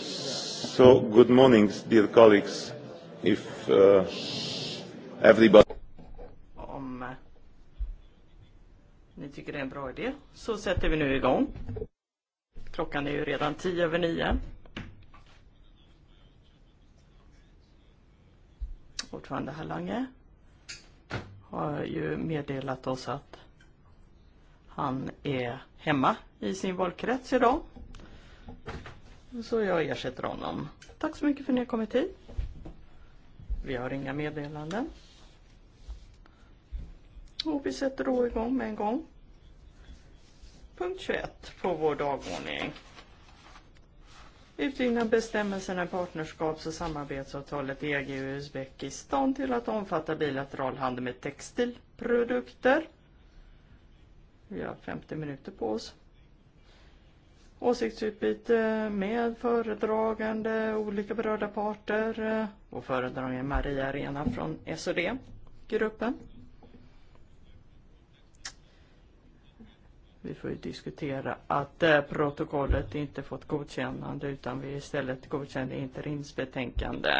So, good morning, dear colleagues. If uh, everybody... Om eh, ni tycker det är en bra idé så sätter vi nu igång. Klockan är ju redan tio över nio. Ordförande Lange har ju meddelat oss att han är hemma i sin valkrets idag Så jag ersätter honom. Tack så mycket för att ni har kommit hit. Vi har inga meddelanden. Och vi sätter då igång med en gång. Punkt 21 på vår dagordning. Utvidgna bestämmelserna i partnerskaps och samarbetsavtalet EG och Uzbekistan till att omfatta bilateral handel med textilprodukter. Vi har 50 minuter på oss åsiktsutbyte med föredragande, olika berörda parter eh, och föredragande Maria Arena från SOD-gruppen. Vi får ju diskutera att eh, protokollet inte fått godkännande utan vi istället godkände interimsbetänkande.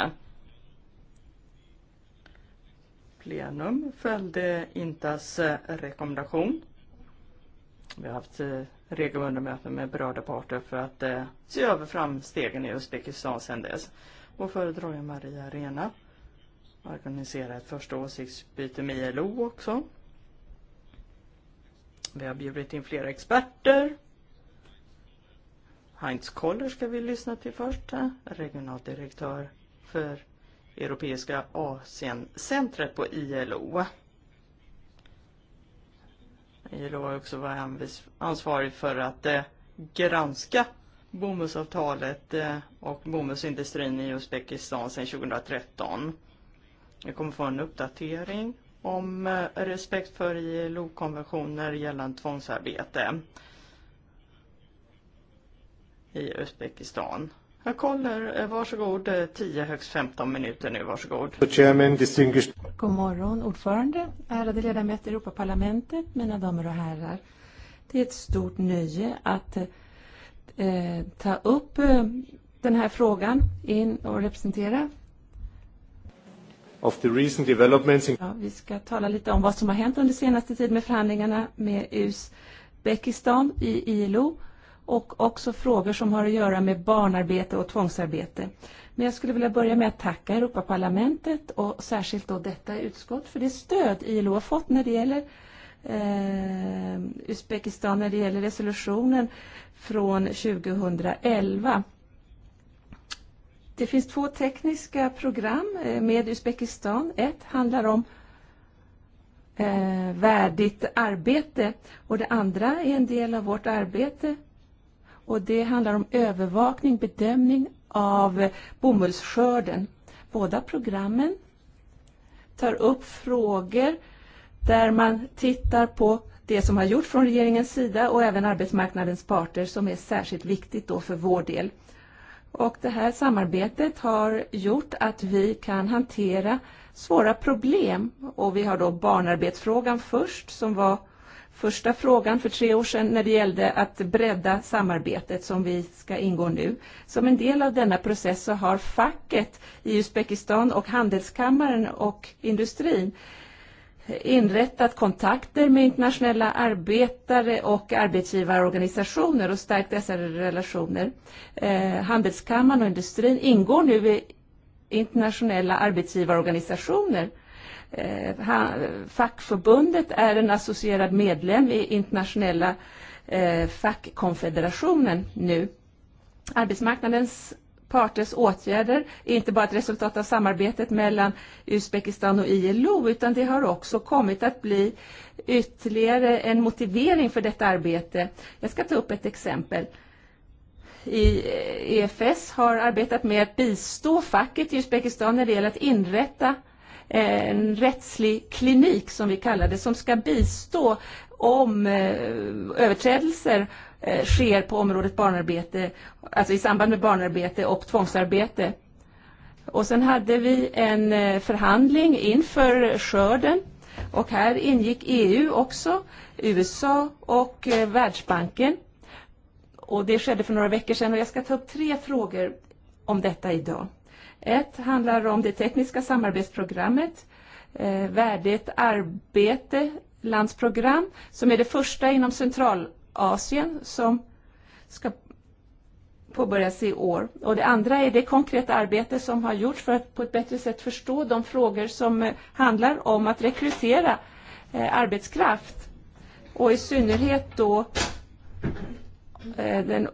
Plenum följde Intas eh, rekommendation. Vi har haft regelbundna möten med berörda parter för att eh, se över framstegen i Uzbekistan sedan dess. Vår föredragen Maria Arena organiserar ett första åsiktsbyte med ILO också. Vi har bjudit in flera experter. Heinz Koller ska vi lyssna till först, eh, regional direktör för Europeiska Asiencentret på ILO. ILO har också varit ansvarig för att eh, granska bomullsavtalet eh, och bomullsindustrin i Uzbekistan sedan 2013. Jag kommer få en uppdatering om eh, respekt för ILO-konventioner gällande tvångsarbete i Uzbekistan. Jag kommer. Eh, varsågod, 10 eh, högst 15 minuter nu. Varsågod. God morgon, ordförande, ärade ledamöter i Europaparlamentet, mina damer och herrar. Det är ett stort nöje att eh, ta upp eh, den här frågan in och representera. Of the recent developments in... ja, vi ska tala lite om vad som har hänt under senaste tid med förhandlingarna med Uzbekistan i ILO och också frågor som har att göra med barnarbete och tvångsarbete. Men jag skulle vilja börja med att tacka Europaparlamentet och särskilt då detta utskott för det stöd ILO har fått när det gäller eh, Uzbekistan när det gäller resolutionen från 2011. Det finns två tekniska program eh, med Uzbekistan. Ett handlar om eh, värdigt arbete och det andra är en del av vårt arbete Och det handlar om övervakning, bedömning av eh, bomullsskörden. Båda programmen tar upp frågor där man tittar på det som har gjorts från regeringens sida och även arbetsmarknadens parter som är särskilt viktigt då för vår del. Och det här samarbetet har gjort att vi kan hantera svåra problem. Och vi har då barnarbetsfrågan först som var första frågan för tre år sedan när det gällde att bredda samarbetet som vi ska ingå nu. Som en del av denna process så har facket i Uzbekistan och handelskammaren och industrin inrättat kontakter med internationella arbetare och arbetsgivarorganisationer och stärkt dessa relationer. Eh, handelskammaren och industrin ingår nu i internationella arbetsgivarorganisationer eh, Eh, fackförbundet är en associerad medlem i internationella eh, fackkonfederationen nu. Arbetsmarknadens parters åtgärder är inte bara ett resultat av samarbetet mellan Uzbekistan och ILO utan det har också kommit att bli ytterligare en motivering för detta arbete. Jag ska ta upp ett exempel. I EFS eh, e har arbetat med att bistå facket i Uzbekistan när det gäller att inrätta en rättslig klinik som vi kallar det som ska bistå om eh, överträdelser eh, sker på området barnarbete, alltså i samband med barnarbete och tvångsarbete. Och sen hade vi en eh, förhandling inför skörden och här ingick EU också, USA och Världsbanken. Och det skedde för några veckor sedan och jag ska ta upp tre frågor om detta idag. Ett handlar om det tekniska samarbetsprogrammet, eh, värdigt arbete, landsprogram, som är det första inom Centralasien som ska påbörjas i år. Och det andra är det konkreta arbete som har gjorts för att på ett bättre sätt förstå de frågor som eh, handlar om att rekrytera eh, arbetskraft och i synnerhet då eh, den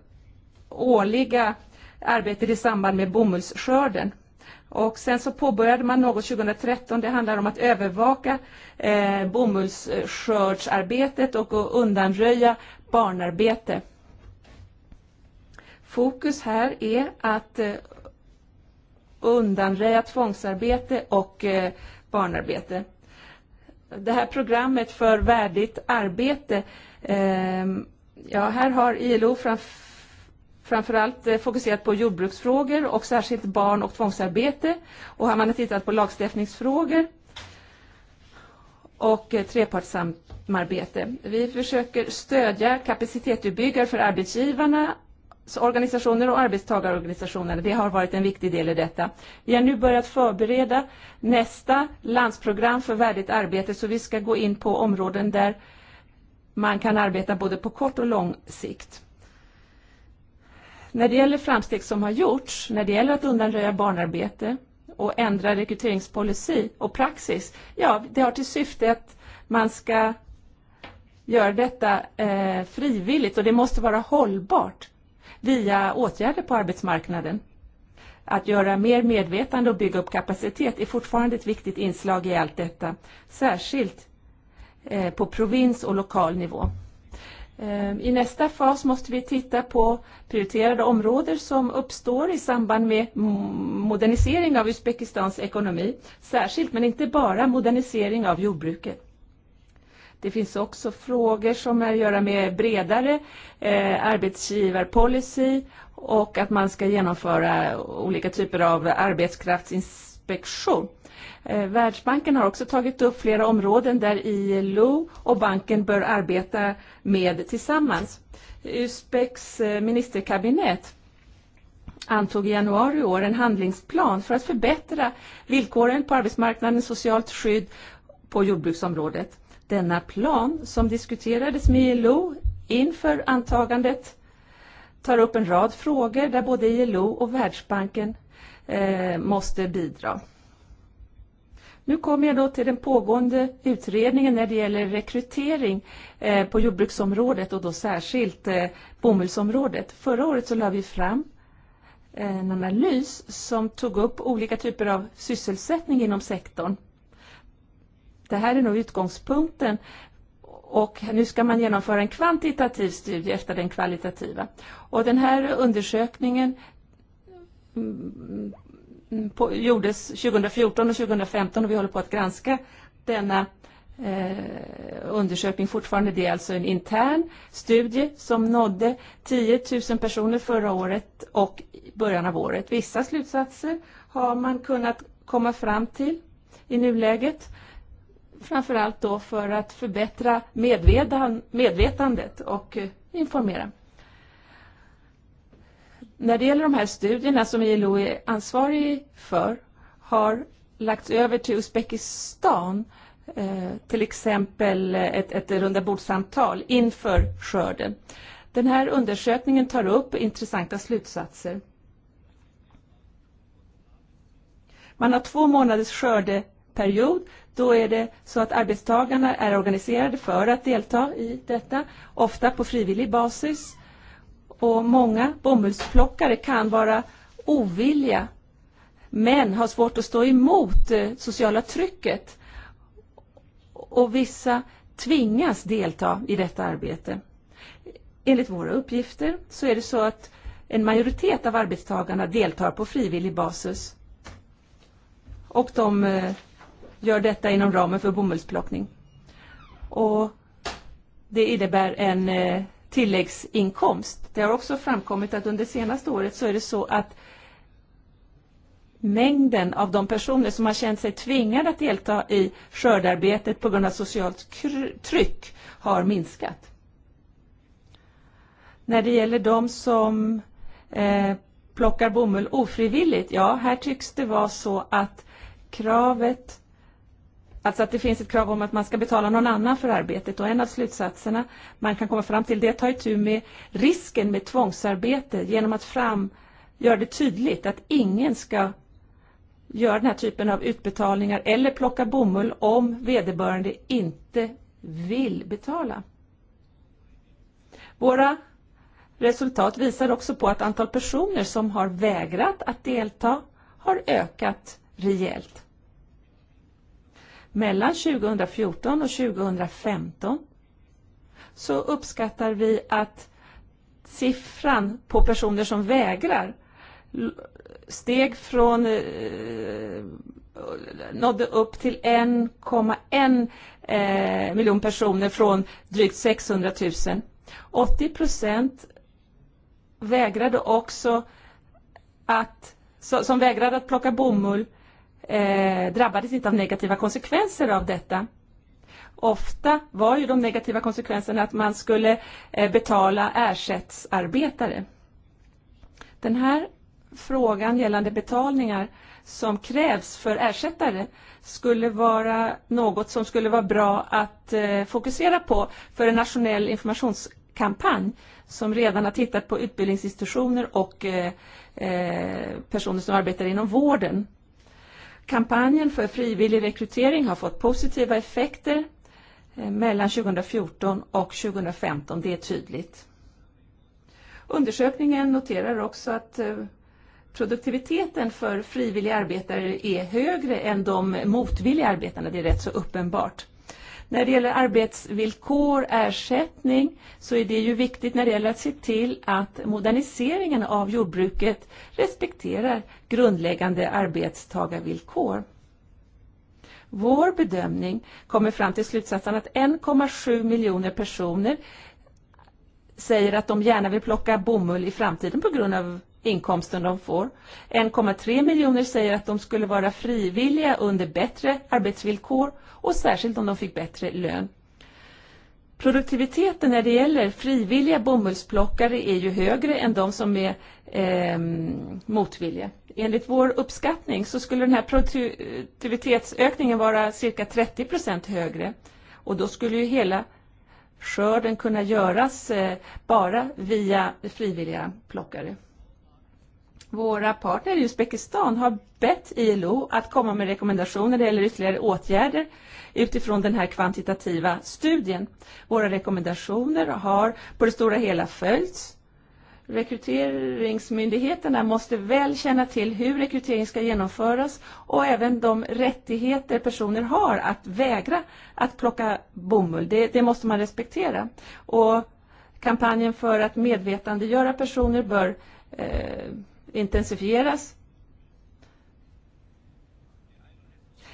årliga arbetet i samband med bomullsskörden. Och sen så påbörjade man något 2013, det handlar om att övervaka eh, bomullsskördsarbetet och undanröja barnarbete. Fokus här är att eh, undanröja tvångsarbete och eh, barnarbete. Det här programmet för värdigt arbete, eh, ja här har ILO framför framförallt eh, fokuserat på jordbruksfrågor och särskilt barn och tvångsarbete. Och här man har tittat på lagstiftningsfrågor och eh, trepartssamarbete. Vi försöker stödja kapacitetsutbyggare för arbetsgivarna så organisationer och arbetstagarorganisationer. Det har varit en viktig del i detta. Vi har nu börjat förbereda nästa landsprogram för värdigt arbete så vi ska gå in på områden där man kan arbeta både på kort och lång sikt. När det gäller framsteg som har gjorts, när det gäller att undanröja barnarbete och ändra rekryteringspolicy och praxis, ja, det har till syfte att man ska göra detta eh, frivilligt och det måste vara hållbart via åtgärder på arbetsmarknaden. Att göra mer medvetande och bygga upp kapacitet är fortfarande ett viktigt inslag i allt detta, särskilt eh, på provins och lokal nivå. Ehm, I nästa fas måste vi titta på prioriterade områden som uppstår i samband med modernisering av Uzbekistans ekonomi, särskilt men inte bara modernisering av jordbruket. Det finns också frågor som är att göra med bredare eh, arbetsgivarpolicy och att man ska genomföra olika typer av arbetskraftsinspektion. Eh, Eh, Världsbanken har också tagit upp flera områden där ILO och banken bör arbeta med tillsammans. USPECs eh, ministerkabinett antog i januari i år en handlingsplan för att förbättra villkoren på arbetsmarknaden, socialt skydd på jordbruksområdet. Denna plan, som diskuterades med ILO inför antagandet, tar upp en rad frågor där både ILO och Världsbanken eh, måste bidra. Nu kommer jag då till den pågående utredningen när det gäller rekrytering eh, på jordbruksområdet och då särskilt eh, bomullsområdet. Förra året så la vi fram eh, en analys som tog upp olika typer av sysselsättning inom sektorn. Det här är nog utgångspunkten och nu ska man genomföra en kvantitativ studie efter den kvalitativa. Och den här undersökningen mm, på, gjordes 2014 och 2015 och vi håller på att granska denna eh, undersökning fortfarande. Det är alltså en intern studie som nådde 10 000 personer förra året och början av året. Vissa slutsatser har man kunnat komma fram till i nuläget. Framförallt då för att förbättra medvetandet och eh, informera. När det gäller de här studierna som ILO är ansvarig för har lagts över till Uzbekistan eh, till exempel ett, ett runda bordsamtal inför skörden. Den här undersökningen tar upp intressanta slutsatser. Man har två månaders skördeperiod. Då är det så att arbetstagarna är organiserade för att delta i detta, ofta på frivillig basis. Och många bomullsplockare kan vara ovilliga men har svårt att stå emot det eh, sociala trycket. Och vissa tvingas delta i detta arbete. Enligt våra uppgifter så är det så att en majoritet av arbetstagarna deltar på frivillig basis. Och de eh, gör detta inom ramen för bomullsplockning. Och det innebär en eh, tilläggsinkomst. Det har också framkommit att under senaste året så är det så att mängden av de personer som har känt sig tvingade att delta i skördarbetet på grund av socialt tryck har minskat. När det gäller de som eh, plockar bomull ofrivilligt, ja, här tycks det vara så att kravet Alltså att det finns ett krav om att man ska betala någon annan för arbetet och en av slutsatserna man kan komma fram till det är att ta itu med risken med tvångsarbete genom att fram göra det tydligt att ingen ska göra den här typen av utbetalningar eller plocka bomull om vederbörande inte vill betala. Våra resultat visar också på att antal personer som har vägrat att delta har ökat rejält. Mellan 2014 och 2015 så uppskattar vi att siffran på personer som vägrar steg från eh, nådde upp till 1,1 eh, miljon personer från drygt 600 000. 80 procent vägrade också att, som vägrade att plocka bomull eh, drabbades inte av negativa konsekvenser av detta. Ofta var ju de negativa konsekvenserna att man skulle eh, betala ersättsarbetare. Den här frågan gällande betalningar som krävs för ersättare skulle vara något som skulle vara bra att eh, fokusera på för en nationell informationskampanj som redan har tittat på utbildningsinstitutioner och eh, eh, personer som arbetar inom vården Kampanjen för frivillig rekrytering har fått positiva effekter eh, mellan 2014 och 2015, det är tydligt. Undersökningen noterar också att eh, produktiviteten för frivilliga arbetare är högre än de motvilliga arbetarna, det är rätt så uppenbart. När det gäller arbetsvillkor, ersättning, så är det ju viktigt när det gäller att se till att moderniseringen av jordbruket respekterar grundläggande arbetstagarvillkor. Vår bedömning kommer fram till slutsatsen att 1,7 miljoner personer säger att de gärna vill plocka bomull i framtiden på grund av inkomsten de får. 1,3 miljoner säger att de skulle vara frivilliga under bättre arbetsvillkor och särskilt om de fick bättre lön. Produktiviteten när det gäller frivilliga bomullsplockare är ju högre än de som är eh, motvilliga. Enligt vår uppskattning så skulle den här produktivitetsökningen vara cirka 30 procent högre och då skulle ju hela skörden kunna göras eh, bara via frivilliga plockare. Våra partner i Uzbekistan har bett ILO att komma med rekommendationer eller ytterligare åtgärder utifrån den här kvantitativa studien. Våra rekommendationer har på det stora hela följts. Rekryteringsmyndigheterna måste väl känna till hur rekrytering ska genomföras och även de rättigheter personer har att vägra att plocka bomull. Det, det måste man respektera. Och kampanjen för att medvetandegöra personer bör eh, intensifieras.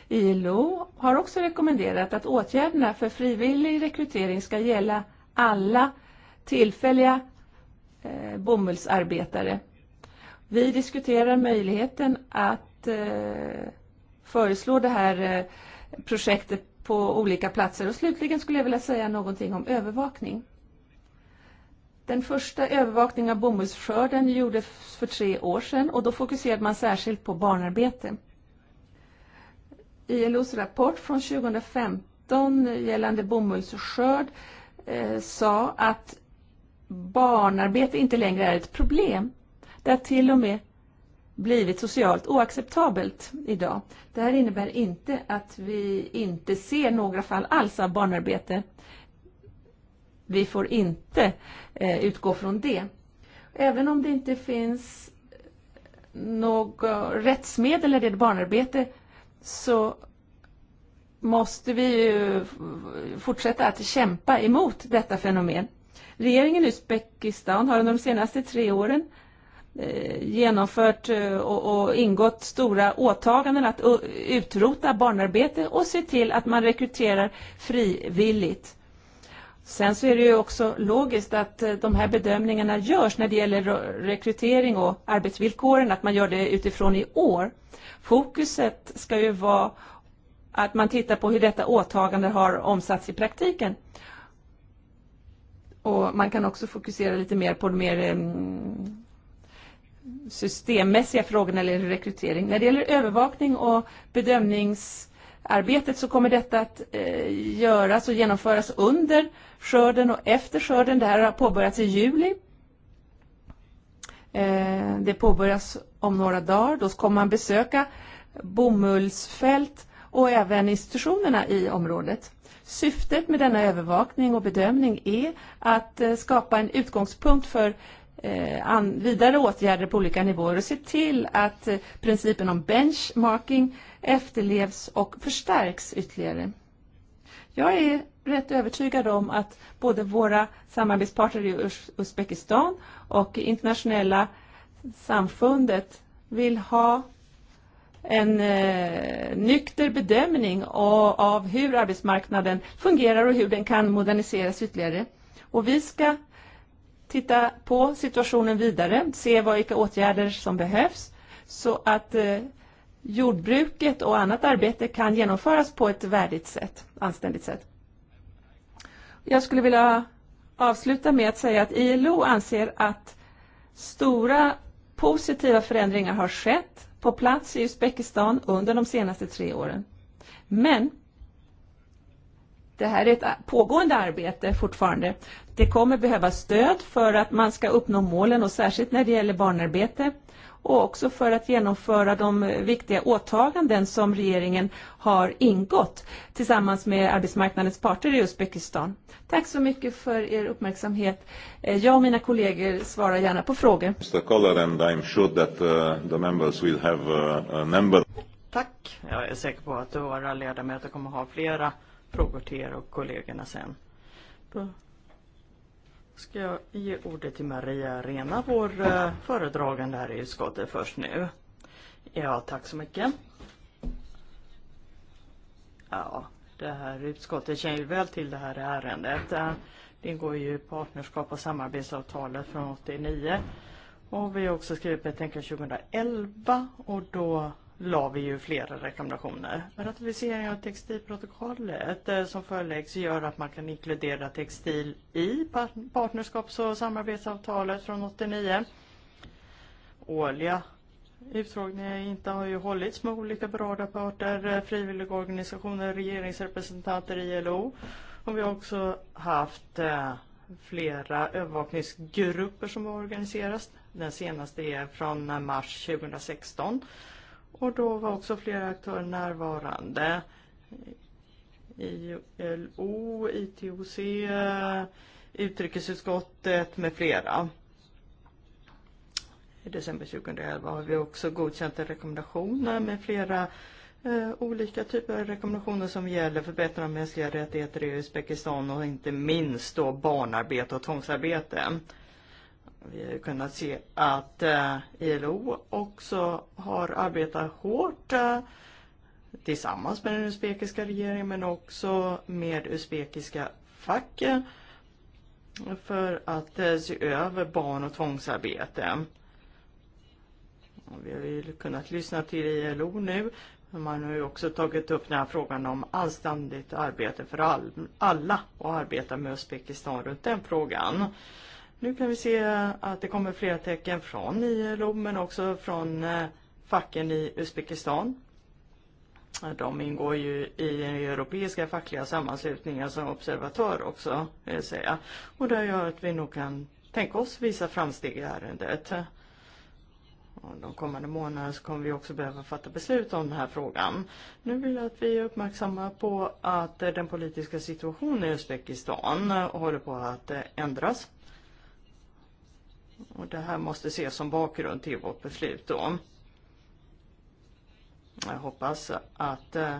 ILO har också rekommenderat att åtgärderna för frivillig rekrytering ska gälla alla tillfälliga eh, bomullsarbetare. Vi diskuterar möjligheten att eh, föreslå det här eh, projektet på olika platser. Och slutligen skulle jag vilja säga någonting om övervakning. Den första övervakningen av bomullsskörden gjordes för tre år sedan och då fokuserade man särskilt på barnarbete. ILOs rapport från 2015 gällande bomullsskörd eh, sa att barnarbete inte längre är ett problem. Det har till och med blivit socialt oacceptabelt idag. Det här innebär inte att vi inte ser några fall alls av barnarbete. Vi får inte eh, utgå från det. Även om det inte finns något rättsmedel när det gäller barnarbete så måste vi ju fortsätta att kämpa emot detta fenomen. Regeringen i Uzbekistan har under de senaste tre åren eh, genomfört eh, och, och ingått stora åtaganden att utrota barnarbete och se till att man rekryterar frivilligt. Sen så är det ju också logiskt att eh, de här bedömningarna görs när det gäller rekrytering och arbetsvillkoren, att man gör det utifrån i år. Fokuset ska ju vara att man tittar på hur detta åtagande har omsatts i praktiken. Och man kan också fokusera lite mer på de mer mm, systemmässiga frågorna eller rekrytering. När det gäller övervakning och bedömnings arbetet så kommer detta att eh, göras och genomföras under skörden och efter skörden. Det här har påbörjats i juli. Eh, det påbörjas om några dagar. Då kommer man besöka bomullsfält och även institutionerna i området. Syftet med denna övervakning och bedömning är att eh, skapa en utgångspunkt för eh, vidare åtgärder på olika nivåer och se till att eh, principen om benchmarking efterlevs och förstärks ytterligare. Jag är rätt övertygad om att både våra samarbetspartner i Uzbekistan och internationella samfundet vill ha en eh, nykter bedömning av, av hur arbetsmarknaden fungerar och hur den kan moderniseras ytterligare. Och vi ska titta på situationen vidare, se vilka åtgärder som behövs så att eh, jordbruket och annat arbete kan genomföras på ett värdigt sätt, anständigt sätt. Jag skulle vilja avsluta med att säga att ILO anser att stora positiva förändringar har skett på plats i Uzbekistan under de senaste tre åren. Men det här är ett pågående arbete fortfarande. Det kommer behöva stöd för att man ska uppnå målen och särskilt när det gäller barnarbete och också för att genomföra de viktiga åtaganden som regeringen har ingått tillsammans med arbetsmarknadens parter i Uzbekistan. Tack så mycket för er uppmärksamhet. Eh, jag och mina kollegor svarar gärna på frågor. Mr. and I'm sure that uh, the members will have uh, a number. Tack. Jag är säker på att våra ledamöter kommer att ha flera frågor till er och kollegorna sen. Då ska jag ge ordet till Maria Rena, vår eh, föredragande här i utskottet först nu. Ja, tack så mycket. Ja, det här utskottet känner ju väl till det här ärendet. Eh, det går ju partnerskap och samarbetsavtalet från 89. Och vi har också skrivit betänkande 2011 och då la vi ju flera rekommendationer. Ratificering av textilprotokollet eh, som föreläggs gör att man kan inkludera textil i partnerskaps och samarbetsavtalet från 89. Årliga utfrågningar inte har ju hållits med olika berörda parter, eh, frivilligorganisationer, regeringsrepresentanter i ILO och vi har också haft eh, flera övervakningsgrupper som har organiserats. Den senaste är från mars 2016 Och då var också flera aktörer närvarande. ILO, e ITOC, utrikesutskottet med flera. I december 2011 har vi också godkänt rekommendationer med flera eh, olika typer av rekommendationer som gäller förbättrande av mänskliga rättigheter i Uzbekistan och inte minst då barnarbete och tvångsarbete vi har kunnat se att eh, ILO också har arbetat hårt eh, tillsammans med den usbekiska regeringen men också med usbekiska fack eh, för att se över barn och tvångsarbete. Vi har ju kunnat lyssna till ILO nu. Man har ju också tagit upp den här frågan om anständigt arbete för all, alla och arbeta med Uzbekistan runt den frågan. Nu kan vi se att det kommer flera tecken från ILO men också från eh, facken i Uzbekistan. De ingår ju i europeiska fackliga sammanslutningar som observatör också, vill jag säga. Och det gör att vi nog kan tänka oss vissa framsteg i ärendet. Och de kommande månaderna så kommer vi också behöva fatta beslut om den här frågan. Nu vill jag att vi är uppmärksamma på att eh, den politiska situationen i Uzbekistan eh, håller på att ändras. Och det här måste ses som bakgrund till vårt beslut då. Jag hoppas att eh,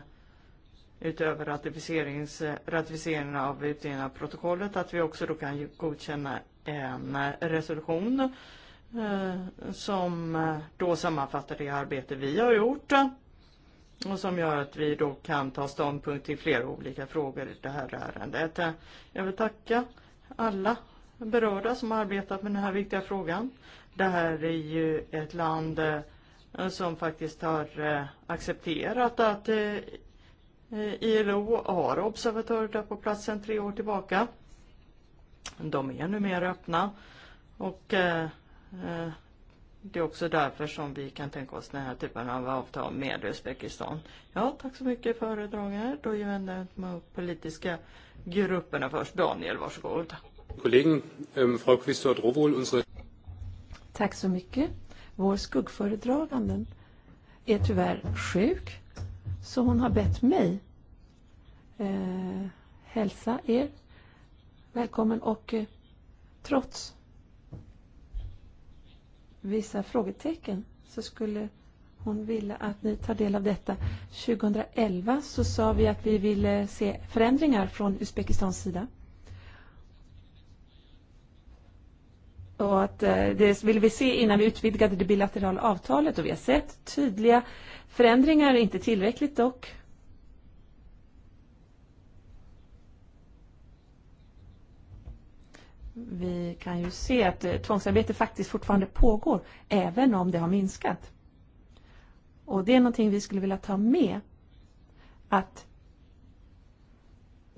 utöver ratificeringen av utdelningen av protokollet att vi också då kan godkänna en resolution eh, som eh, då sammanfattar det arbete vi har gjort och som gör att vi då kan ta ståndpunkt till flera olika frågor i det här ärendet. Jag vill tacka alla berörda som har arbetat med den här viktiga frågan. Det här är ju ett land eh, som faktiskt har eh, accepterat att eh, ILO har observatörer där på plats sedan tre år tillbaka. De är nu mer öppna och det är också därför som vi kan tänka oss den här typen av avtal med Uzbekistan. Ja, tack så mycket föredragare. Då vänder jag mig upp politiska grupperna först. Daniel, varsågod. Kollegen, ähm, Frau Quistot Rowohl, unsere... Tack så mycket. Vår skuggföredraganden är tyvärr sjuk, så hon har bett mig eh, hälsa er välkommen och eh, trots vissa frågetecken så skulle hon vilja att ni tar del av detta. 2011 så sa vi att vi ville se förändringar från Uzbekistans sida. Och att eh, det vill vi se innan vi utvidgade det bilaterala avtalet och vi har sett tydliga förändringar, inte tillräckligt dock. Vi kan ju se att eh, tvångsarbete faktiskt fortfarande pågår, även om det har minskat. Och det är någonting vi skulle vilja ta med. Att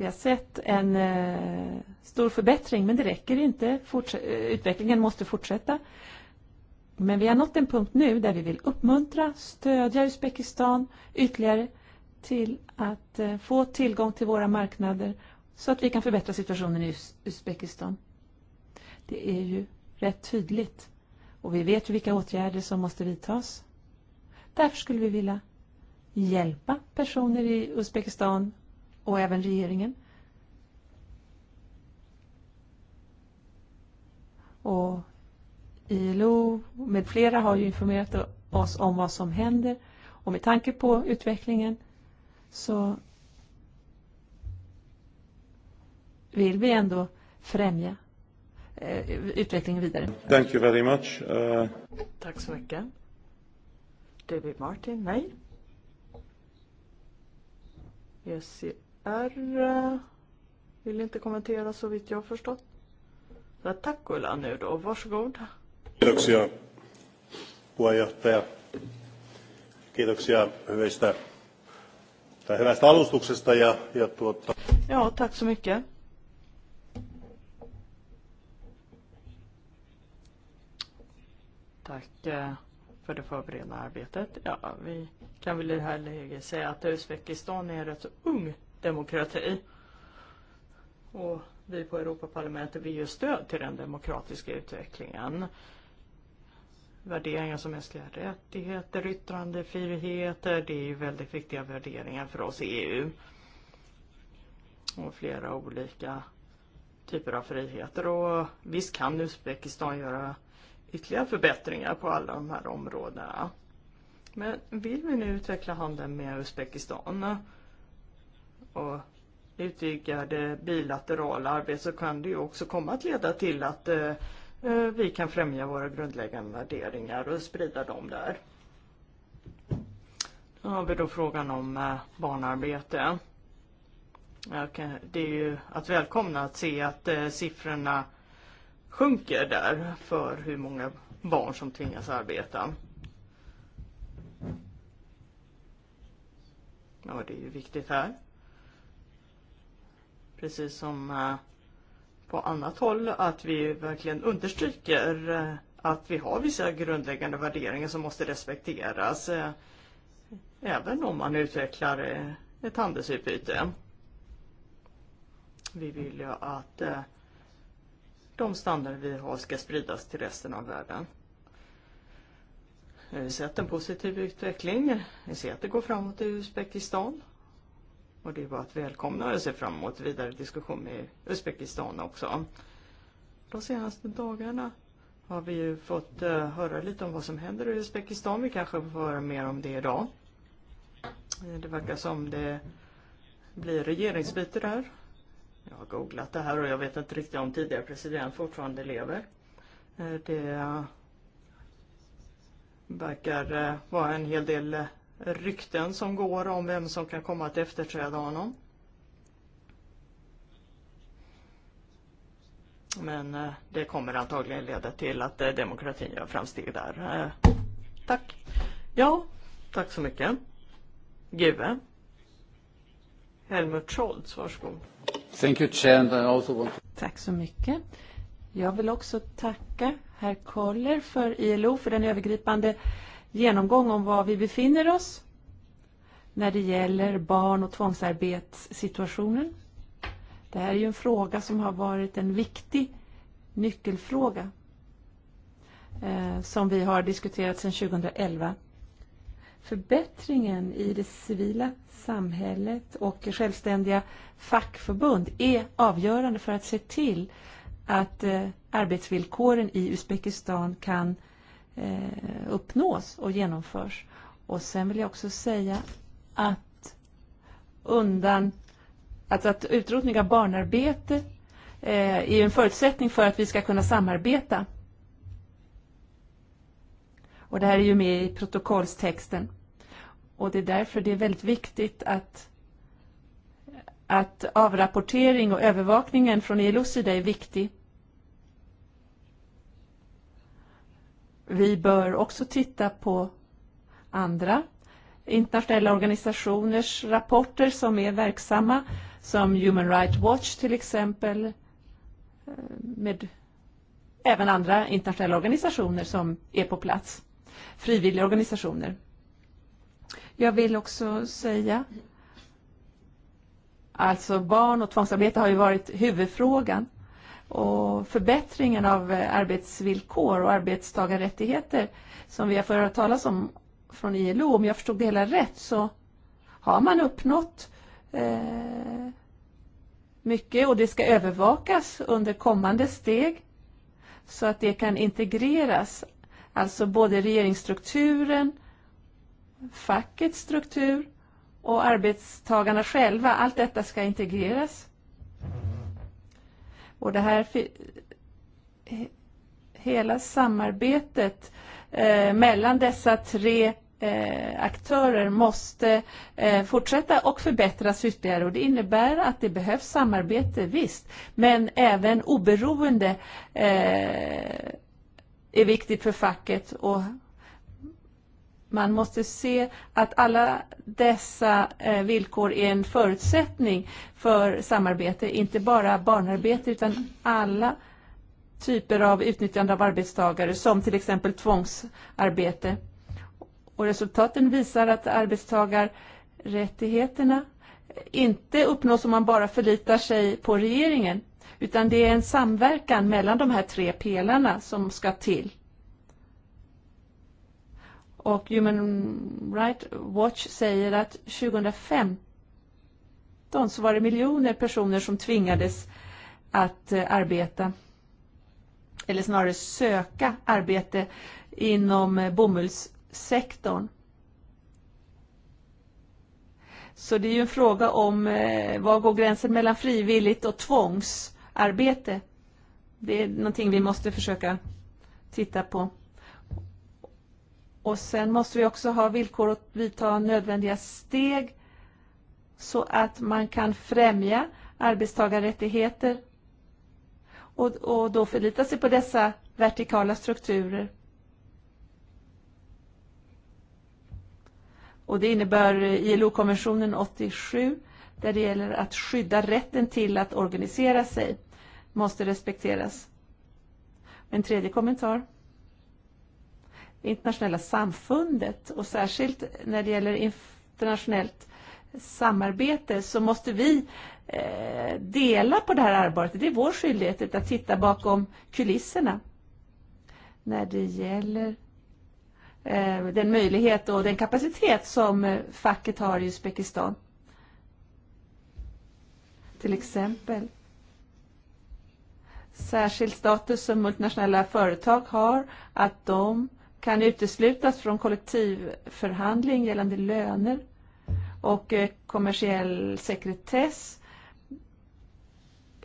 Vi har sett en eh, stor förbättring, men det räcker inte. Forts eh, utvecklingen måste fortsätta. Men vi har nått en punkt nu där vi vill uppmuntra, stödja Uzbekistan ytterligare till att eh, få tillgång till våra marknader så att vi kan förbättra situationen i Uzbekistan. Det är ju rätt tydligt och vi vet ju vilka åtgärder som måste vidtas. Därför skulle vi vilja hjälpa personer i Uzbekistan och även regeringen. Och ILO med flera har ju informerat oss om vad som händer och med tanke på utvecklingen så vill vi ändå främja eh, utvecklingen vidare. Thank you very much. Uh... Tack så mycket. David Martin, nej? Jag ser R vill inte kommentera så vitt jag har förstått. Så tack Ulla nu då, varsågod. Kiitoksia puheenjohtaja. Kiitoksia hyvistä tai hyvästä alustuksesta ja, ja tuota... Joo, tack så mycket. Tack eh, för det förberedande arbetet. Ja, vi kan väl i det här läget säga att Uzbekistan är en rätt så ung demokrati. Och vi på Europaparlamentet vill ge stöd till den demokratiska utvecklingen. Värderingar som mänskliga rättigheter, yttrandefriheter, det är ju väldigt viktiga värderingar för oss i EU. Och flera olika typer av friheter. Och visst kan Uzbekistan göra ytterligare förbättringar på alla de här områdena. Men vill vi nu utveckla handeln med Uzbekistan och utvidgade bilaterala arbete så kan det ju också komma att leda till att eh, eh, vi kan främja våra grundläggande värderingar och sprida dem där. Då har vi då frågan om eh, barnarbete. Kan, det är ju att välkomna att se att eh, siffrorna sjunker där för hur många barn som tvingas arbeta. Ja, det är ju viktigt här precis som eh, på annat håll, att vi verkligen understryker eh, att vi har vissa grundläggande värderingar som måste respekteras eh, även om man utvecklar ett handelsutbyte. Vi vill ju att de standarder vi har ska spridas till resten av världen. Vi har sett en positiv utveckling. Vi ser att det går framåt i Uzbekistan. Och det var att välkomna och se fram emot vidare diskussion med Uzbekistan också. De senaste dagarna har vi ju fått uh, höra lite om vad som händer i Uzbekistan. Vi kanske får höra mer om det idag. Eh, det verkar som det blir regeringsbyte där. Jag har googlat det här och jag vet inte riktigt om tidigare president fortfarande lever. Eh, det verkar vara en hel del rykten som går om vem som kan komma att efterträda honom. Men eh, det kommer antagligen leda till att eh, demokratin gör framsteg där. Eh, tack. Ja, tack så mycket. Give. Helmut Scholz, varsågod. Thank you, Chair. Also want... Tack så mycket. Jag vill också tacka herr Koller för ILO för den övergripande eh, genomgång om var vi befinner oss när det gäller barn och tvångsarbetssituationen. Det här är ju en fråga som har varit en viktig nyckelfråga eh, som vi har diskuterat sedan 2011. Förbättringen i det civila samhället och självständiga fackförbund är avgörande för att se till att eh, arbetsvillkoren i Uzbekistan kan Eh, uppnås och genomförs. Och sen vill jag också säga att undan att, att utrotning av barnarbete eh, är en förutsättning för att vi ska kunna samarbeta. Och det här är ju med i protokollstexten. Och det är därför det är väldigt viktigt att, att avrapportering och övervakningen från ilo e sida är viktig. Vi bör också titta på andra internationella organisationers rapporter som är verksamma, som Human Rights Watch till exempel, eh, med även andra internationella organisationer som är på plats, frivilliga organisationer. Jag vill också säga, alltså barn och tvångsarbete har ju varit huvudfrågan och förbättringen av eh, arbetsvillkor och arbetstagarrättigheter som vi har fått höra talas om från ILO, om jag förstod det hela rätt så har man uppnått eh, mycket och det ska övervakas under kommande steg så att det kan integreras. Alltså både regeringsstrukturen, fackets struktur och arbetstagarna själva. Allt detta ska integreras. Och det här hela samarbetet eh, mellan dessa tre eh, aktörer måste eh, fortsätta och förbättras ytterligare och det innebär att det behövs samarbete visst men även oberoende eh, är viktigt för facket och man måste se att alla dessa eh, villkor är en förutsättning för samarbete, inte bara barnarbete utan alla typer av utnyttjande av arbetstagare som till exempel tvångsarbete. Och resultaten visar att arbetstagarrättigheterna inte uppnås om man bara förlitar sig på regeringen utan det är en samverkan mellan de här tre pelarna som ska till. Och Human Rights Watch säger att 2015 så var det miljoner personer som tvingades att eh, arbeta eller snarare söka arbete inom eh, bomullssektorn. Så det är ju en fråga om vad eh, var går gränsen mellan frivilligt och tvångsarbete. Det är någonting vi måste försöka titta på. Och sen måste vi också ha villkor och vidta nödvändiga steg så att man kan främja arbetstagarrättigheter och, och då förlita sig på dessa vertikala strukturer. Och det innebär ILO-konventionen 87 där det gäller att skydda rätten till att organisera sig måste respekteras. En tredje kommentar internationella samfundet och särskilt när det gäller internationellt samarbete så måste vi eh, dela på det här arbetet. Det är vår skyldighet att titta bakom kulisserna när det gäller eh, den möjlighet och den kapacitet som eh, facket har i Uzbekistan. Till exempel särskild status som multinationella företag har, att de eh, kan uteslutas från kollektivförhandling gällande löner och eh, kommersiell sekretess.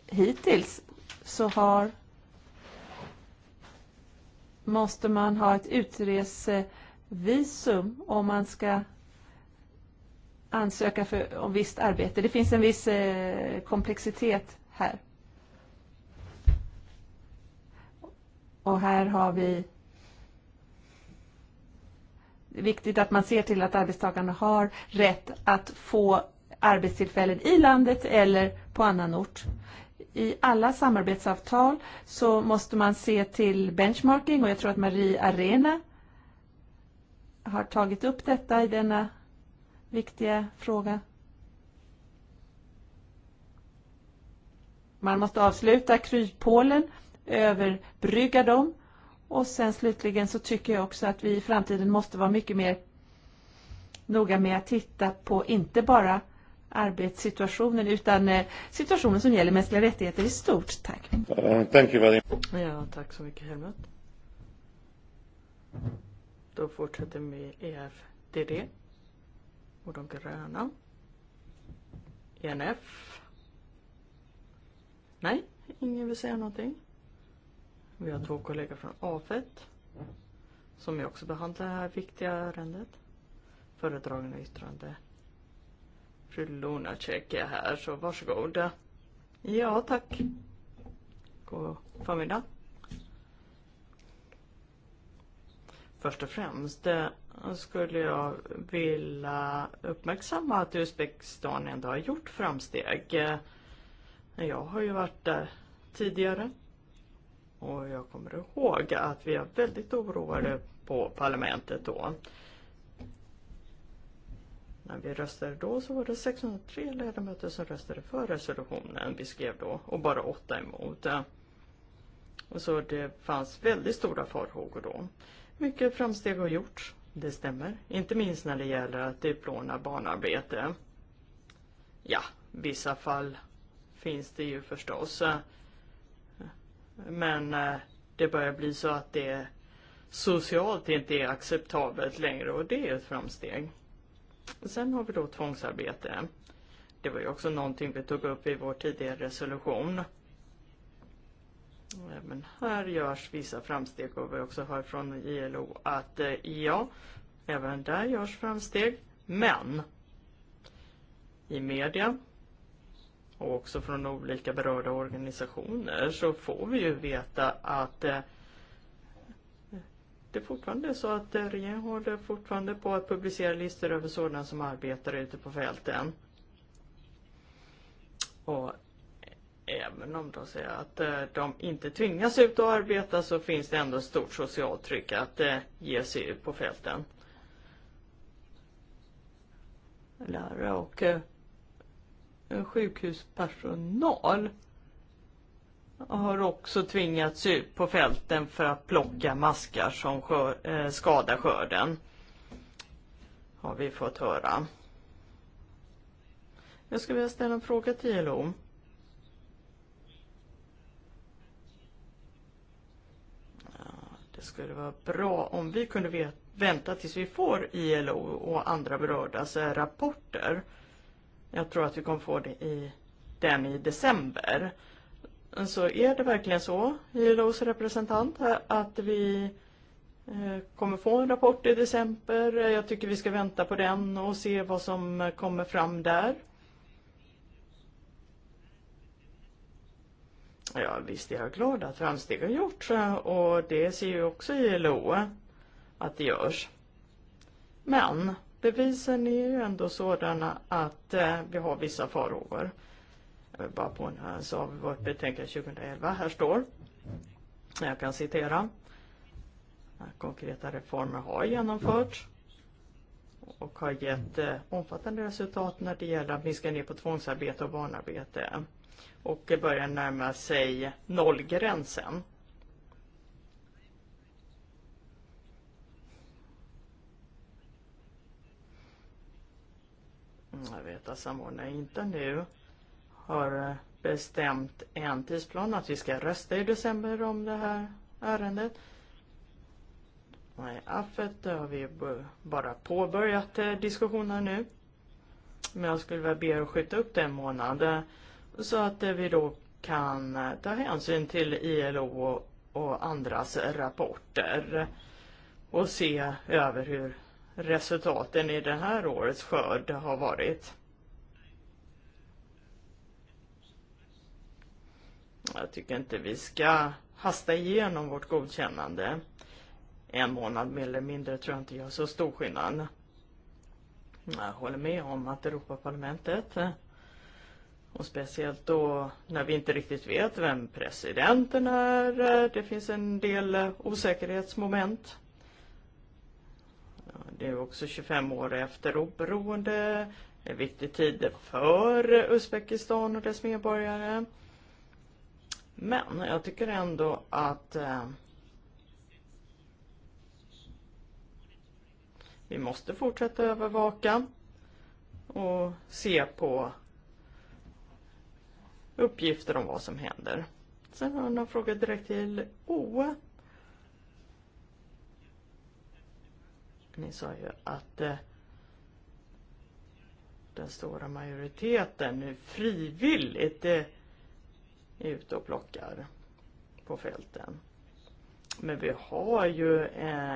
Hittills så har måste man ha ett utresevisum om man ska ansöka för om visst arbete. Det finns en viss eh, komplexitet här. Och här har vi viktigt att man ser till att arbetstagarna har rätt att få arbetstillfällen i landet eller på annan ort. I alla samarbetsavtal så måste man se till benchmarking och jag tror att Marie Arena har tagit upp detta i denna viktiga fråga. Man måste avsluta kryphålen, överbrygga dem Och sen slutligen så tycker jag också att vi i framtiden måste vara mycket mer noga med att titta på inte bara arbetssituationen utan eh, situationen som gäller mänskliga rättigheter i stort. Tack. Eh, thank you very much. Ja, tack så mycket Helmut. Då fortsätter vi EFDD e och de gröna. ENF. Nej, ingen vill säga någonting. Vi har två kollegor från AFET som ju också behandlar det här viktiga ärendet. Föredragande yttrande. Fru Lunacek är här, så varsågod. Ja, tack. God förmiddag. Först och främst eh, skulle jag vilja uppmärksamma att Uzbekistan ändå har gjort framsteg. Jag har ju varit där tidigare Och jag kommer ihåg att vi är väldigt oroade på parlamentet då. När vi röstade då så var det 603 ledamöter som röstade för resolutionen vi skrev då och bara åtta emot. Och så det fanns väldigt stora farhågor då. Mycket framsteg har gjorts, det stämmer. Inte minst när det gäller att utplåna barnarbete. Ja, vissa fall finns det ju förstås. Eh, Men eh, det börjar bli så att det socialt inte är acceptabelt längre och det är ett framsteg. Sen har vi då tvångsarbete. Det var ju också någonting vi tog upp i vår tidigare resolution. Även här görs vissa framsteg och vi också hör från ILO att eh, ja, även där görs framsteg. Men i media och också från olika berörda organisationer så får vi ju veta att eh, det är fortfarande så att eh, regeringen håller fortfarande på att publicera listor över sådana som arbetar ute på fälten. Och även om de säger att eh, de inte tvingas ut och arbeta så finns det ändå stort socialt tryck att eh, ge sig ut på fälten. Lärare och sjukhuspersonal har också tvingats ut på fälten för att plocka maskar som skör, eh, skadar skörden. Har vi fått höra. Jag skulle vilja ställa en fråga till ILO. det skulle vara bra om vi kunde vänta tills vi får ILO och andra berörda rapporter jag tror att vi kommer få det i den i december. Så är det verkligen så, ILOs representant, att vi eh, kommer få en rapport i december. Jag tycker vi ska vänta på den och se vad som kommer fram där. Ja, visst är jag glad att framsteg har gjorts och det ser ju också ILO att det görs. Men Bevisen är ju ändå sådana att eh, vi har vissa farhågor. Eh, bara på en här så har vi vårt betänkande 2011. Här står, jag kan citera, att konkreta reformer har genomförts och har gett eh, omfattande resultat när det gäller att minska ner på tvångsarbete och barnarbete och börjar närma sig nollgränsen Jag vet att samordnare inte nu har bestämt en tidsplan att vi ska rösta i december om det här ärendet. Nej, affet har vi bara påbörjat eh, diskussionen nu. Men jag skulle vilja be er att skjuta upp den månad så att eh, vi då kan eh, ta hänsyn till ILO och andras rapporter och se över hur resultaten i det här årets skörd har varit. Jag tycker inte vi ska hasta igenom vårt godkännande. En månad mer eller mindre tror jag inte gör så stor skillnad. Jag håller med om att Europaparlamentet och speciellt då när vi inte riktigt vet vem presidenten är. Det finns en del osäkerhetsmoment. Det är också 25 år efter oberoende. Det är viktig tid för Uzbekistan och dess medborgare. Men jag tycker ändå att eh, vi måste fortsätta övervaka och se på uppgifter om vad som händer. Sen har jag några frågor direkt till O. Oh, undersökning sa ju att eh, den stora majoriteten nu frivilligt eh, är ute och plockar på fälten. Men vi har ju eh,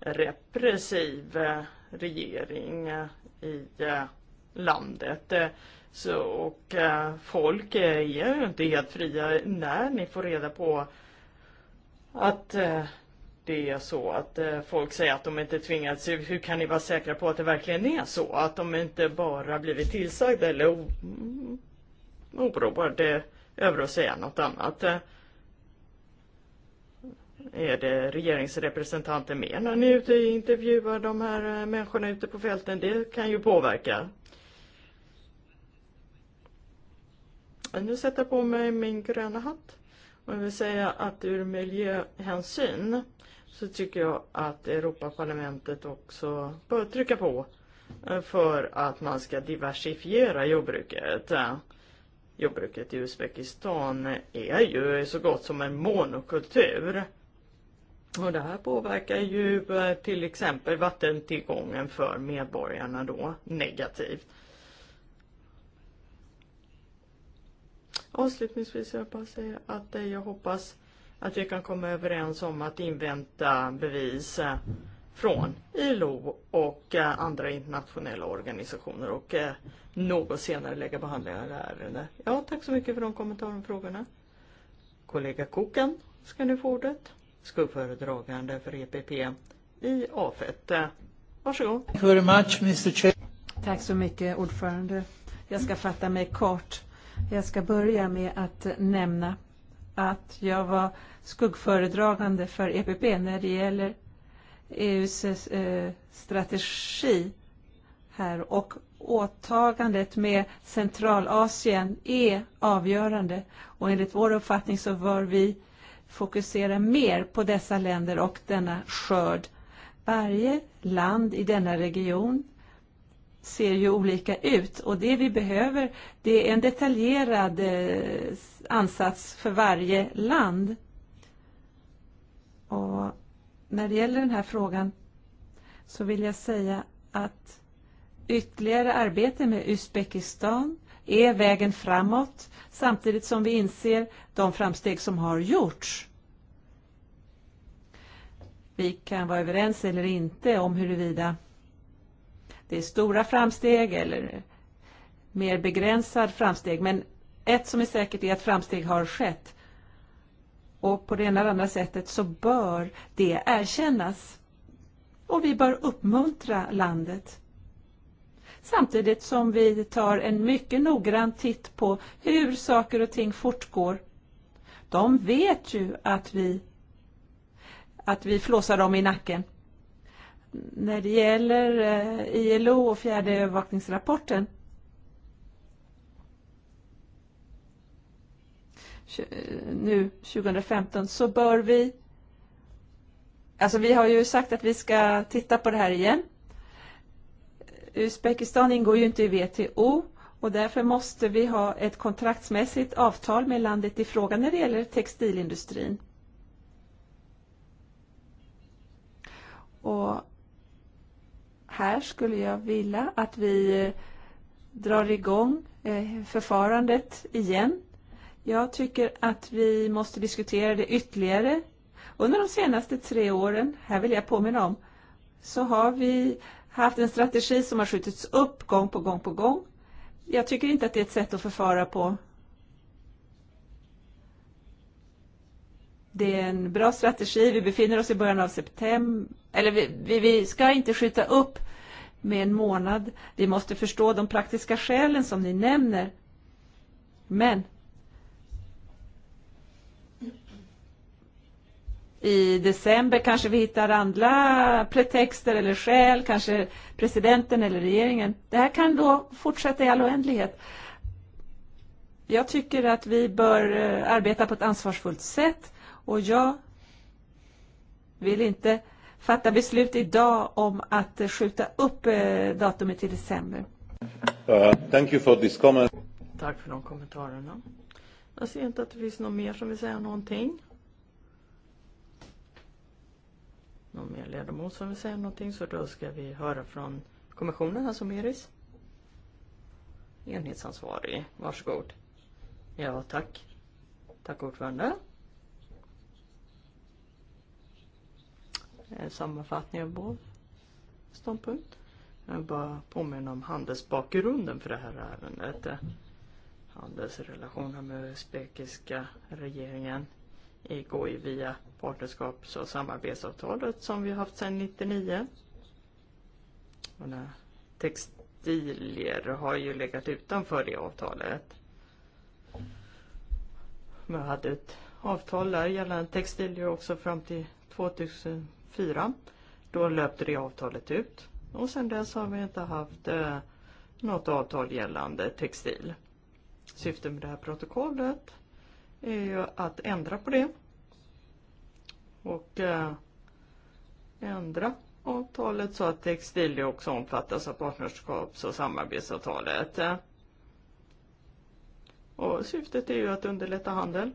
repressiv eh, regering eh, i eh, landet. Eh, så, och eh, folk eh, är ju inte helt fria när ni får reda på att eh, det är så att eh, folk säger att de inte tvingats, hur kan ni vara säkra på att det verkligen är så? Att de inte bara blivit tillsagda eller oroade över att säga något annat? Eh, är det regeringsrepresentanter med när ni är ute och intervjuar de här eh, människorna ute på fälten? Det kan ju påverka. Eh, nu sätter jag på mig min gröna hatt och vill säga att ur miljöhänsyn så tycker jag att Europaparlamentet också bör trycka på eh, för att man ska diversifiera jordbruket. Jordbruket i Uzbekistan är ju så gott som en monokultur. Och det här påverkar ju eh, till exempel vattentillgången för medborgarna då negativt. Avslutningsvis vill jag bara säga att eh, jag hoppas att vi kan komma överens om att invänta bevis eh, från ILO och eh, andra internationella organisationer och eh, något senare lägga behandlingen av ärendet. Ja, tack så mycket för de kommentarerna och frågorna. Kollega Koken. ska nu få ordet. Skuggföredragande för EPP i AFET. Varsågod. Thank you very much, Mr. Chair. Tack så mycket, ordförande. Jag ska fatta mig kort. Jag ska börja med att nämna att jag var skuggföredragande för EPP när det gäller EUs eh, strategi här och åtagandet med Centralasien är avgörande och enligt vår uppfattning så bör vi fokusera mer på dessa länder och denna skörd. Varje land i denna region ser ju olika ut och det vi behöver det är en detaljerad eh, ansats för varje land. Och när det gäller den här frågan så vill jag säga att ytterligare arbete med Uzbekistan är vägen framåt samtidigt som vi inser de framsteg som har gjorts. Vi kan vara överens eller inte om huruvida det är stora framsteg eller mer begränsad framsteg men ett som är säkert är att framsteg har skett och på det ena eller andra sättet så bör det erkännas. Och vi bör uppmuntra landet. Samtidigt som vi tar en mycket noggrann titt på hur saker och ting fortgår. De vet ju att vi, att vi flåsar dem i nacken. När det gäller eh, ILO och fjärde övervakningsrapporten nu 2015 så bör vi Alltså vi har ju sagt att vi ska titta på det här igen. Uzbekistan ingår ju inte i WTO och därför måste vi ha ett kontraktsmässigt avtal med landet i fråga när det gäller textilindustrin. Och här skulle jag vilja att vi drar igång eh, förfarandet igen Jag tycker att vi måste diskutera det ytterligare. Under de senaste tre åren, här vill jag påminna om, så har vi haft en strategi som har skjutits upp gång på gång på gång. Jag tycker inte att det är ett sätt att förfara på. Det är en bra strategi. Vi befinner oss i början av september. Eller vi, vi, vi ska inte skjuta upp med en månad. Vi måste förstå de praktiska skälen som ni nämner. Men i december kanske vi hittar andra pretexter eller skäl, kanske presidenten eller regeringen. Det här kan då fortsätta i all oändlighet. Jag tycker att vi bör eh, arbeta på ett ansvarsfullt sätt och jag vill inte fatta beslut idag om att skjuta upp eh, datumet till december. Uh, thank you for this comment. Tack för de kommentarerna. Jag ser inte att det finns någon mer som vill säga någonting. någon mer ledamot som vill säga någonting så då ska vi höra från kommissionen, alltså Meris. Enhetsansvarig, varsågod. Ja, tack. Tack ordförande. Eh, sammanfattning av vår ståndpunkt. Jag vill bara påminna om handelsbakgrunden för det här ärendet. Eh, Handelsrelationer med uzbekiska regeringen går ju via partnerskaps och samarbetsavtalet som vi har haft sedan 1999. textilier har ju legat utanför det avtalet. Vi hade ett avtal där gällande textilier också fram till 2004. Då löpte det avtalet ut. Och sedan dess har vi inte haft eh, något avtal gällande textil. Syftet med det här protokollet är ju att ändra på det och eh, ändra avtalet så att textil också omfattas av partnerskaps och samarbetsavtalet. Och syftet är ju att underlätta handel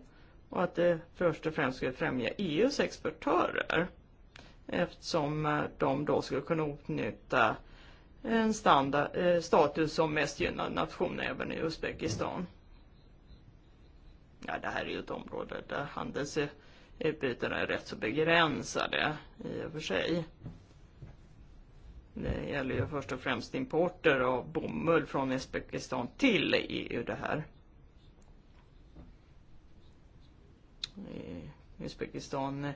och att det först och främst ska främja EUs exportörer eftersom eh, de då skulle kunna åtnjuta en standard, eh, status som mest gynnad nation även i Uzbekistan. Mm ja, det här är ju ett område där handelsutbytena är rätt så begränsade i och för sig. Det gäller ju först och främst importer av bomull från Uzbekistan till EU det här. Uzbekistan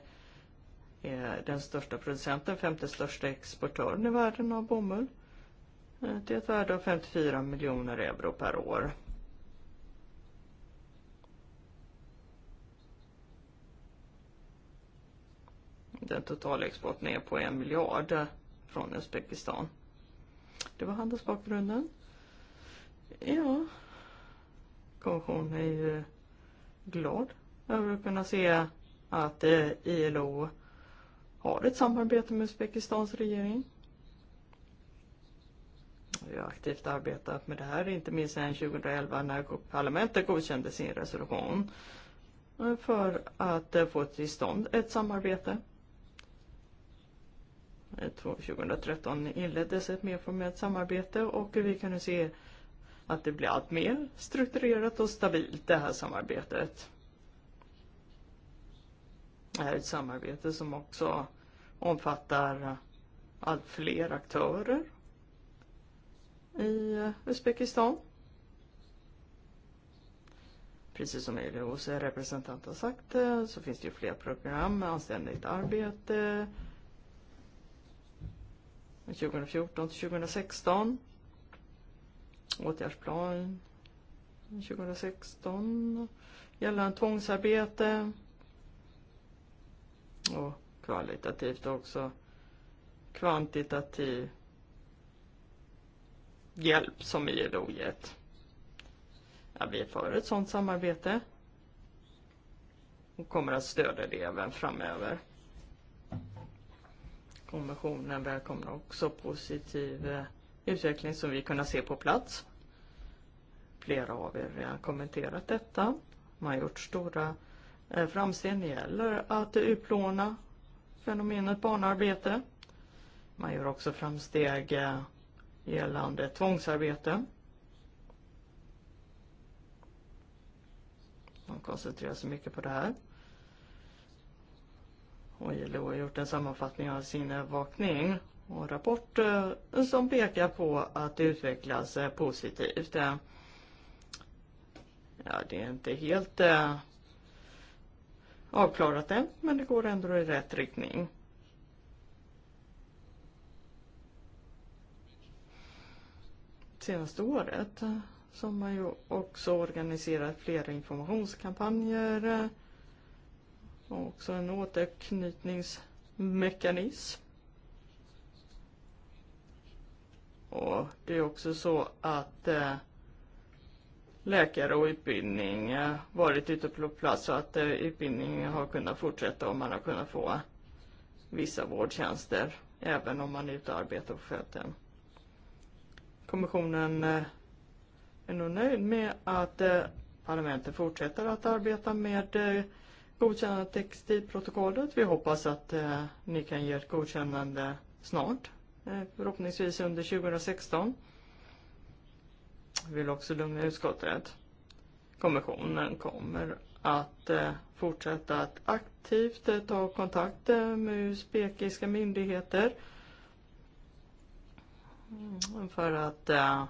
är den största producenten, femte största exportören i världen av bomull. Det eh, är ett värde av 54 miljoner euro per år. den totala exporten är på en miljard från Uzbekistan. Det var handelsbakgrunden. Ja, kommissionen är ju glad över att kunna se att eh, ILO har ett samarbete med Uzbekistans regering. Vi har aktivt arbetat med det här, inte minst sedan 2011 när parlamentet godkände sin resolution eh, för att eh, få till stånd ett samarbete. 2013 inleddes ett mer formellt samarbete och vi kan nu se att det blir allt mer strukturerat och stabilt det här samarbetet. Det här är ett samarbete som också omfattar allt fler aktörer i Uzbekistan. Precis som EUs representant har sagt så finns det ju fler program, anständigt arbete, 2014 till 2016. Åtgärdsplan 2016 gällande tvångsarbete och kvalitativt också kvantitativ hjälp som ILO gett. Ja, vi är för ett sådant samarbete och kommer att stödja det även framöver. Kommissionen välkomnar också positiv utveckling som vi kunnat se på plats. Flera av er har redan kommenterat detta. Man har gjort stora eh, framsteg när det gäller att utplåna fenomenet barnarbete. Man gör också framsteg eh, gällande tvångsarbete. Man koncentrerar sig mycket på det här och ILO har gjort en sammanfattning av sin vakning och rapport eh, som pekar på att det utvecklas eh, positivt. Eh, ja, det är inte helt avklarat än, men det går ändå i rätt riktning. Senaste året så har man ju också organiserat flera informationskampanjer och också en återknytningsmekanism. Och det är också så att eh, läkare och utbildning eh, varit ute på plats så att eh, utbildningen har kunnat fortsätta och man har kunnat få vissa vårdtjänster även om man är ute och arbetar på fälten. Kommissionen eh, är nog nöjd med att eh, parlamentet fortsätter att arbeta med eh, godkänna textilprotokollet. Vi hoppas att eh, ni kan ge ett godkännande snart, eh, förhoppningsvis under 2016. Vi vill också lugna utskottet. Kommissionen kommer att eh, fortsätta att aktivt eh, ta kontakt eh, med uzbekiska myndigheter mm, för att eh,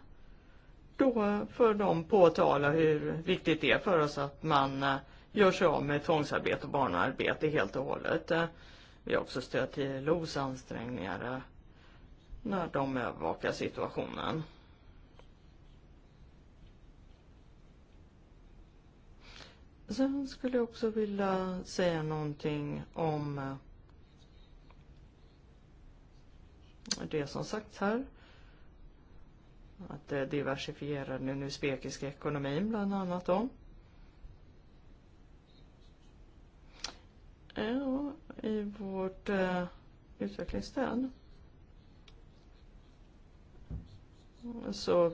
då för dem påtala hur viktigt det är för oss att man eh, gör sig av med tvångsarbete och barnarbete helt och hållet. Vi har också stöd till LOs ansträngningar när de övervakar situationen. Sen skulle jag också vilja säga någonting om det som sagts här. Att eh, diversifiera den uzbekiska ekonomin bland annat om. Ja, i vårt eh, utvecklingsstöd så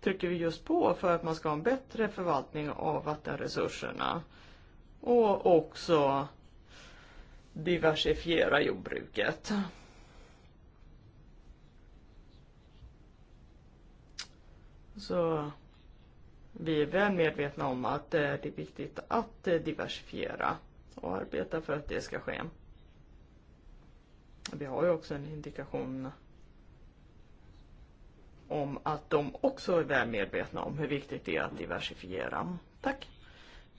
trycker vi just på för att man ska ha en bättre förvaltning av vattenresurserna och också diversifiera jordbruket. Så vi är väl medvetna om att eh, det är viktigt att eh, diversifiera och arbeta för att det ska ske. Vi har ju också en indikation om att de också är väl medvetna om hur viktigt det är att diversifiera. Tack!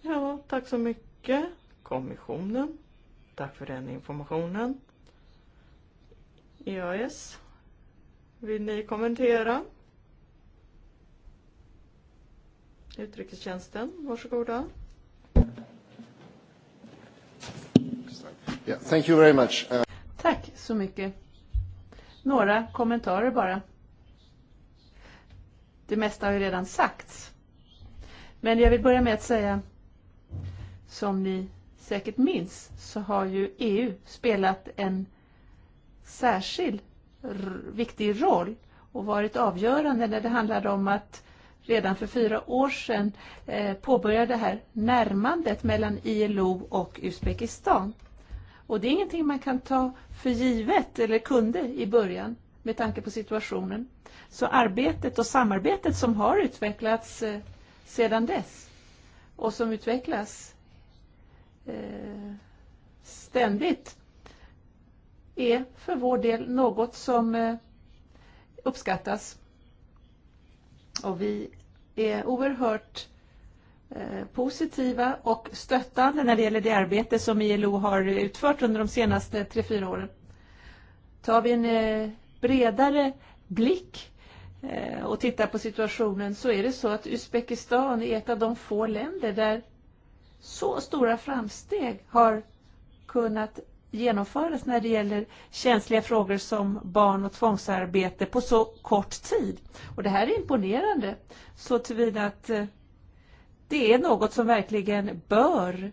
Ja, tack så mycket kommissionen. Tack för den informationen. EAS, vill ni kommentera? Utrikestjänsten, varsågoda. Yeah, thank you very much. Uh, Tack så mycket. Några kommentarer bara. Det mesta har ju redan sagts. Men jag vill börja med att säga, som ni säkert minns, så har ju EU spelat en särskild viktig roll och varit avgörande när det handlade om att redan för fyra år sedan eh, påbörja det här närmandet mellan ILO och Uzbekistan. Och det är ingenting man kan ta för givet eller kunde i början med tanke på situationen. Så arbetet och samarbetet som har utvecklats eh, sedan dess och som utvecklas eh, ständigt är för vår del något som eh, uppskattas. Och vi är oerhört eh, Eh, positiva och stöttande när det gäller det arbete som ILO har utfört under de senaste 3-4 åren. Tar vi en eh, bredare blick eh, och tittar på situationen så är det så att Uzbekistan är ett av de få länder där så stora framsteg har kunnat genomföras när det gäller känsliga frågor som barn och tvångsarbete på så kort tid. Och det här är imponerande så tillvida att eh, Det är något som verkligen bör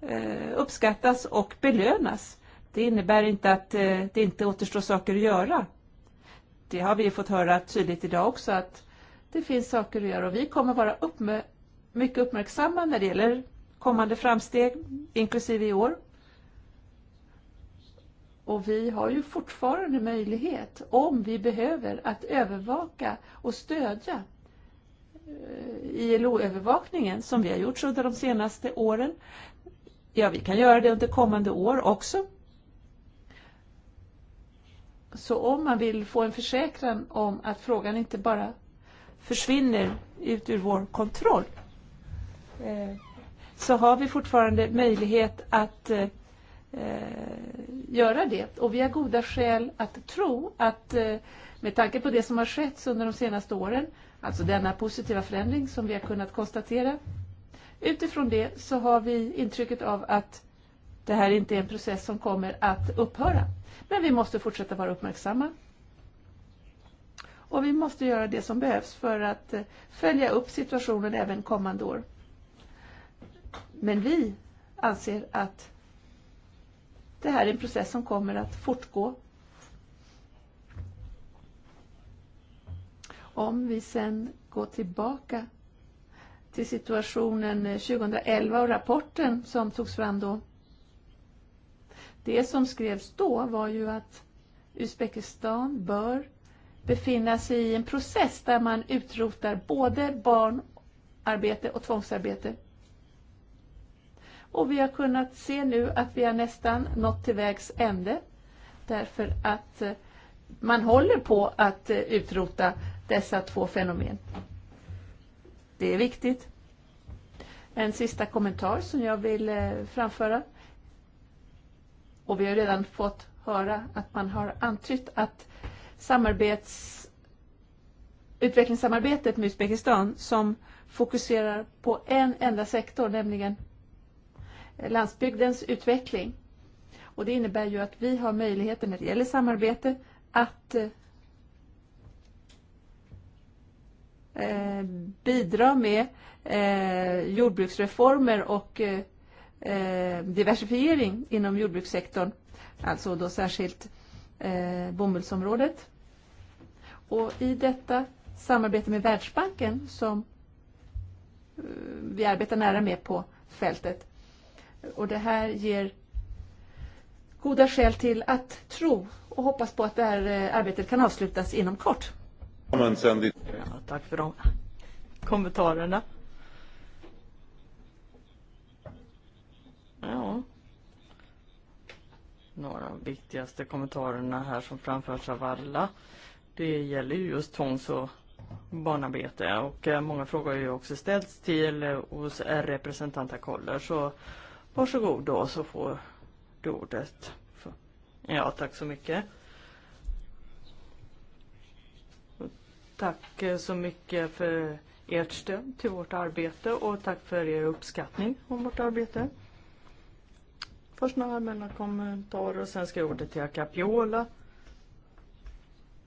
eh, uppskattas och belönas. Det innebär inte att eh, det inte återstår saker att göra. Det har vi fått höra tydligt idag också att det finns saker att göra och vi kommer vara med, mycket uppmärksamma när det gäller kommande framsteg, inklusive i år. Och vi har ju fortfarande möjlighet, om vi behöver, att övervaka och stödja ILO-övervakningen som vi har gjort under de senaste åren. Ja, vi kan göra det under kommande år också. Så om man vill få en försäkran om att frågan inte bara försvinner ut ur vår kontroll eh, så har vi fortfarande möjlighet att eh, göra det. Och vi har goda skäl att tro att eh, med tanke på det som har skett under de senaste åren Alltså denna positiva förändring som vi har kunnat konstatera. Utifrån det så har vi intrycket av att det här inte är en process som kommer att upphöra. Men vi måste fortsätta vara uppmärksamma. Och vi måste göra det som behövs för att eh, följa upp situationen även kommande år. Men vi anser att det här är en process som kommer att fortgå Om vi sen går tillbaka till situationen 2011 och rapporten som togs fram då. Det som skrevs då var ju att Uzbekistan bör befinna sig i en process där man utrotar både barnarbete och tvångsarbete. Och vi har kunnat se nu att vi har nästan nått till vägs ände därför att eh, man håller på att eh, utrota dessa två fenomen. Det är viktigt. En sista kommentar som jag vill eh, framföra. Och vi har redan fått höra att man har antytt att samarbets utvecklingssamarbetet med Uzbekistan som fokuserar på en enda sektor, nämligen landsbygdens utveckling. Och det innebär ju att vi har möjligheter när det gäller samarbete att eh, Eh, bidra med eh, jordbruksreformer och eh, diversifiering inom jordbrukssektorn, alltså då särskilt eh, bomullsområdet. Och i detta samarbete med Världsbanken som eh, vi arbetar nära med på fältet. Och det här ger goda skäl till att tro och hoppas på att det här eh, arbetet kan avslutas inom kort. Ja, tack för de kommentarerna. Ja. Några av de viktigaste kommentarerna här som framförs av alla. Det gäller ju just tvångs och barnarbete och eh, många frågor har ju också ställts till eh, hos representanter kollar. så varsågod då så får du ordet. Ja, tack så mycket. Tack så mycket för ert stöd till vårt arbete och tack för er uppskattning om vårt arbete. Först några allmänna kommentarer och sen ska jag ordet till Acapiola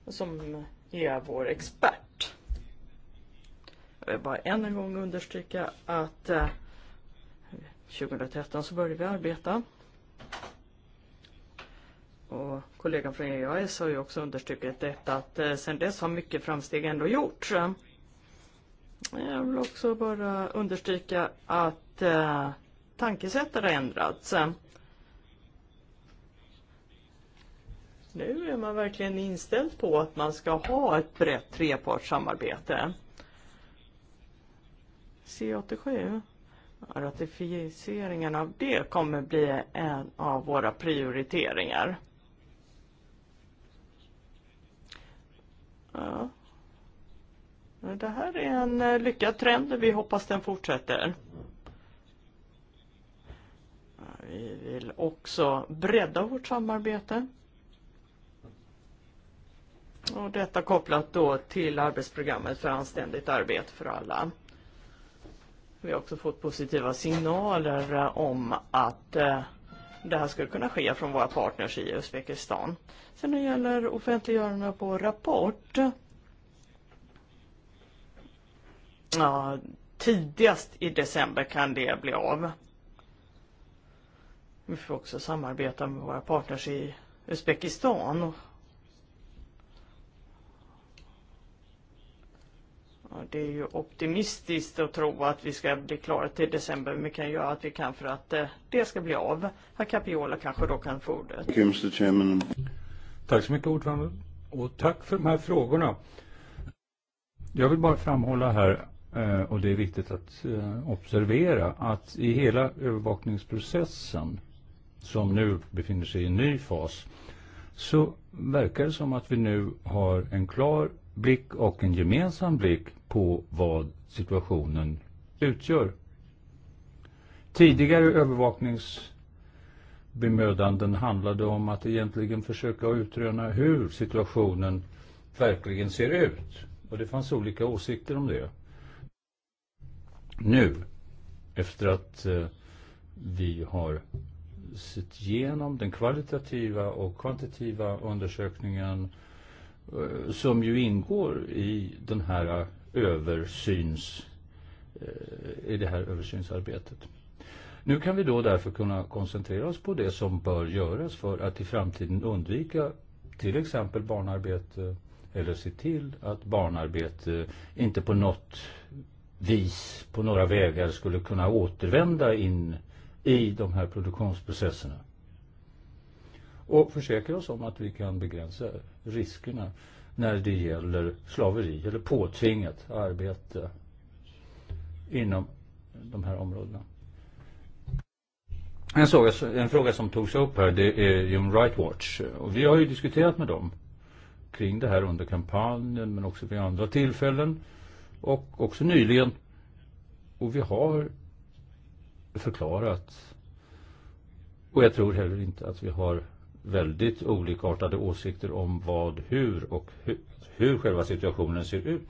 som är vår expert. Jag vill bara än en gång understryka att 2013 eh, så började vi arbeta och kollegan från EAS har ju också understrukit detta att eh, sedan dess har mycket framsteg ändå gjorts. Jag vill också bara understryka att eh, tankesättet har ändrats. Nu är man verkligen inställd på att man ska ha ett brett trepartssamarbete. C87, ratificeringen av det kommer bli en av våra prioriteringar. Ja. Det här är en eh, lyckad trend och vi hoppas den fortsätter. Vi vill också bredda vårt samarbete. Och detta kopplat då till arbetsprogrammet för anständigt arbete för alla. Vi har också fått positiva signaler eh, om att eh, det här skulle kunna ske från våra partners i Uzbekistan. Sen när det gäller offentliggörande på rapport. Ja, tidigast i december kan det bli av. Vi får också samarbeta med våra partners i Uzbekistan Och, Det är ju optimistiskt att tro att vi ska bli klara till december, vi kan göra att vi kan för att eh, det ska bli av. Herr Capiola kanske då kan få ordet. Tack så mycket ordförande och tack för de här frågorna. Jag vill bara framhålla här, eh, och det är viktigt att eh, observera, att i hela övervakningsprocessen som nu befinner sig i en ny fas så verkar det som att vi nu har en klar blick och en gemensam blick på vad situationen utgör. Tidigare övervakningsbemödanden handlade om att egentligen försöka utröna hur situationen verkligen ser ut. Och det fanns olika åsikter om det. Nu, efter att eh, vi har sett igenom den kvalitativa och kvantitativa undersökningen eh, som ju ingår i den här översyns, eh, i det här översynsarbetet. Nu kan vi då därför kunna koncentrera oss på det som bör göras för att i framtiden undvika till exempel barnarbete eller se till att barnarbete inte på något vis, på några vägar skulle kunna återvända in i de här produktionsprocesserna. Och försäkra oss om att vi kan begränsa riskerna när det gäller slaveri eller påtvingat arbete inom de här områdena. En fråga, en fråga som togs upp här det är Human Rights Watch och vi har ju diskuterat med dem kring det här under kampanjen men också vid andra tillfällen och också nyligen och vi har förklarat och jag tror heller inte att vi har väldigt olikartade åsikter om vad, hur och hur, hur själva situationen ser ut.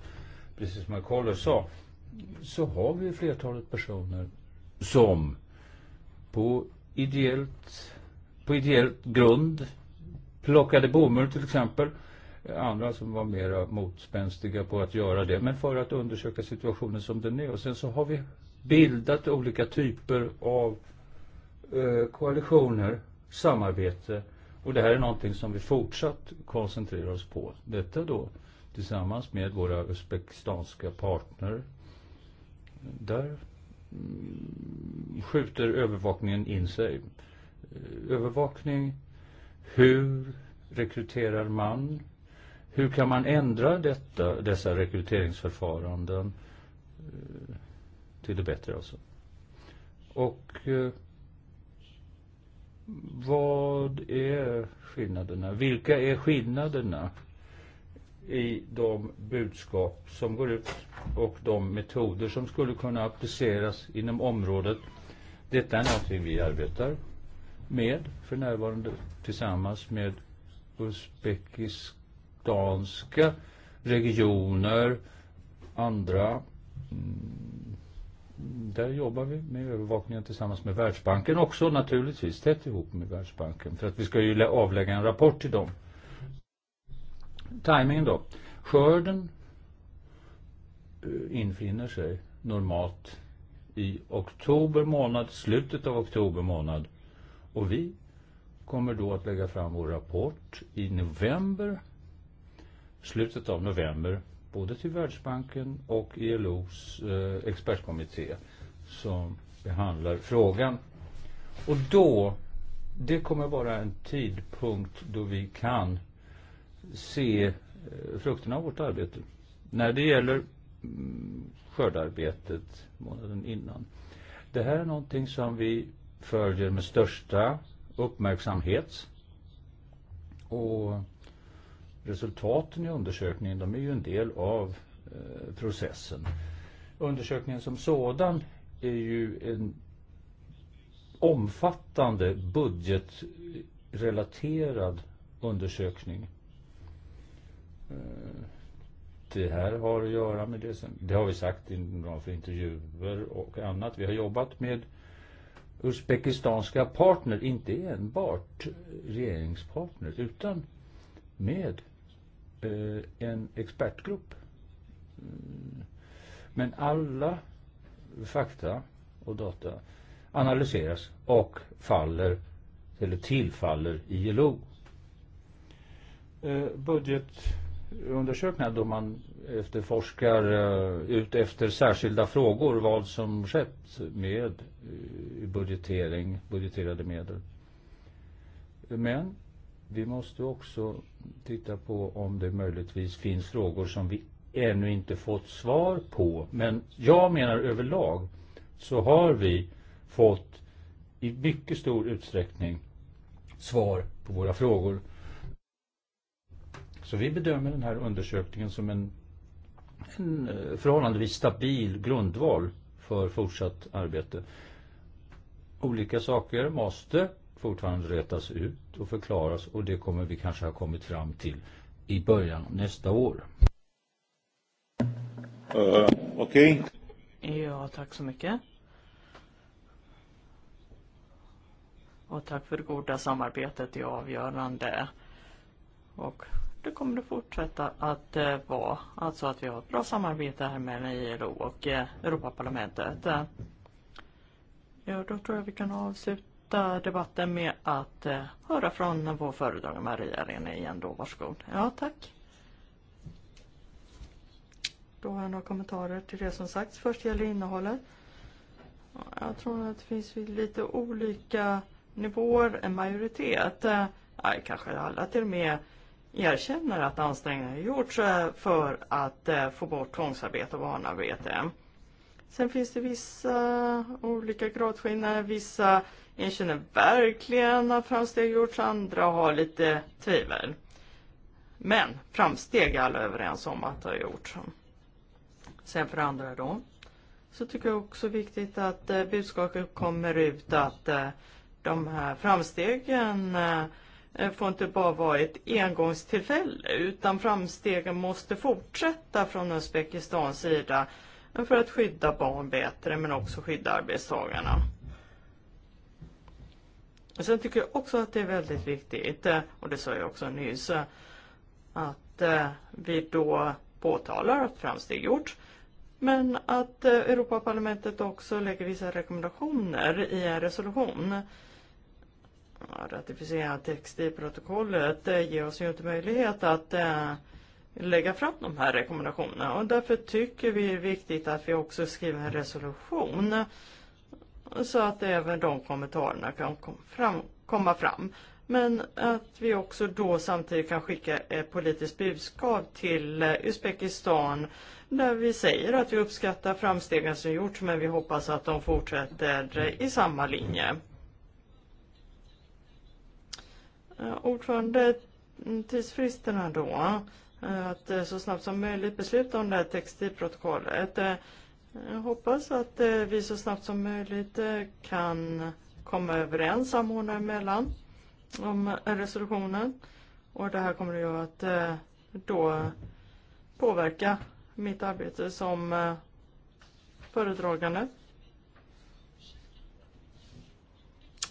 Precis som Carlos sa så har vi flertalet personer som på ideellt, på ideellt grund plockade bomull till exempel andra som var mer motspänstiga på att göra det, men för att undersöka situationen som den är. Och sen så har vi bildat olika typer av eh, koalitioner, samarbete Och det här är någonting som vi fortsatt koncentrerar oss på. Detta då tillsammans med våra uzbekistanska partner. Där mm, skjuter övervakningen in sig. Övervakning, hur rekryterar man? Hur kan man ändra detta, dessa rekryteringsförfaranden eh, till det bättre alltså? Och eh, Vad är skillnaderna? Vilka är skillnaderna i de budskap som går ut och de metoder som skulle kunna appliceras inom området? Detta är någonting vi arbetar med för närvarande tillsammans med uzbekistanska regioner, andra mm, där jobbar vi med övervakningen tillsammans med Världsbanken också naturligtvis tätt ihop med Världsbanken för att vi ska ju avlägga en rapport till dem. Timingen då. Skörden eh, infinner sig normalt i oktober månad, slutet av oktober månad och vi kommer då att lägga fram vår rapport i november, slutet av november både till Världsbanken och ILOs e eh, expertkommitté som behandlar frågan. Och då, det kommer vara en tidpunkt då vi kan se eh, frukterna av vårt arbete. När det gäller mm, skördarbetet månaden innan. Det här är någonting som vi följer med största uppmärksamhet. Och Resultaten i undersökningen de är ju en del av eh, processen. Undersökningen som sådan är ju en omfattande budgetrelaterad undersökning. Eh, det här har att göra med det som, det har vi sagt inom ramen för intervjuer och annat. Vi har jobbat med uzbekistanska partner, inte enbart regeringspartner utan med Eh, en expertgrupp. Mm. Men alla fakta och data analyseras och faller eller tillfaller ILO. Eh, budgetundersökningar då man efterforskar eh, ut efter särskilda frågor vad som skett med budgetering, budgeterade medel. Men Vi måste också titta på om det möjligtvis finns frågor som vi ännu inte fått svar på. Men jag menar överlag så har vi fått i mycket stor utsträckning svar på våra frågor. Så vi bedömer den här undersökningen som en, en eh, förhållandevis stabil grundval för fortsatt arbete. Olika saker måste fortfarande rätas ut och förklaras och det kommer vi kanske ha kommit fram till i början nästa år. Uh, Okej. Okay. Ja, tack så mycket. Och tack för det goda samarbetet, i avgörande. Och det kommer att fortsätta att eh, vara, alltså att vi har ett bra samarbete här mellan ILO och eh, Europaparlamentet. Ja, då tror jag vi kan avsluta avsluta debatten med att eh, höra från vår föredragande Maria Rene igen då. Varsågod. Ja, tack. Då har jag några kommentarer till det som sagts. Först gäller innehållet. Jag tror att det finns lite olika nivåer, en majoritet, eh, kanske alla till och med erkänner att ansträngningar gjorts eh, för att eh, få bort tvångsarbete och barnarbete. Sen finns det vissa olika gradskillnader, vissa En känner verkligen att framsteg gjorts, andra har lite tvivel. Men framsteg är alla överens om att det har gjorts. Sen för andra då, så tycker jag också viktigt att eh, budskapet kommer ut att eh, de här framstegen eh, får inte bara vara ett engångstillfälle utan framstegen måste fortsätta från Uzbekistans sida för att skydda barn bättre men också skydda arbetstagarna. Och Sen tycker jag också att det är väldigt viktigt, och det sa jag också nyss, att eh, vi då påtalar att framsteg gjorts, men att eh, Europaparlamentet också lägger vissa rekommendationer i en resolution. Ratificera text i protokollet ger oss ju inte möjlighet att eh, lägga fram de här rekommendationerna och därför tycker vi det är viktigt att vi också skriver en resolution så att även de kommentarerna kan kom fram, komma fram. Men att vi också då samtidigt kan skicka ett politiskt budskap till eh, Uzbekistan där vi säger att vi uppskattar framstegen som gjorts men vi hoppas att de fortsätter eh, i samma linje. Eh, ordförande, mm, tidsfristerna då, att så snabbt som möjligt besluta om det här textilprotokollet. Jag hoppas att eh, vi så snabbt som möjligt eh, kan komma överens samordnare emellan om resolutionen. Och det här kommer jag att eh, då påverka mitt arbete som föredragande.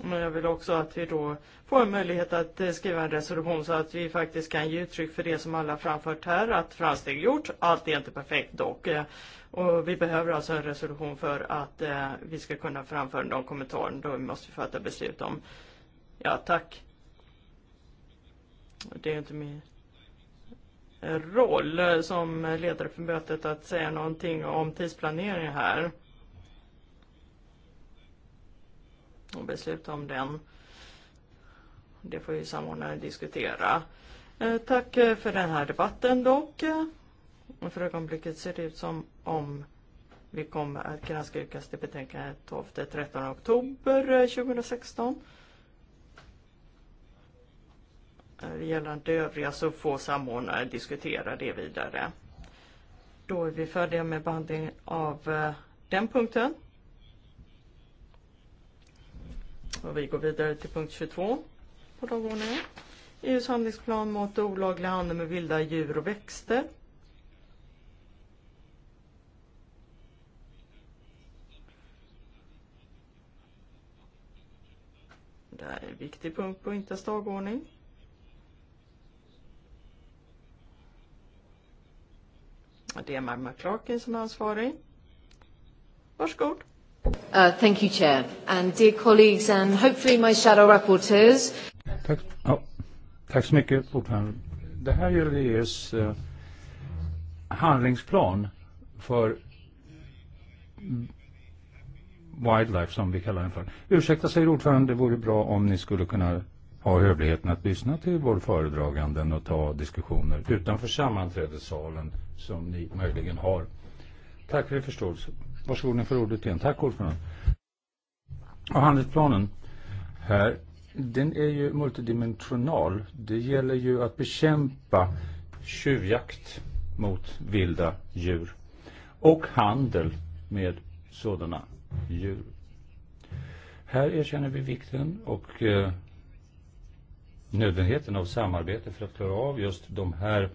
Men jag vill också att vi då får en möjlighet att skriva en resolution så att vi faktiskt kan ge uttryck för det som alla framfört här, att framsteg gjort. Allt är inte perfekt dock. Och vi behöver alltså en resolution för att eh, vi ska kunna framföra de kommentarerna då vi måste fatta beslut om. Ja, tack. Det är inte min roll eh, som ledare för mötet att säga någonting om tidsplanering här. Och besluta om den. Det får ju samordnaren diskutera. Eh, tack eh, för den här debatten dock. Och för ögonblicket ser det ut som om vi kommer att granska skrivas till betänkandet 12-13 oktober 2016. Eh, eh, Gällande övriga så får samordnare diskutera det vidare. Då är vi färdiga med behandling av eh, den punkten. Och vi går vidare till punkt 22 på dagordningen. EUs handlingsplan mot olaglig handel med vilda djur och växter. Det här er är en viktig punkt på Intas dagordning. Det är er Magma Clarkin som är er ansvarig. Varsågod. Uh, thank you, Chair, and dear colleagues, and hopefully my shadow rapporteurs. Tack, oh, tack så mycket, ordförande. Det här gäller EUs uh, eh, handlingsplan för Wildlife som vi kallar den för. Ursäkta säger ordförande, det vore bra om ni skulle kunna ha hövligheten att lyssna till vår föredraganden och ta diskussioner utanför sammanträdessalen som ni möjligen har. Tack för er förståelse. Varsågod, ni för ordet igen. Tack ordförande. Och handelsplanen här, den är ju multidimensional. Det gäller ju att bekämpa tjuvjakt mot vilda djur och handel med sådana Här erkänner vi vikten och eh, nödvändigheten av samarbete för att klara av just de här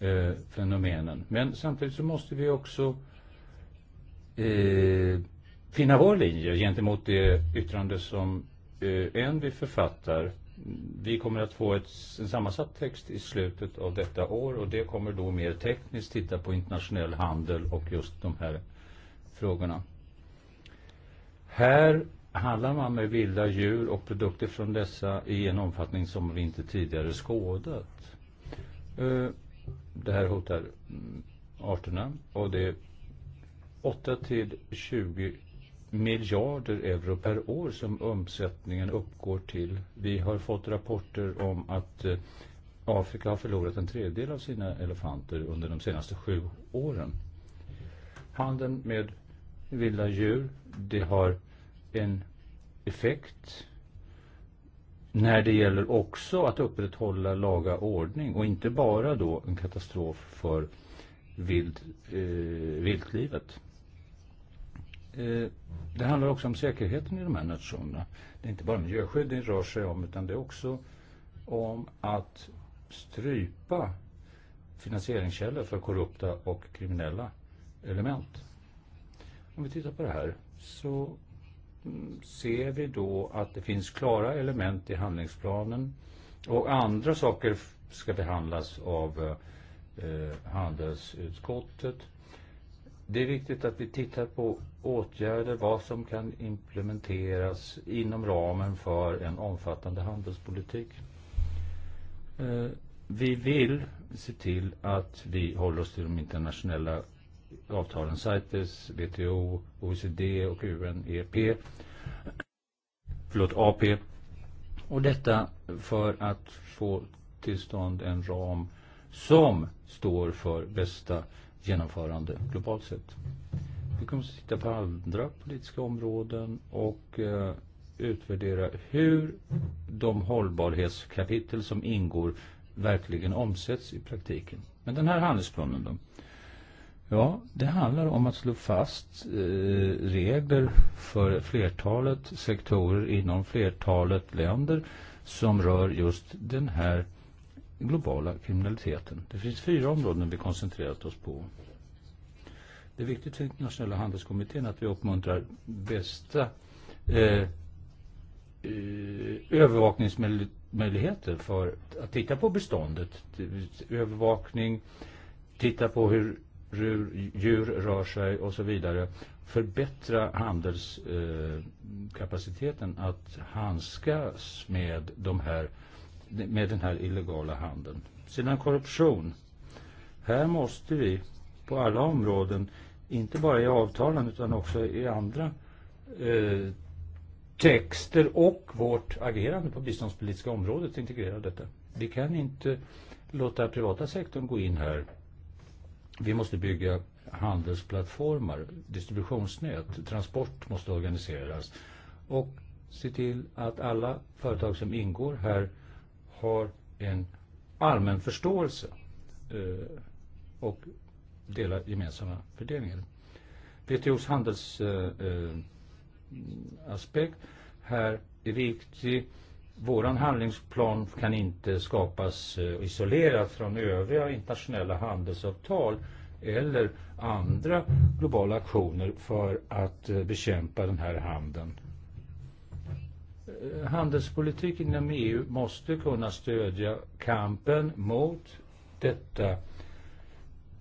eh, fenomenen. Men samtidigt så måste vi också eh, finna vår linje gentemot det yttrande som eh, en vi författar. Vi kommer att få ett, en sammansatt text i slutet av detta år och det kommer då mer tekniskt titta på internationell handel och just de här frågorna. Här handlar man med vilda djur och produkter från dessa i en omfattning som vi inte tidigare skådat. Eh, det här hotar mm, arterna och det är 8 till 20 miljarder euro per år som omsättningen uppgår till. Vi har fått rapporter om att eh, Afrika har förlorat en tredjedel av sina elefanter under de senaste sju åren. Handeln med vilda djur, det har en effekt när det gäller också att upprätthålla laga ordning och inte bara då en katastrof för vild, eh, viltlivet. Eh, det handlar också om säkerheten i de här nationerna. Det är inte bara miljöskydd det rör sig om utan det är också om att strypa finansieringskällor för korrupta och kriminella element. Om vi tittar på det här så ser vi då att det finns klara element i handlingsplanen och andra saker ska behandlas av eh, handelsutskottet. Det är viktigt att vi tittar på åtgärder, vad som kan implementeras inom ramen för en omfattande handelspolitik. Eh, vi vill se till att vi håller oss till de internationella avtalen CITES, WTO, OECD och UNEP. Förlåt, AP. Och detta för att få till stånd en ram som står för bästa genomförande globalt sett. Vi kommer att titta på andra politiska områden och eh, utvärdera hur de hållbarhetskapitel som ingår verkligen omsätts i praktiken. Men den här handelsplanen då? Ja, det handlar om att slå fast eh, regler för flertalet sektorer inom flertalet länder som rör just den här globala kriminaliteten. Det finns fyra områden vi koncentrerat oss på. Det är viktigt för internationella handelskommittén att vi uppmuntrar bästa eh, eh övervakningsmöjligheter för att titta på beståndet. Övervakning, titta på hur djur djur rör sig och så vidare. Förbättra handelskapaciteten eh, att handskas med, de här, med den här illegala handeln. Sedan korruption. Här måste vi på alla områden, inte bara i avtalen utan också i andra eh, texter och vårt agerande på biståndspolitiska området integrera detta. Vi kan inte låta privata sektorn gå in här Vi måste bygga handelsplattformar, distributionsnät, transport måste organiseras och se till att alla företag som ingår här har en allmän förståelse eh, och delar gemensamma fördelningar. WTOs handelsaspekt eh, eh, här är viktig Våran handlingsplan kan inte skapas eh, isolerat från övriga internationella handelsavtal eller andra globala aktioner för att eh, bekämpa den här handeln. Eh, handelspolitiken inom EU måste kunna stödja kampen mot detta,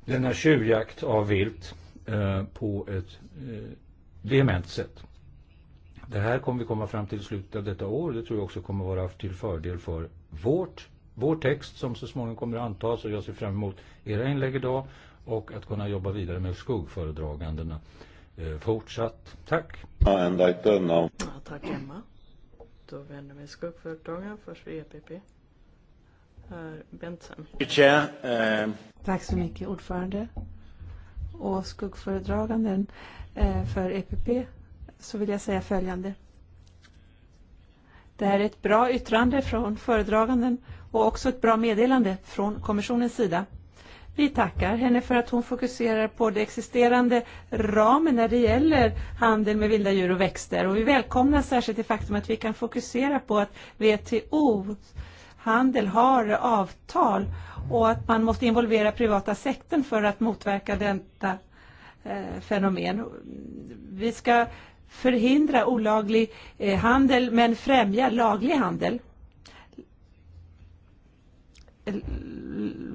denna tjuvjakt av vilt på ett vehement sätt. Det här kommer vi komma fram till slutet av detta år. Det tror jag också kommer vara till fördel för vårt, vår text som så småningom kommer att antas. Och jag ser fram emot era inlägg idag och att kunna jobba vidare med skuggföredragandena eh, fortsatt. Tack! And I turn Ja, tack Emma. Då vänder vi skuggföredragaren först för EPP. Herr Bentsen. Eh, tack så mycket ordförande och skuggföredraganden eh, för EPP så vill jag säga följande. Det här är ett bra yttrande från föredraganden och också ett bra meddelande från kommissionens sida. Vi tackar henne för att hon fokuserar på det existerande ramen när det gäller handel med vilda djur och växter. Och vi välkomnar särskilt det faktum att vi kan fokusera på att WTO handel har avtal och att man måste involvera privata sektorn för att motverka detta eh, fenomen. Vi ska förhindra olaglig eh, handel men främja laglig handel.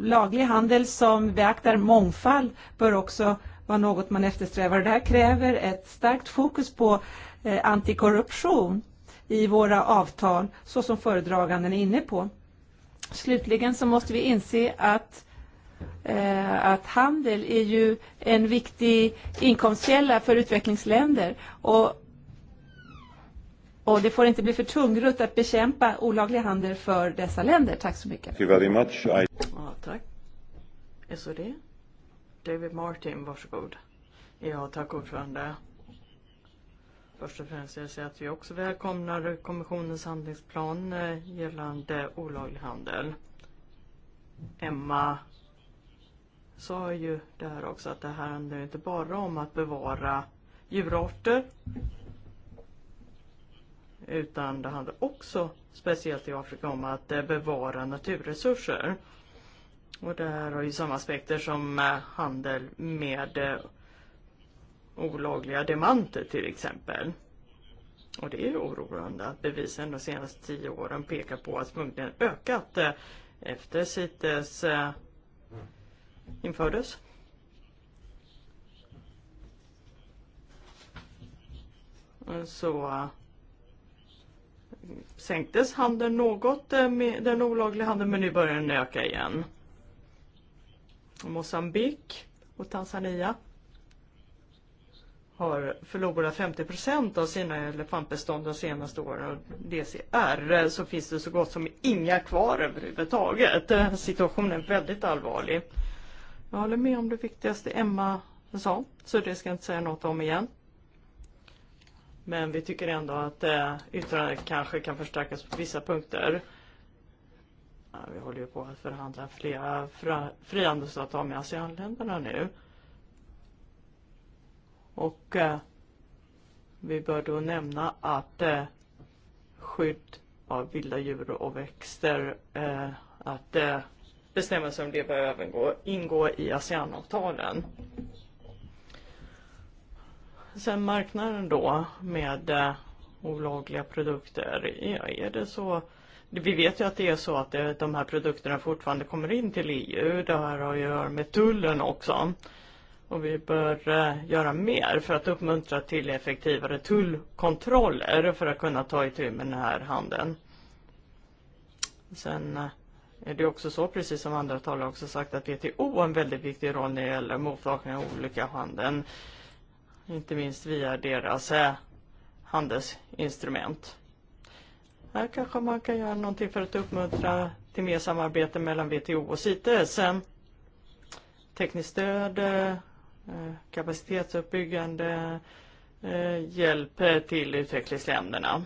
Laglig handel som beaktar mångfald bör också vara något man eftersträvar. Det här kräver ett starkt fokus på eh, antikorruption i våra avtal, så som föredraganden är inne på. Slutligen så måste vi inse att eh, att handel är ju en viktig inkomstkälla för utvecklingsländer och, och det får inte bli för tungrutt att bekämpa olaglig handel för dessa länder. Tack så mycket. Thank you very much. I... Ja, tack. SOD? David Martin, varsågod. Ja, tack ordförande. Först och främst vill jag säga att vi också välkomnar kommissionens handlingsplan eh, gällande olaglig handel. Emma sa ju här också att det här handlar inte bara om att bevara djurarter utan det handlar också speciellt i Afrika om att eh, bevara naturresurser. Och det här har ju samma aspekter som eh, handel med eh, olagliga demanter till exempel. Och det är oroande att bevisen de senaste tio åren pekar på att smugglingen ökat efter CITES in photos. And so, uh, sänktes handeln något eh, med den olagliga handeln men nu börjar den öka igen. Mosambik och Tanzania har förlorat 50 av sina elefantbestånd de senaste åren och DCR eh, så finns det så gott som inga kvar överhuvudtaget. Eh, situationen är väldigt allvarlig. Jag håller med om det viktigaste Emma sa, så det ska jag inte säga något om igen. Men vi tycker ändå att eh, yttrandet kanske kan förstärkas på vissa punkter. Ja, vi håller ju på att förhandla flera frihandelsavtal med ASEAN-länderna nu. Och eh, vi bör då nämna att eh, skydd av vilda djur och växter, eh, att eh, bestämmelser om det bör gå ingå i ASEAN-avtalen. Sen marknaden då med eh, olagliga produkter, ja, är det så vi vet ju att det är så att det, eh, de här produkterna fortfarande kommer in till EU. Det här har att göra med tullen också. Och vi bör eh, göra mer för att uppmuntra till effektivare tullkontroller för att kunna ta itu med den här handeln. Sen eh, Det är också så, precis som andra talare också sagt, att WTO har en väldigt viktig roll när det gäller mottagning av olika handeln. Inte minst via deras eh, handelsinstrument. Här kanske man kan göra någonting för att uppmuntra till mer samarbete mellan WTO och CITES. Tekniskt stöd, eh, eh, kapacitetsuppbyggande, hjälp till utvecklingsländerna.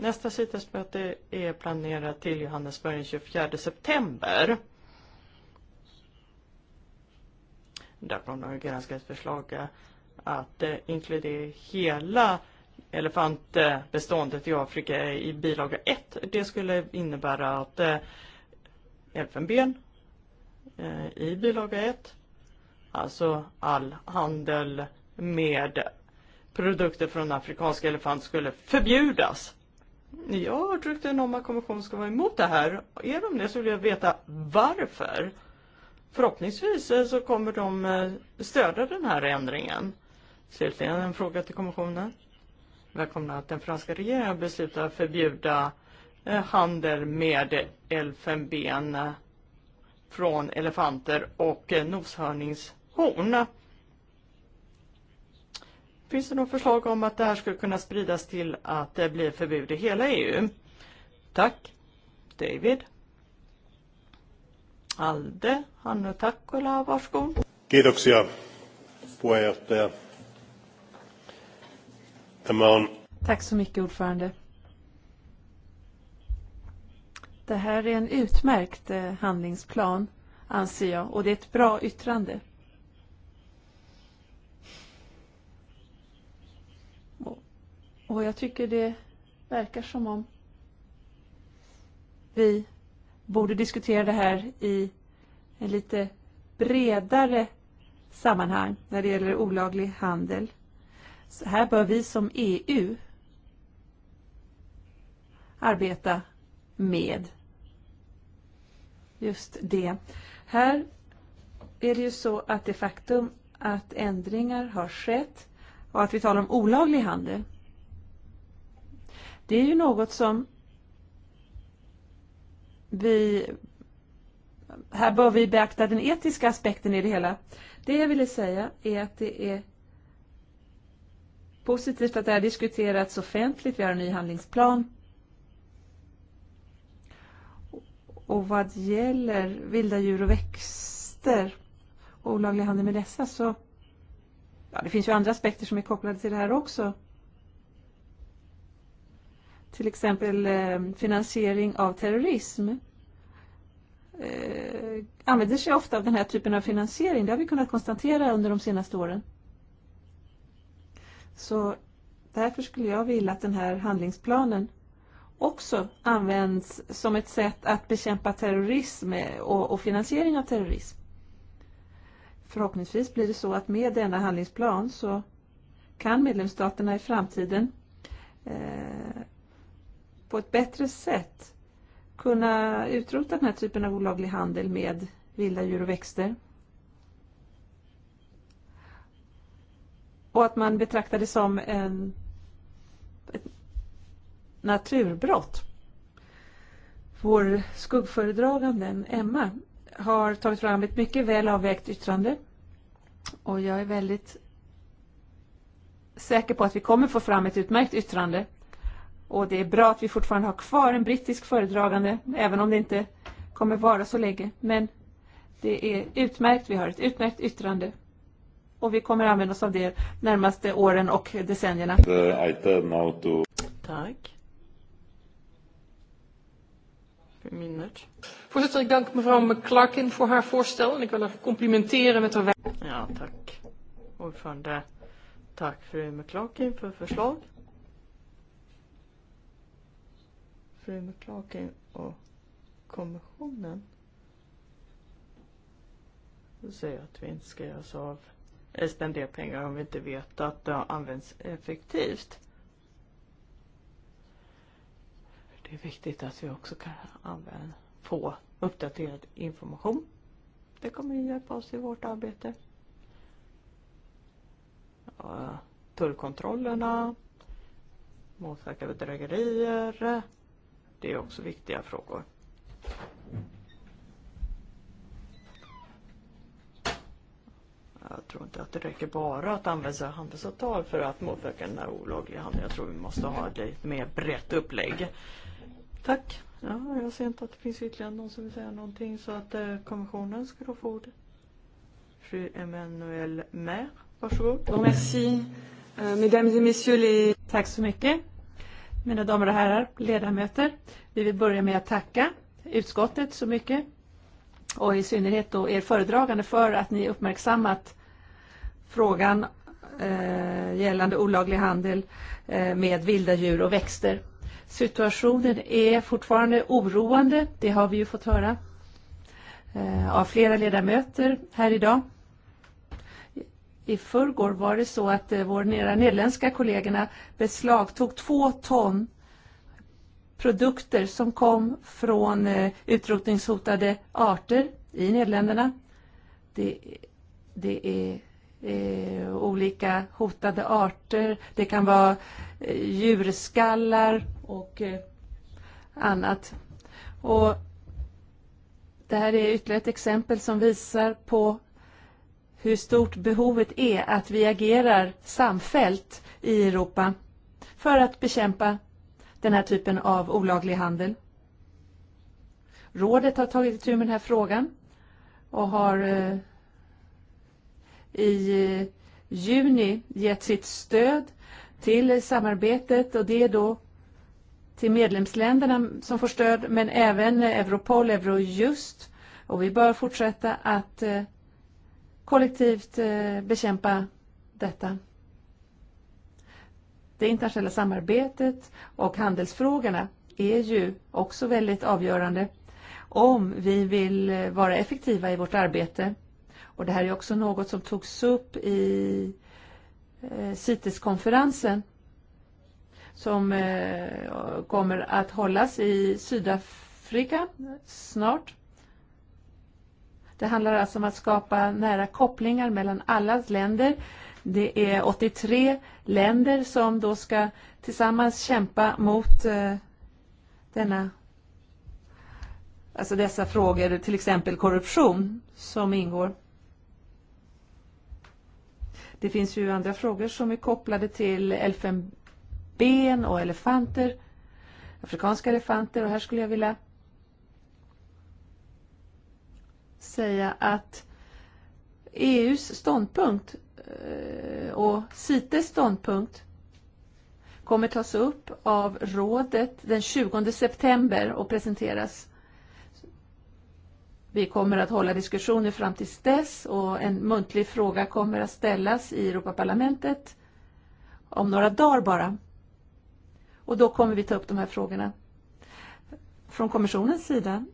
Nästa CITES-möte är planerat till Johannesburg den 24 september. Där kommer att granska ett förslag att eh, inkludera hela elefantbeståndet i Afrika i bilaga 1. Det skulle innebära att eh, elfenben eh, i bilaga 1, alltså all handel med produkter från afrikanska elefant skulle förbjudas. Jag har hört en om att kommissionen ska vara emot det här. Är de det så vill jag veta varför. Förhoppningsvis så kommer de stödja den här ändringen. Slutligen en fråga till kommissionen. Välkomna att den franska regeringen beslutar förbjuda eh, handel med elfenben eh, från elefanter och eh, noshörningshorn. Finns det något förslag om att det här skulle kunna spridas till att det blir förbud i hela EU? Tack. David. Alde, Hannu Takkola, varsågod. Kiitoksia, puheenjohtaja. Tämä on... Tack så mycket, ordförande. Det här är en utmärkt eh, handlingsplan, anser jag, och det är ett bra yttrande. Och jag tycker det verkar som om vi borde diskutera det här i en lite bredare sammanhang när det gäller olaglig handel. Så här bör vi som EU arbeta med just det. Här är det ju så att det faktum att ändringar har skett och att vi talar om olaglig handel Det är ju något som vi här bör vi beakta den etiska aspekten i det hela. Det jag ville säga är att det är positivt att det har diskuterats offentligt. Vi har en ny handlingsplan. Och vad gäller vilda djur och växter och olaglig handel med dessa så ja, det finns ju andra aspekter som är kopplade till det här också till exempel eh, finansiering av terrorism eh, använder sig ofta av den här typen av finansiering. Det har vi kunnat konstatera under de senaste åren. Så därför skulle jag vilja att den här handlingsplanen också används som ett sätt att bekämpa terrorism eh, och, och finansiering av terrorism. Förhoppningsvis blir det så att med denna handlingsplan så kan medlemsstaterna i framtiden eh, på ett bättre sätt kunna utrota den här typen av olaglig handel med vilda djur och växter. Och att man betraktar det som en, ett naturbrott. Vår skuggföredraganden, Emma, har tagit fram ett mycket väl avvägt yttrande. Och jag är väldigt säker på att vi kommer få fram ett utmärkt yttrande Och det är bra att vi fortfarande har kvar en brittisk föredragande, även om det inte kommer vara så länge. Men det är utmärkt, vi har ett utmärkt yttrande. Och vi kommer använda oss av det närmaste åren och decennierna. To... Tack. Voorzitter, ik dank mevrouw McClarkin voor haar voorstel en ik wil haar complimenteren met haar werk. Ja, tack. Ordförande, tack fru McClarkin voor het verslag. fru McLaughlin och kommissionen säger att vi inte ska göra så av eller eh, spendera pengar om vi inte vet att det används effektivt. Det är viktigt att vi också kan använda, få uppdaterad information. Det kommer att hjälpa oss i vårt arbete. Ja, tullkontrollerna, motverka bedrägerier, Det är er också viktiga frågor. Jag tror inte att det räcker bara att använda handelsavtal för att motverka den här er olagliga handeln. Jag tror vi måste ha ett lite mer brett upplägg. Tack. Ja, jag ser inte att det finns ytterligare någon som vill säga någonting så att eh, kommissionen ska då få ordet. Fru Emmanuel Mer, varsågod. merci. Euh, mesdames et messieurs Tack så mycket. Mina damer och herrar, ledamöter, vi vill börja med att tacka utskottet så mycket och i synnerhet då er föredragande för att ni uppmärksammat frågan eh, gällande olaglig handel eh, med vilda djur och växter. Situationen är fortfarande oroande, det har vi ju fått höra eh, av flera ledamöter här idag. I förrgår var det så att eh, vår nederländska kollegorna beslagtog två ton produkter som kom från eh, utrotningshotade arter i Nederländerna. Det, det är eh, olika hotade arter. Det kan vara eh, djurskallar och eh, annat. Och det här är ytterligare ett exempel som visar på hur stort behovet är att vi agerar samfällt i Europa för att bekämpa den här typen av olaglig handel. Rådet har tagit tur med den här frågan och har eh, i eh, juni gett sitt stöd till samarbetet och det är då till medlemsländerna som får stöd men även Europol, Eurojust och vi bör fortsätta att eh, kollektivt eh, bekämpa detta. Det internationella samarbetet och handelsfrågorna är ju också väldigt avgörande om vi vill eh, vara effektiva i vårt arbete. Och det här är också något som togs upp i eh, CITES-konferensen som kommer att hållas i Sydafrika snart. Det handlar alltså om att skapa nära kopplingar mellan alla länder. Det är 83 länder som då ska tillsammans kämpa mot eh, denna, alltså dessa frågor, till exempel korruption som ingår. Det finns ju andra frågor som är kopplade till elfenben och elefanter, afrikanska elefanter och här skulle jag vilja säga att EUs ståndpunkt eh, och CITES ståndpunkt kommer tas upp av rådet den 20 september och presenteras. Vi kommer att hålla diskussioner fram till dess och en muntlig fråga kommer att ställas i Europaparlamentet om några dagar bara. Och då kommer vi ta upp de här frågorna. Från kommissionens sida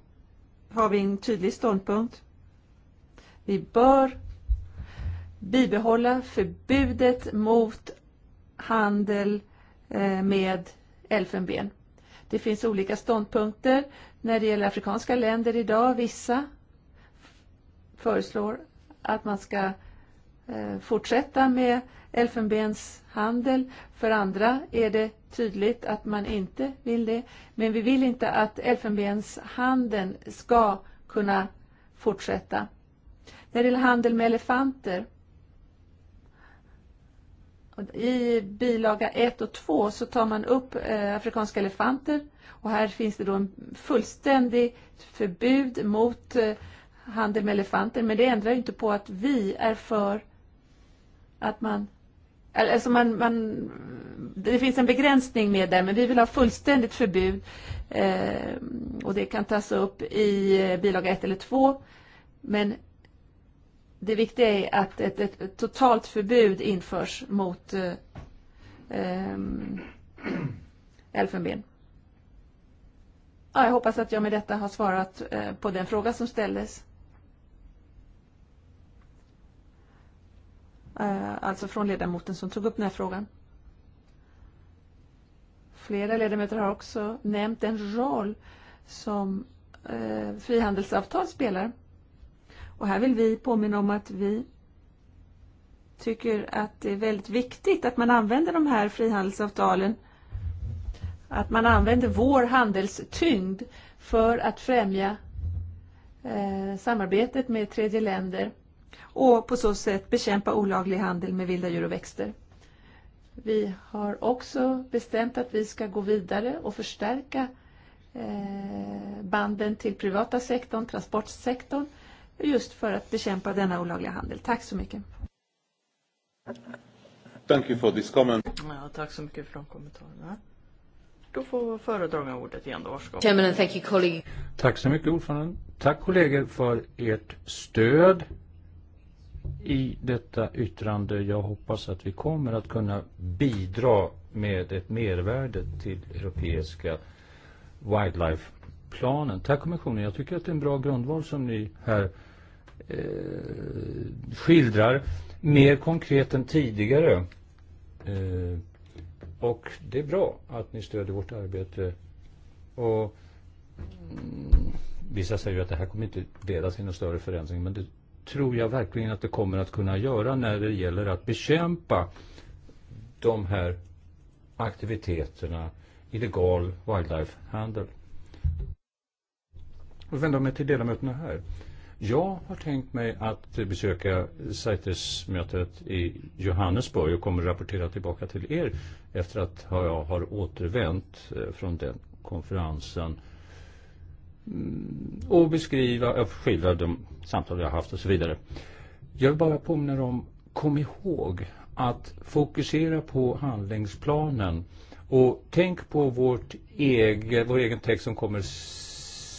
har vi en tydlig ståndpunkt. Vi bör bibehålla förbudet mot handel eh, med elfenben. Det finns olika ståndpunkter när det gäller afrikanska länder idag. Vissa föreslår att man ska eh, fortsätta med elfenbenshandel. För andra är det tydligt att man inte vill det. Men vi vill inte att elfenbenshandeln ska kunna fortsätta. När det gäller handel med elefanter. I bilaga 1 och 2 så tar man upp eh, afrikanska elefanter och här finns det då en fullständig förbud mot eh, handel med elefanter. Men det ändrar ju inte på att vi är för att man Alltså man, man, det finns en begränsning med det, men vi vill ha fullständigt förbud. Eh, och det kan tas upp i eh, bilaga 1 eller 2. Men Det viktiga är att ett, ett ett totalt förbud införs mot eh, ehm, elfenben. Ja, jag hoppas att jag med detta har svarat eh, på den fråga som ställdes. Eh, alltså från ledamoten som tog upp den här frågan. Flera ledamöter har också nämnt den roll som eh, frihandelsavtal spelar. Och här vill vi påminna om att vi tycker att det är väldigt viktigt att man använder de här frihandelsavtalen. Att man använder vår handelstyngd för att främja eh, samarbetet med tredje länder och på så sätt bekämpa olaglig handel med vilda djur och växter. Vi har också bestämt att vi ska gå vidare och förstärka eh, banden till privata sektorn, transportsektorn just för att bekämpa denna olagliga handel. Tack så mycket. Thank you for this comment. Ja, tack så mycket för de kommentarerna. Då får föredragande ordet igen då. Varsågod. Chairman, thank you, colleague. Tack så mycket ordförande. Tack kollegor för ert stöd i detta yttrande. Jag hoppas att vi kommer att kunna bidra med ett mervärde till europeiska wildlife planen. Tack kommissionen, jag tycker att det är en bra grundval som ni här eh, skildrar. Mer konkret än tidigare. Eh, och det är bra att ni stödjer vårt arbete. Och mm, vissa säger ju att det här kommer inte leda till någon större förändring. Men det tror jag verkligen att det kommer att kunna göra när det gäller att bekämpa de här aktiviteterna illegal wildlife handel och vända mig till ledamöterna här. Jag har tänkt mig att besöka CITES-mötet i Johannesburg och kommer rapportera tillbaka till er efter att jag har återvänt eh, från den konferensen mm, och beskriva, skildra de samtal jag haft och så vidare. Jag vill bara påminna om, kom ihåg att fokusera på handlingsplanen och tänk på vårt egen, vår egen text som kommer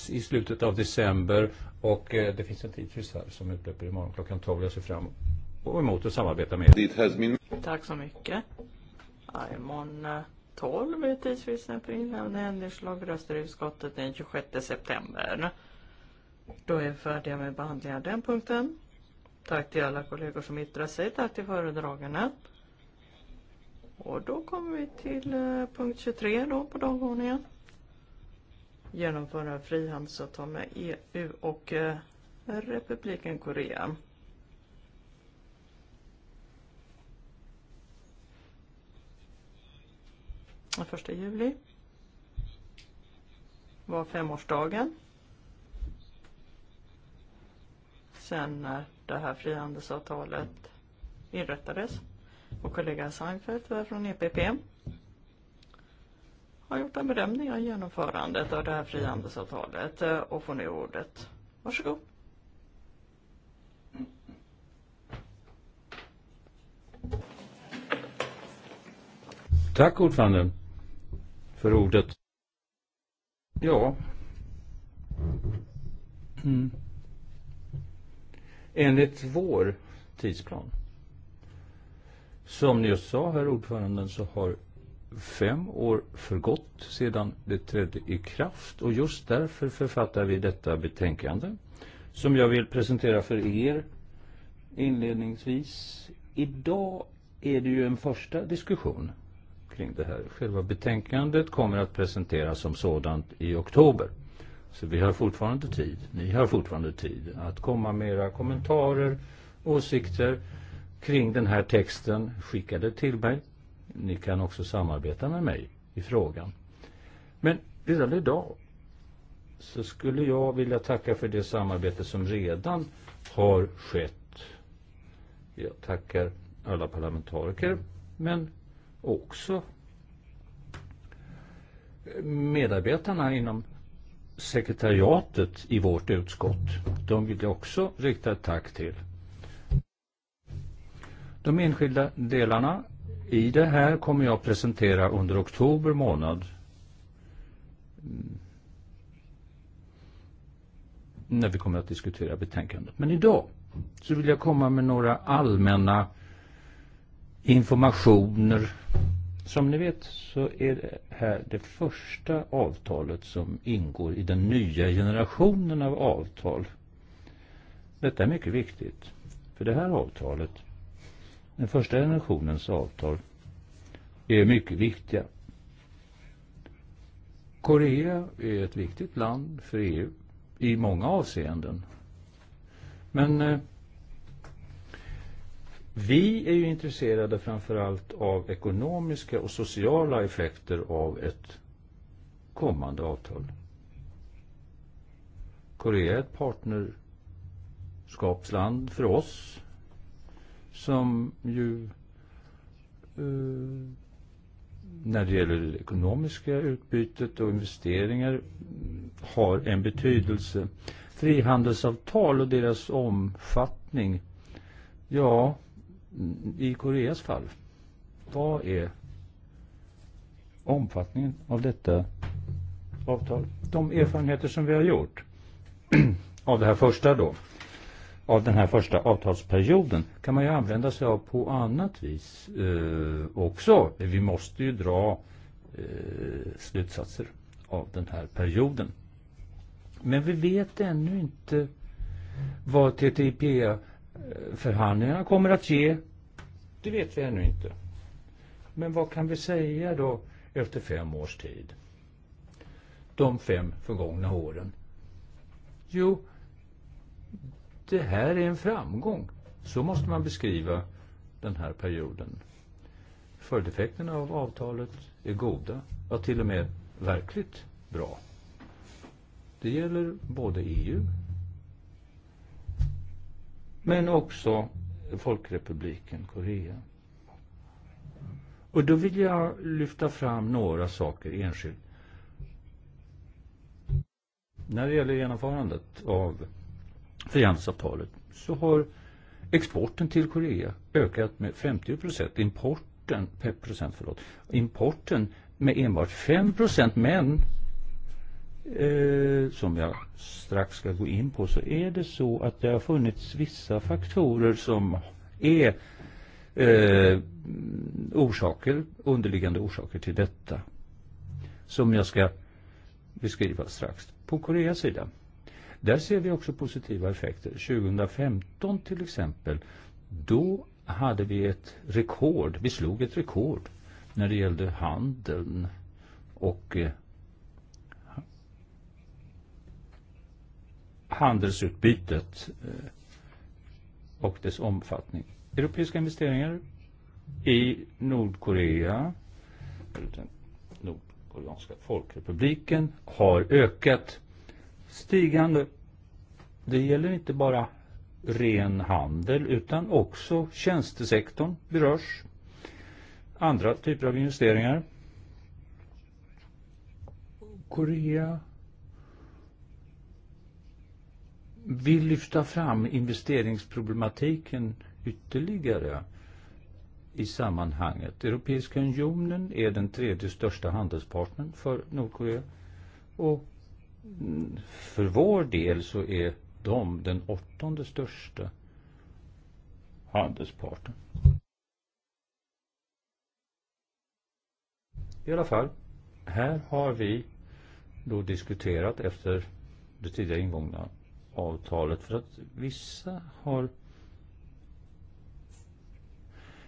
i slutet av december och eh, det finns en tid här som utlöper imorgon klockan 12. Jag ser fram emot att samarbeta med er. Tack så mycket. Ja, imorgon 12 eh, är tidsfristen för inlämnande ändringslag röstar i utskottet den 26 september. Då är vi färdiga med behandlingen av den punkten. Tack till alla kollegor som yttrar sig. Tack till föredragarna. Och då kommer vi till eh, punkt 23 då på dagordningen genomföra frihandelsavtal med EU och eh, Republiken Korea. Den 1 juli var femårsdagen sen när det här frihandelsavtalet inrättades. Vår kollega Seinfeld var från EPP har gjort en bedömning av genomförandet av det här frihandelsavtalet eh, och får nu ordet. Varsågod. Tack ordförande för ordet. Ja. Mm. Enligt vår tidsplan. Som ni just sa, herr ordföranden, så har fem år förgått sedan det trädde i kraft och just därför författar vi detta betänkande som jag vill presentera för er inledningsvis. Idag är det ju en första diskussion kring det här. Själva betänkandet kommer att presenteras som sådant i oktober. Så vi har fortfarande tid, ni har fortfarande tid att komma med era kommentarer, åsikter kring den här texten. Skicka det till mig ni kan också samarbeta med mig i frågan. Men redan idag så skulle jag vilja tacka för det samarbete som redan har skett. Jag tackar alla parlamentariker men också medarbetarna inom sekretariatet i vårt utskott. De vill jag också rikta ett tack till. De enskilda delarna i det här kommer jag presentera under oktober månad mm. när vi kommer att diskutera betänkandet. Men idag så vill jag komma med några allmänna informationer. Som ni vet så är det här det första avtalet som ingår i den nya generationen av avtal. Detta är mycket viktigt. För det här avtalet Den första generationens avtal är mycket viktiga. Korea är ett viktigt land för EU i många avseenden. Men eh, vi är ju intresserade framförallt av ekonomiska och sociala effekter av ett kommande avtal. Korea är ett partnerskapsland för oss som ju eh, när det gäller det ekonomiska utbytet och investeringar har en betydelse. Frihandelsavtal och deras omfattning, ja, i Koreas fall, vad är omfattningen av detta avtal? De erfarenheter som vi har gjort av det här första då, av den här första avtalsperioden kan man ju använda sig av på annat vis eh, också. Vi måste ju dra eh, slutsatser av den här perioden. Men vi vet ännu inte vad TTIP-förhandlingarna kommer att ge. Det vet vi ännu inte. Men vad kan vi säga då efter fem års tid? De fem förgångna åren? Jo, det här är en framgång. Så måste man beskriva den här perioden. Fördefekterna av avtalet är goda, och till och med verkligt bra. Det gäller både EU men också Folkrepubliken Korea. Och då vill jag lyfta fram några saker enskilt. När det gäller genomförandet av frihandelsavtalet så har exporten till Korea ökat med 50 procent, importen, procent förlåt, importen med enbart 5 procent, men eh, som jag strax ska gå in på så är det så att det har funnits vissa faktorer som är eh, orsaker, underliggande orsaker till detta som jag ska beskriva strax. På Koreas sida Där ser vi också positiva effekter. 2015 till exempel, då hade vi ett rekord, vi slog ett rekord när det gällde handeln och eh, handelsutbytet eh, och dess omfattning. Europeiska investeringar i Nordkorea, den nordkoreanska folkrepubliken, har ökat stigande. Det gäller inte bara ren handel utan också tjänstesektorn berörs. Andra typer av investeringar. Korea vill lyfta fram investeringsproblematiken ytterligare i sammanhanget. Europeiska unionen är den tredje största handelspartnern för Nordkorea och för vår del så är de den åttonde största handelsparten. I alla fall, här har vi då diskuterat efter det tidigare ingångna avtalet för att vissa har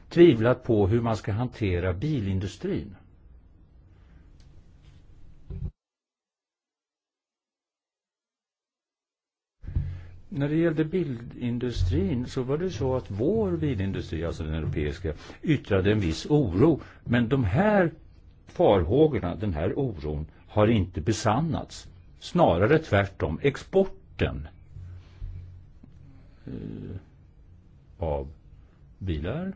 tvivlat på hur man ska hantera bilindustrin. När det gällde bildindustrin så var det så att vår bilindustri, alltså den europeiska, yttrade en viss oro. Men de här farhågorna, den här oron, har inte besannats. Snarare tvärtom. Exporten eh, av bilar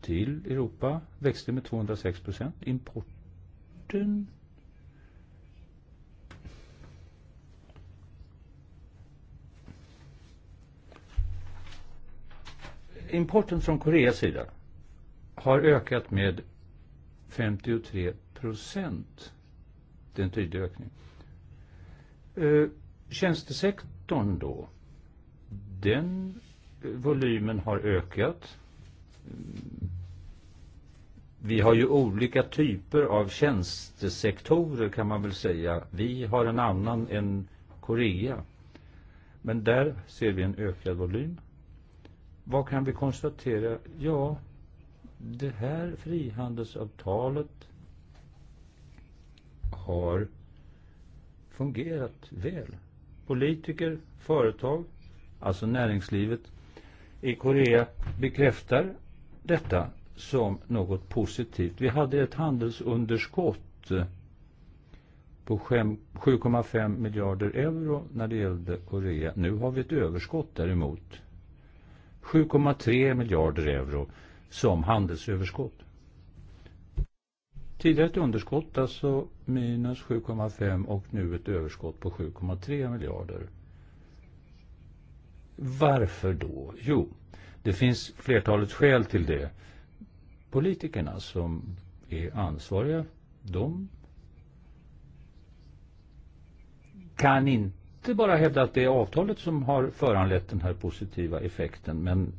till Europa växte med 206 procent. Importen Importen från Koreas sida har ökat med 53 procent. Det är en tydlig ökning. Eh, tjänstesektorn då, den volymen har ökat. Vi har ju olika typer av tjänstesektorer kan man väl säga. Vi har en annan än Korea. Men där ser vi en ökad volym. Vad kan vi konstatera? Ja, det här frihandelsavtalet har fungerat väl. Politiker, företag, alltså näringslivet i Korea bekräftar detta som något positivt. Vi hade ett handelsunderskott på 7,5 miljarder euro när det gällde Korea. Nu har vi ett överskott däremot 7,3 miljarder euro som handelsöverskott. Tidigare ett underskott, alltså minus 7,5 och nu ett överskott på 7,3 miljarder. Varför då? Jo, det finns flertalet skäl till det. Politikerna som är ansvariga, de kan inte inte bara hävda att det är avtalet som har föranlett den här positiva effekten, men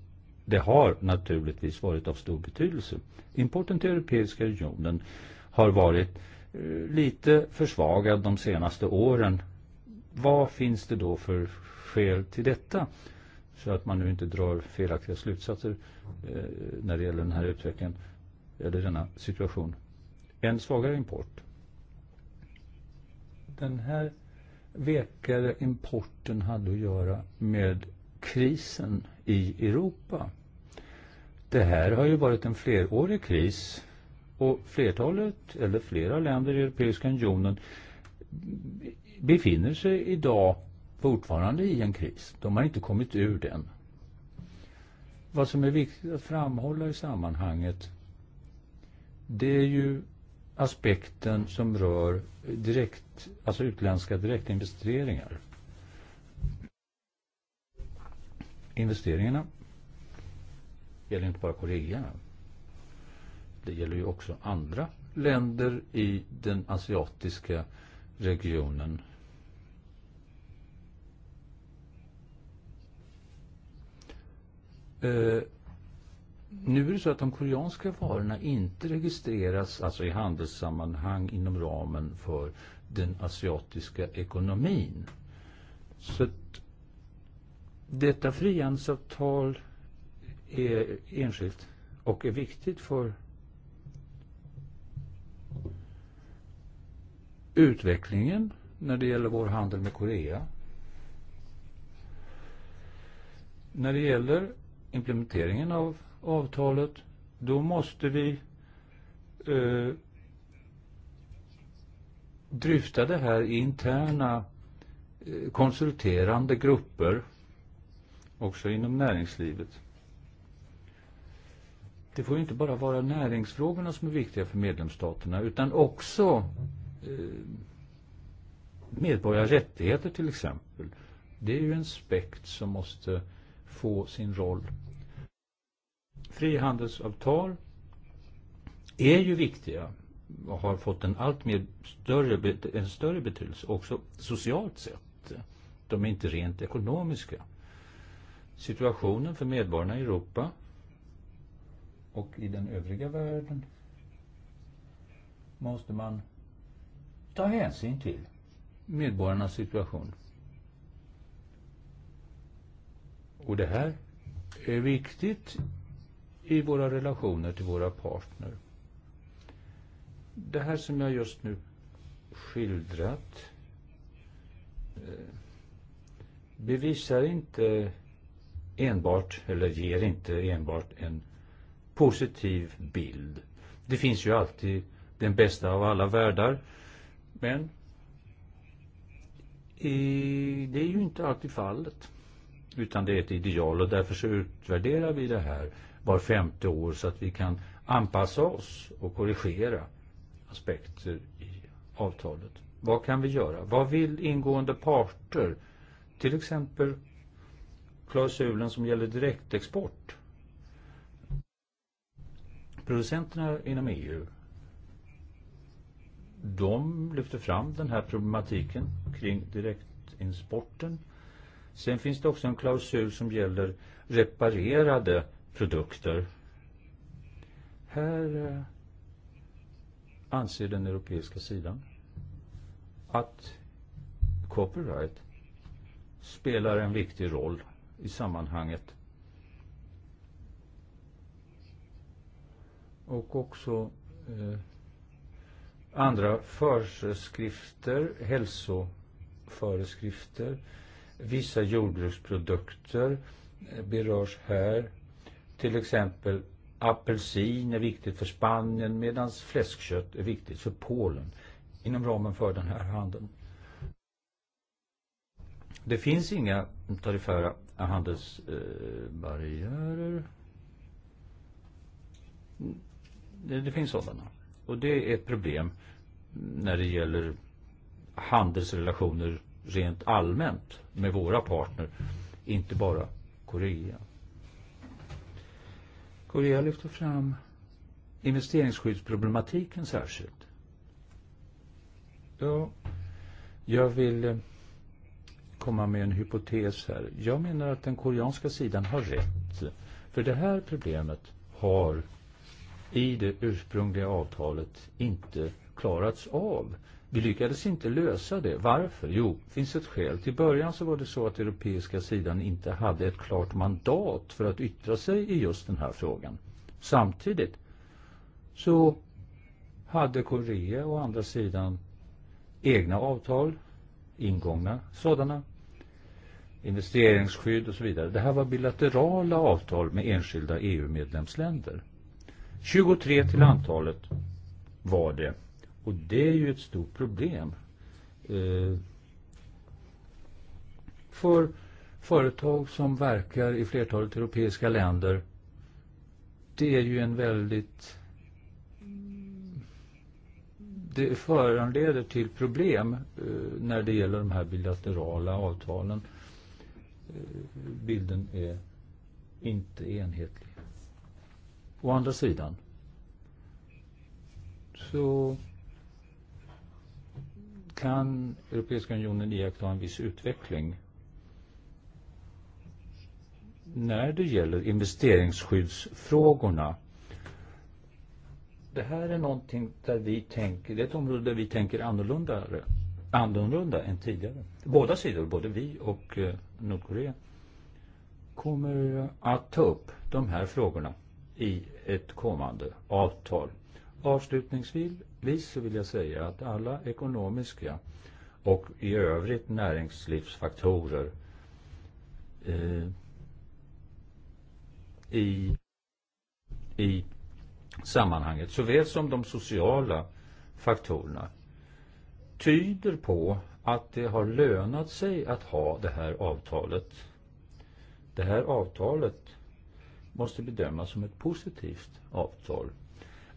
det har naturligtvis varit av stor betydelse. Importen till Europeiska unionen har varit eh, lite försvagad de senaste åren. Vad finns det då för skäl till detta? Så att man nu inte drar felaktiga slutsatser eh, när det gäller den här utvecklingen eller denna situation. En svagare import. Den här vekare importen hade att göra med krisen i Europa. Det här har ju varit en flerårig kris och flertalet eller flera länder i Europeiska unionen befinner sig idag fortfarande i en kris. De har inte kommit ur den. Vad som är viktigt att framhålla i sammanhanget det är ju aspekten som rör direkt, alltså utländska direktinvesteringar. Investeringarna gäller inte bara Korea. Det gäller ju också andra länder i den asiatiska regionen. Eh, Nu är det så att de koreanska varorna inte registreras alltså i handelssammanhang inom ramen för den asiatiska ekonomin. Så att detta frihandelsavtal är enskilt och är viktigt för utvecklingen när det gäller vår handel med Korea. När det gäller implementeringen av avtalet, då måste vi eh, dryfta det här i interna eh, konsulterande grupper, också inom näringslivet. Det får ju inte bara vara näringsfrågorna som är viktiga för medlemsstaterna, utan också eh, medborgarrättigheter till exempel. Det är ju en spekt som måste få sin roll frihandelsavtal är ju viktiga och har fått en allt mer större, en större betydelse också socialt sett. De är inte rent ekonomiska. Situationen för medborgarna i Europa och i den övriga världen måste man ta hänsyn till medborgarnas situation. Och det här är viktigt i våra relationer till våra partner. Det här som jag just nu skildrat eh, bevisar inte enbart, eller ger inte enbart en positiv bild. Det finns ju alltid den bästa av alla världar. Men det är ju inte alltid fallet. Utan det är ett ideal och därför så utvärderar vi det här var femte år så att vi kan anpassa oss och korrigera aspekter i avtalet. Vad kan vi göra? Vad vill ingående parter? Till exempel klausulen som gäller direktexport. Producenterna inom EU de lyfter fram den här problematiken kring direktinsporten. Sen finns det också en klausul som gäller reparerade produkter. Här eh, anser den europeiska sidan att copyright spelar en viktig roll i sammanhanget. Och också eh, andra föreskrifter, hälsoföreskrifter, vissa jordbruksprodukter eh, berörs här Till exempel apelsin är viktigt för Spanien medan fläskkött är viktigt för Polen inom ramen för den här handeln. Det finns inga tarifära handelsbarriärer. Det, det finns sådana. Och det är ett problem när det gäller handelsrelationer rent allmänt med våra partner, inte bara Korea. Korea lyfter fram investeringsskyddsproblematiken särskilt. Ja, jag vill eh, komma med en hypotes här. Jag menar att den koreanska sidan har rätt. För det här problemet har i det ursprungliga avtalet inte klarats av. Vi lyckades inte lösa det. Varför? Jo, finns ett skäl. Till början så var det så att europeiska sidan inte hade ett klart mandat för att yttra sig i just den här frågan. Samtidigt så hade Korea och andra sidan egna avtal, ingångna sådana, investeringsskydd och så vidare. Det här var bilaterala avtal med enskilda EU-medlemsländer. 23 till antalet var det Och det är ju ett stort problem eh, för företag som verkar i flertalet europeiska länder. Det är ju en väldigt det föranleder till problem eh, när det gäller de här bilaterala avtalen. Eh, bilden är inte enhetlig. Å andra sidan så kan Europeiska unionen iaktta en viss utveckling när det gäller investeringsskyddsfrågorna. Det här är någonting där vi tänker, det är ett område där vi tänker annorlunda, annorlunda än tidigare. Båda sidor, både vi och eh, Nordkorea, kommer att ta upp de här frågorna i ett kommande avtal. Avslutningsvis Inledningsvis vill jag säga att alla ekonomiska och i övrigt näringslivsfaktorer eh, i, i sammanhanget, såväl som de sociala faktorerna, tyder på att det har lönat sig att ha det här avtalet. Det här avtalet måste bedömas som ett positivt avtal.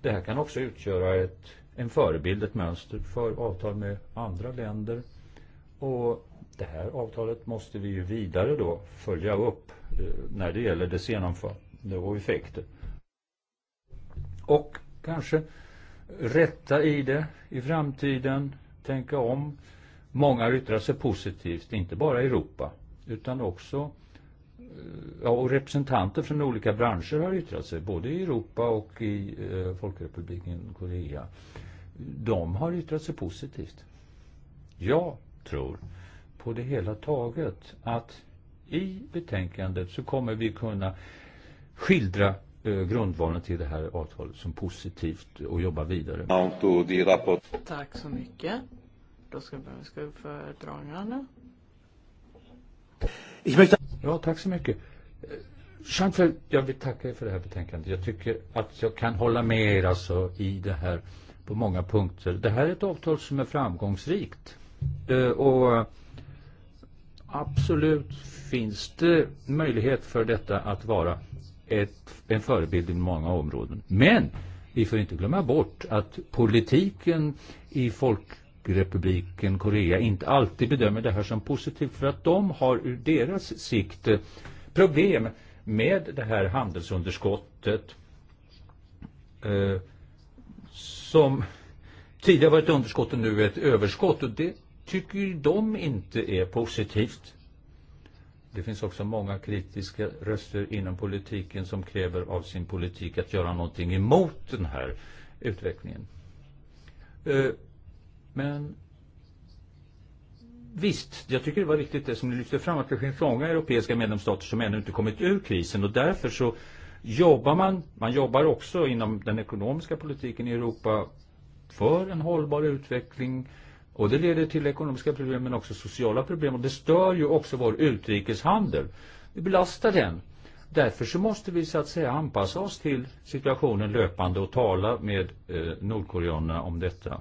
Det här kan också utgöra ett en förebild, ett mönster för avtal med andra länder. Och det här avtalet måste vi ju vidare då följa upp eh, när det gäller dess genomförande och effekter. Och kanske rätta i det i framtiden, tänka om. Många yttrar sig positivt, inte bara i Europa utan också ja, och representanter från olika branscher har yttrat sig, både i Europa och i eh, Folkrepubliken Korea. De har yttrat sig positivt. Jag tror på det hela taget att i betänkandet så kommer vi kunna skildra eh, grundvalen till det här avtalet som positivt och jobba vidare. Tack så mycket. Då ska vi börja föredragningarna. Ich möchte... Ja, tack så mycket. jean jag vill tacka er för det här betänkandet. Jag tycker att jag kan hålla med er alltså i det här på många punkter. Det här är ett avtal som är framgångsrikt. Eh, och absolut finns det möjlighet för detta att vara ett, en förebild i många områden. Men vi får inte glömma bort att politiken i folk Folkrepubliken Korea inte alltid bedömer det här som positivt för att de har ur deras sikt problem med det här handelsunderskottet eh, som tidigare var ett underskott och nu är ett överskott och det tycker de inte är positivt. Det finns också många kritiska röster inom politiken som kräver av sin politik att göra någonting emot den här utvecklingen. Eh, Men Visst, jag tycker det var riktigt det som ni lyfte fram att det finns många europeiska medlemsstater som ännu inte kommit ur krisen och därför så jobbar man, man jobbar också inom den ekonomiska politiken i Europa för en hållbar utveckling och det leder till ekonomiska problem men också sociala problem och det stör ju också vår utrikeshandel. Det belastar den. Därför så måste vi så att säga anpassa oss till situationen löpande och tala med eh, nordkoreanerna om detta.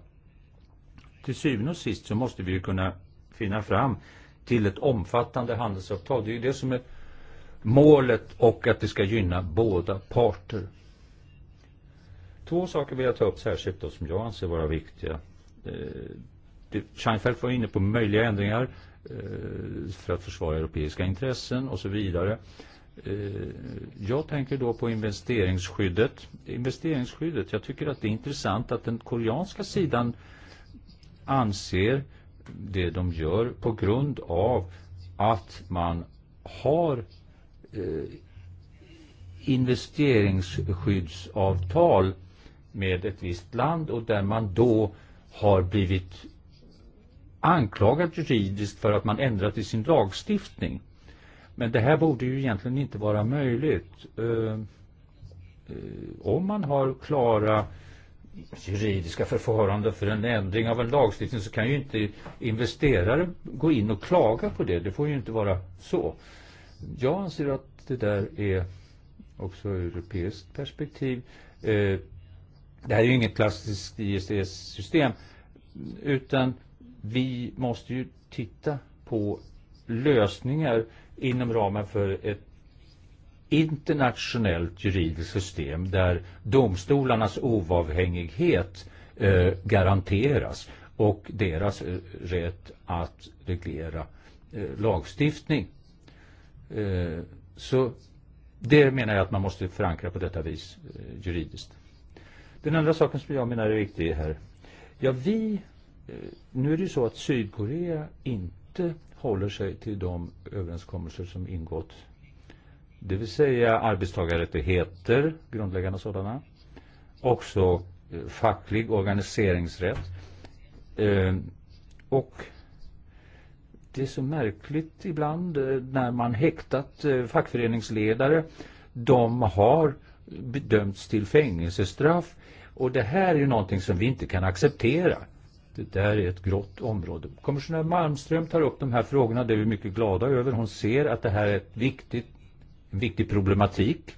Till syvende och sist så måste vi ju kunna finna fram till ett omfattande handelsavtal. Det är ju det som är målet och att det ska gynna båda parter. Två saker vill jag ta upp särskilt då, som jag anser vara viktiga. Eh, Scheinfeldt var inne på möjliga ändringar eh, för att försvara europeiska intressen och så vidare. Eh, jag tänker då på investeringsskyddet. Investeringsskyddet, jag tycker att det är intressant att den koreanska sidan eh, anser det de gör på grund av att man har eh, investeringsskyddsavtal med ett visst land och där man då har blivit anklagad juridiskt för att man ändrat i sin lagstiftning. Men det här borde ju egentligen inte vara möjligt. Eh, eh, om man har klara juridiska förfarande för en ändring av en lagstiftning så kan ju inte investerare gå in och klaga på det. Det får ju inte vara så. Jag anser att det där är också ur europeiskt perspektiv. Eh, det här är ju inget klassiskt ISDS-system utan vi måste ju titta på lösningar inom ramen för ett internationellt juridiskt system där domstolarnas oavhängighet eh, garanteras och deras eh, rätt att reglera eh, lagstiftning. Eh, så det menar jag att man måste förankra på detta vis eh, juridiskt. Den andra saken som jag menar är viktig här. Ja, vi, eh, nu är det ju så att Sydkorea inte håller sig till de överenskommelser som ingått det vill säga arbetstagarrättigheter, grundläggande sådana, också eh, facklig organiseringsrätt. Eh, och det är så märkligt ibland eh, när man häktat fackföreningsledare. De har bedömts till fängelsestraff och det här är ju någonting som vi inte kan acceptera. Det där är ett grått område. Kommissionär Malmström tar upp de här frågorna, det är vi mycket glada över. Hon ser att det här är ett viktigt viktig problematik.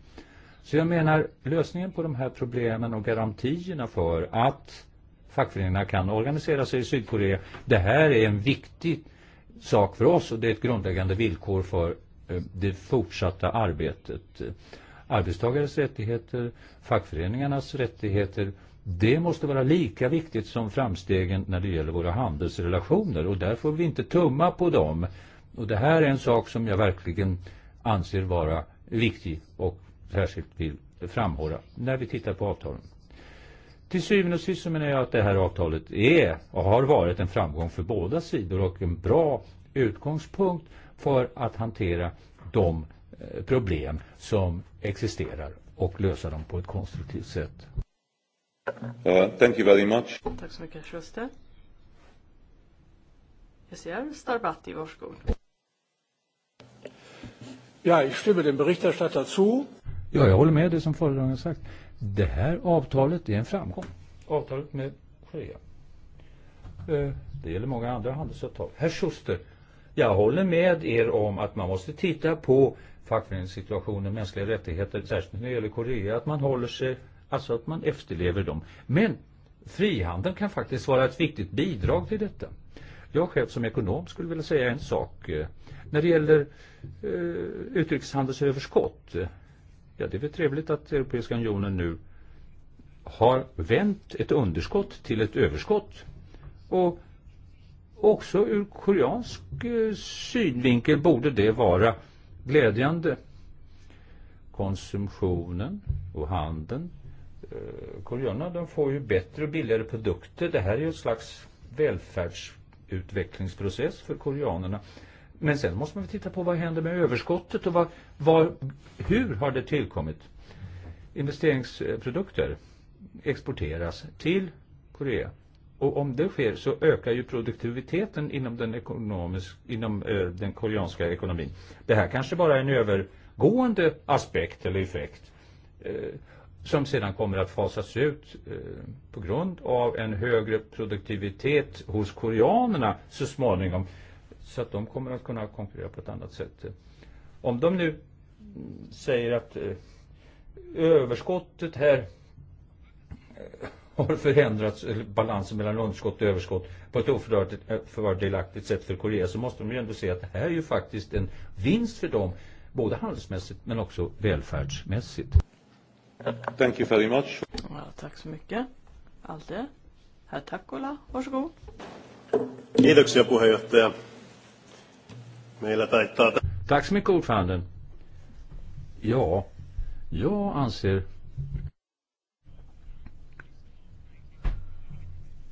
Så jag menar, lösningen på de här problemen och garantierna för att fackföreningarna kan organisera sig i Sydkorea, det här är en viktig sak för oss och det är ett grundläggande villkor för eh, det fortsatta arbetet. Arbetstagares rättigheter, fackföreningarnas rättigheter, det måste vara lika viktigt som framstegen när det gäller våra handelsrelationer och där får vi inte tumma på dem. Och det här är en sak som jag verkligen anser vara viktig och särskilt vill framhålla när vi tittar på avtalen. Till syvende och sist så menar jag att det här avtalet är och har varit en framgång för båda sidor och en bra utgångspunkt för att hantera de eh, problem som existerar och lösa dem på ett konstruktivt sätt. Uh, thank you very much. Tack så mycket, Schuster. Jag ser Starbatti, varsågod. Ja, ich stimme dem Berichterstatter zu. Ja, jag håller med det som föredraganden har sagt. Det här avtalet är en framgång. Avtalet med Korea. Eh, det gäller många andra handelsavtal. Herr Schuster, jag håller med er om att man måste titta på fackföreningssituationen, mänskliga rättigheter, särskilt när det gäller Korea, att man håller sig, alltså att man efterlever dem. Men frihandeln kan faktiskt vara ett viktigt bidrag till detta. Jag själv som ekonom skulle vilja säga en sak. När det gäller eh, utrikeshandelsöverskott, ja det är väl trevligt att Europeiska unionen nu har vänt ett underskott till ett överskott. Och också ur koreansk eh, synvinkel borde det vara glädjande. Konsumtionen och handeln. Eh, koreanerna de får ju bättre och billigare produkter. Det här är ju ett slags välfärdsprodukt utvecklingsprocess för koreanerna. Men sen måste man titta på vad händer med överskottet och vad, vad, hur har det tillkommit? Investeringsprodukter exporteras till Korea. Och om det sker så ökar ju produktiviteten inom den, ekonomisk, inom, eh, den koreanska ekonomin. Det här kanske bara är en övergående aspekt eller effekt. Eh, som sedan kommer att fasas ut eh, på grund av en högre produktivitet hos koreanerna så småningom. Så att de kommer att kunna konkurrera på ett annat sätt. Om de nu mm, säger att eh, överskottet här eh, har förändrats, eller balansen mellan underskott och överskott, på ett ofördelaktigt sätt för Korea så måste de ju ändå se att det här är ju faktiskt en vinst för dem, både handelsmässigt men också välfärdsmässigt. Thank you very much. Ja, tack så mycket. Allt Alde, herr Takkola, varsågod. Kiitoksia puheenjohtaja. Meillä taittaa... Tack så mycket ordföranden. Ja, jag anser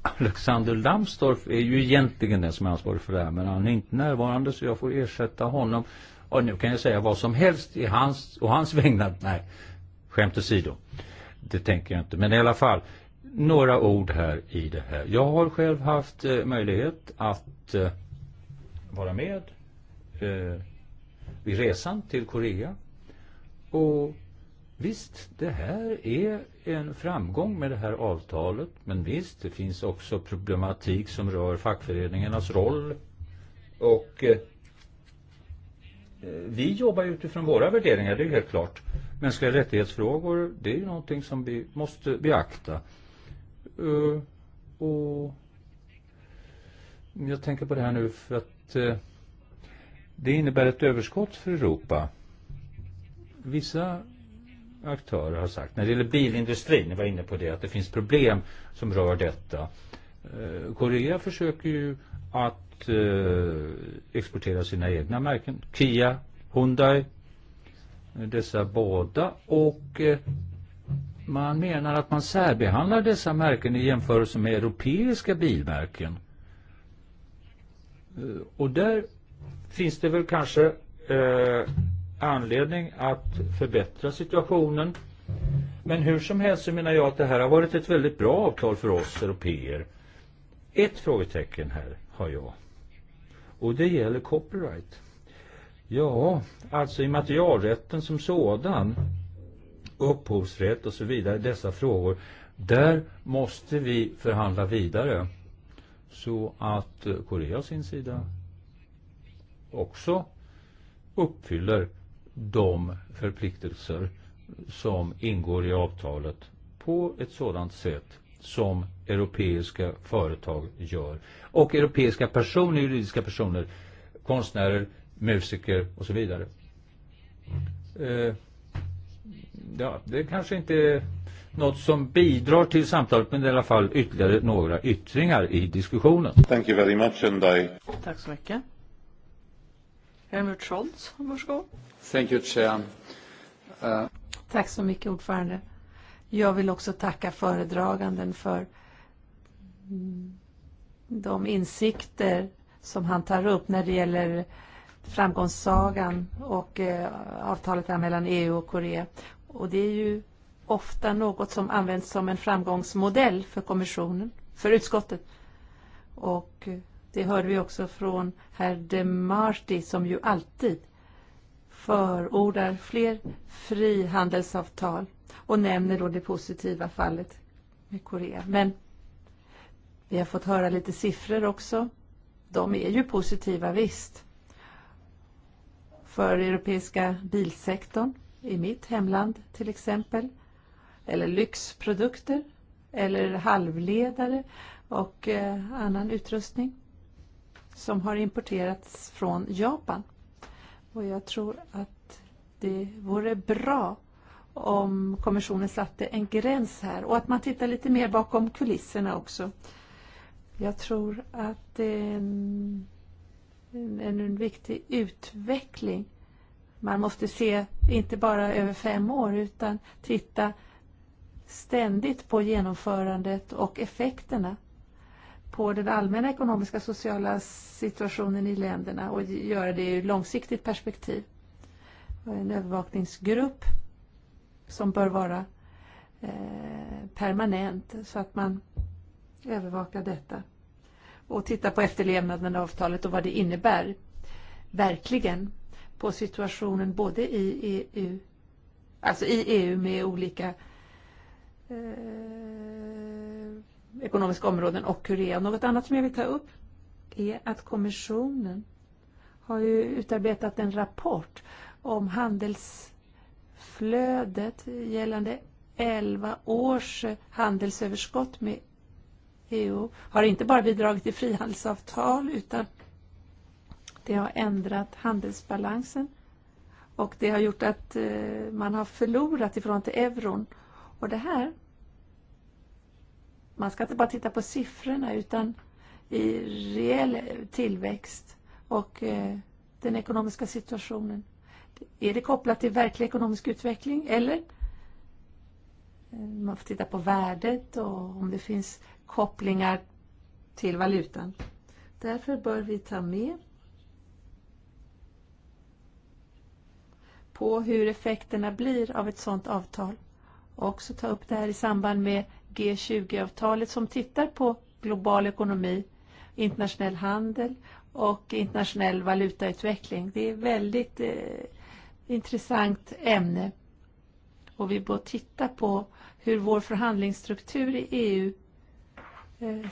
Alexander Lambsdorff är ju egentligen den som är ansvarig för det här men han är inte närvarande så jag får ersätta honom. Och nu kan jag säga vad som helst i hans och hans vägnar. Nej, Skämt åsido. Det tänker jag inte. Men i alla fall, några ord här i det här. Jag har själv haft eh, möjlighet att eh, vara med eh, vid resan till Korea. Och visst, det här är en framgång med det här avtalet. Men visst, det finns också problematik som rör fackföreningarnas roll och eh, Eh, vi jobbar utifrån våra värderingar, det är helt klart. Mänskliga rättighetsfrågor, det är ju någonting som vi måste beakta. Uh, och jag tänker på det här nu för att uh, det innebär ett överskott för Europa. Vissa aktörer har sagt, när det gäller bilindustrin, jag var inne på det, att det finns problem som rör detta. Uh, Korea försöker ju att eh, exportera sina egna märken. Kia, Hyundai, dessa båda och eh, man menar att man särbehandlar dessa märken i jämförelse med europeiska bilmärken. Eh, och där finns det väl kanske eh, anledning att förbättra situationen. Men hur som helst så menar jag att det här har varit ett väldigt bra avtal för oss europeer. Ett frågetecken här har jag. Och det gäller copyright. Ja, alltså immaterialrätten som sådan, upphovsrätt och så vidare, dessa frågor, där måste vi förhandla vidare. Så att eh, Korea sin sida också uppfyller de förpliktelser som ingår i avtalet på ett sådant sätt som europeiska företag gör. Och europeiska personer, juridiska personer, konstnärer, musiker och så vidare. Eh, ja, det kanske inte är något som bidrar till samtalet men i alla fall ytterligare några yttringar i diskussionen. Thank you very much and I... Tack så mycket. Helmut Scholz, varsågod. Thank you, Chair. Uh... Tack så mycket, ordförande. Jag vill också tacka föredraganden för mm, de insikter som han tar upp när det gäller framgångssagan och eh, avtalet här mellan EU och Korea. Och det är ju ofta något som används som en framgångsmodell för kommissionen, för utskottet. Och eh, det hörde vi också från herr De Marti som ju alltid förordar fler frihandelsavtal och nämner då det positiva fallet med Korea. Men vi har fått höra lite siffror också. De är ju positiva visst. För europeiska bilsektorn i mitt hemland till exempel. Eller lyxprodukter. Eller halvledare och eh, annan utrustning som har importerats från Japan. Och jag tror att det vore bra om kommissionen satte en gräns här och att man tittar lite mer bakom kulisserna också. Jag tror att det är en, en, en viktig utveckling. Man måste se inte bara över fem år utan titta ständigt på genomförandet och effekterna på den allmänna ekonomiska och sociala situationen i länderna och göra det ur långsiktigt perspektiv. En övervakningsgrupp som bör vara eh, permanent så att man övervakar detta och titta på efterlevnaden av avtalet och vad det innebär verkligen på situationen både i EU, alltså i EU med olika eh, ekonomiska områden och Korea. Något annat som jag vill ta upp är att kommissionen har ju utarbetat en rapport om handelsflödet gällande 11 års handelsöverskott med EU. Har inte bara bidragit till frihandelsavtal utan det har ändrat handelsbalansen och det har gjort att eh, man har förlorat ifrån till euron. Och det här man ska inte bara titta på siffrorna utan i reell tillväxt och eh, den ekonomiska situationen. Är det kopplat till verklig ekonomisk utveckling eller man får titta på värdet och om det finns kopplingar till valutan. Därför bör vi ta med på hur effekterna blir av ett sådant avtal och också ta upp det här i samband med G20-avtalet som tittar på global ekonomi, internationell handel och internationell valutautveckling. Det är ett väldigt eh, intressant ämne. Och vi bör titta på hur vår förhandlingsstruktur i EU eh,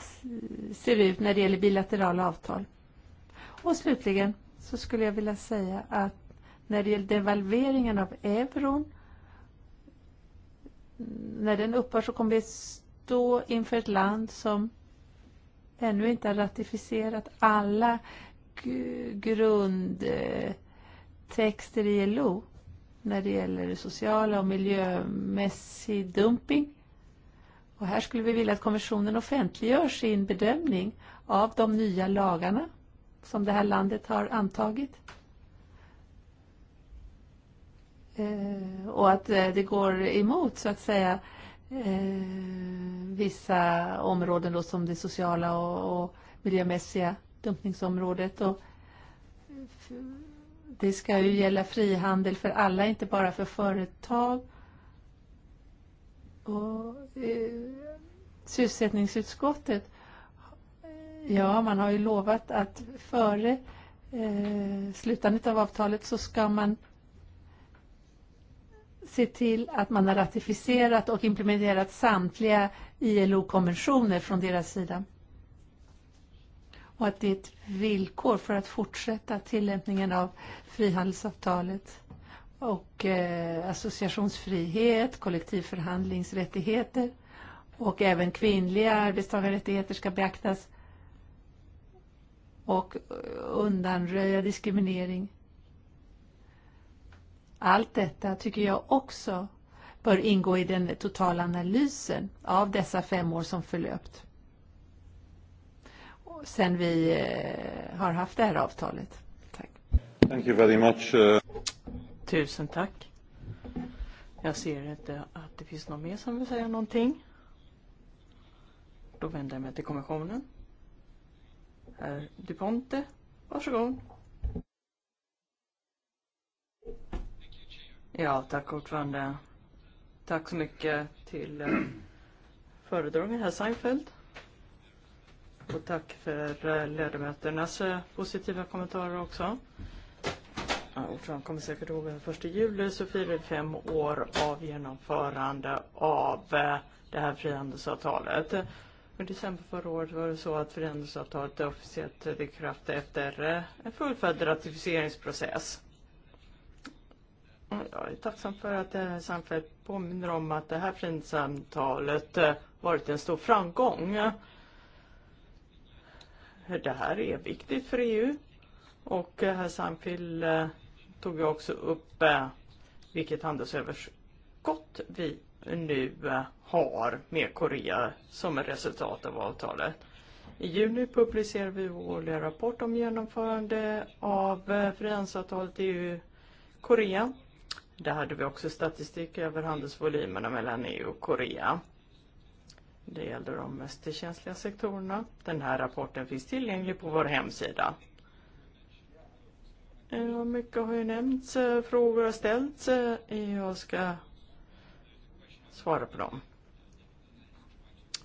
ser ut när det gäller bilaterala avtal. Och slutligen så skulle jag vilja säga att när det gäller devalveringen av euron när den upphör så kommer vi stå inför ett land som ännu inte har ratificerat alla grundtexter i LO när det gäller sociala och miljömässig dumping. Och här skulle vi vilja att kommissionen offentliggör sin bedömning av de nya lagarna som det här landet har antagit Eh, och att eh, det går emot så att säga eh, vissa områden då, som det sociala och, och miljömässiga dumpningsområdet. Och det ska ju gälla frihandel för alla, inte bara för företag. Och, eh, sysselsättningsutskottet, ja man har ju lovat att före eh, slutandet av avtalet så ska man se till att man har ratificerat och implementerat samtliga ILO-konventioner från deras sida. Och att det är ett villkor för att fortsätta tillämpningen av frihandelsavtalet och eh, associationsfrihet, kollektivförhandlingsrättigheter och även kvinnliga arbetstagarrättigheter ska beaktas och undanröja diskriminering Allt detta tycker jag också bör ingå i den totala analysen av dessa fem år som förlöpt sen vi eh, har haft det här avtalet. Tack. Thank you very much. Eh. Tusen tack. Jag ser inte att det finns någon mer som vill säga någonting. Då vänder jag mig till kommissionen. Herr DuPonte, varsågod. Ja, tack ordförande. Tack så mycket till eh, föredragen här Seinfeld. Och tack för eh, ledamöternas eh, positiva kommentarer också. Ja, Ordförande kommer säkert ihåg att den 1 juli så firar vi fem år av genomförande av eh, det här frihandelsavtalet. I december förra året var det så att frihandelsavtalet officiellt trädde eh, i kraft efter eh, en fullföljd ratificeringsprocess. Jag är tacksam för att det eh, Sanfred påminner om att det här fin eh, varit en stor framgång. Det här är viktigt för EU och eh, herr Sanfil tog jag också upp vilket handelsöverskott vi nu har med Korea som ett resultat av avtalet. I juni publicerar vi vår årliga rapport om genomförande av frihandelsavtalet EU-Korea Där hade vi också statistik över handelsvolymerna mellan EU och Korea. Det gäller de mest känsliga sektorerna. Den här rapporten finns tillgänglig på vår hemsida. mycket har ju nämnts, eh, frågor har ställts. Eh, jag ska svara på dem.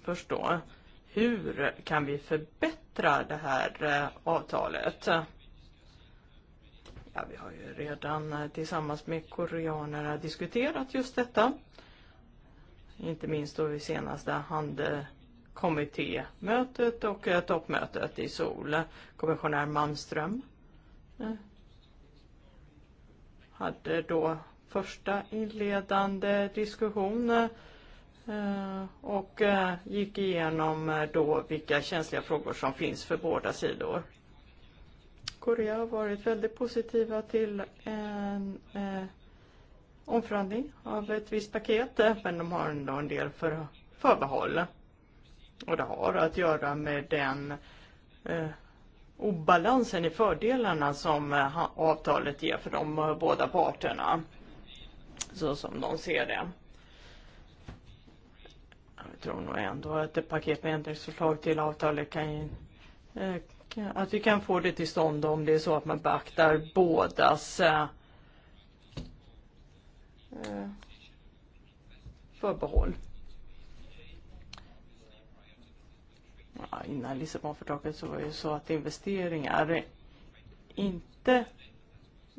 Först då, hur kan vi förbättra det här eh, avtalet? Ja, vi har ju redan eh, tillsammans med koreanerna diskuterat just detta. Inte minst då vid senaste handkommittémötet och eh, toppmötet i Sol. Kommissionär Malmström eh, hade då första inledande diskussion och gick igenom då vilka känsliga frågor som finns för båda sidor. Korea har varit väldigt positiva till en eh, omförhandling av ett visst paket, men de har ändå en del för, förbehåll. Och det har att göra med den eh, obalansen i fördelarna som eh, avtalet ger för de eh, båda parterna, så som de ser det. Jag tror nog ändå att ett paket med ändringsförslag till avtalet kan eh, att vi kan få det till stånd om det är så att man beaktar bådas eh, förbehåll. Ja, innan Lissabonfördraget så var det ju så att investeringar inte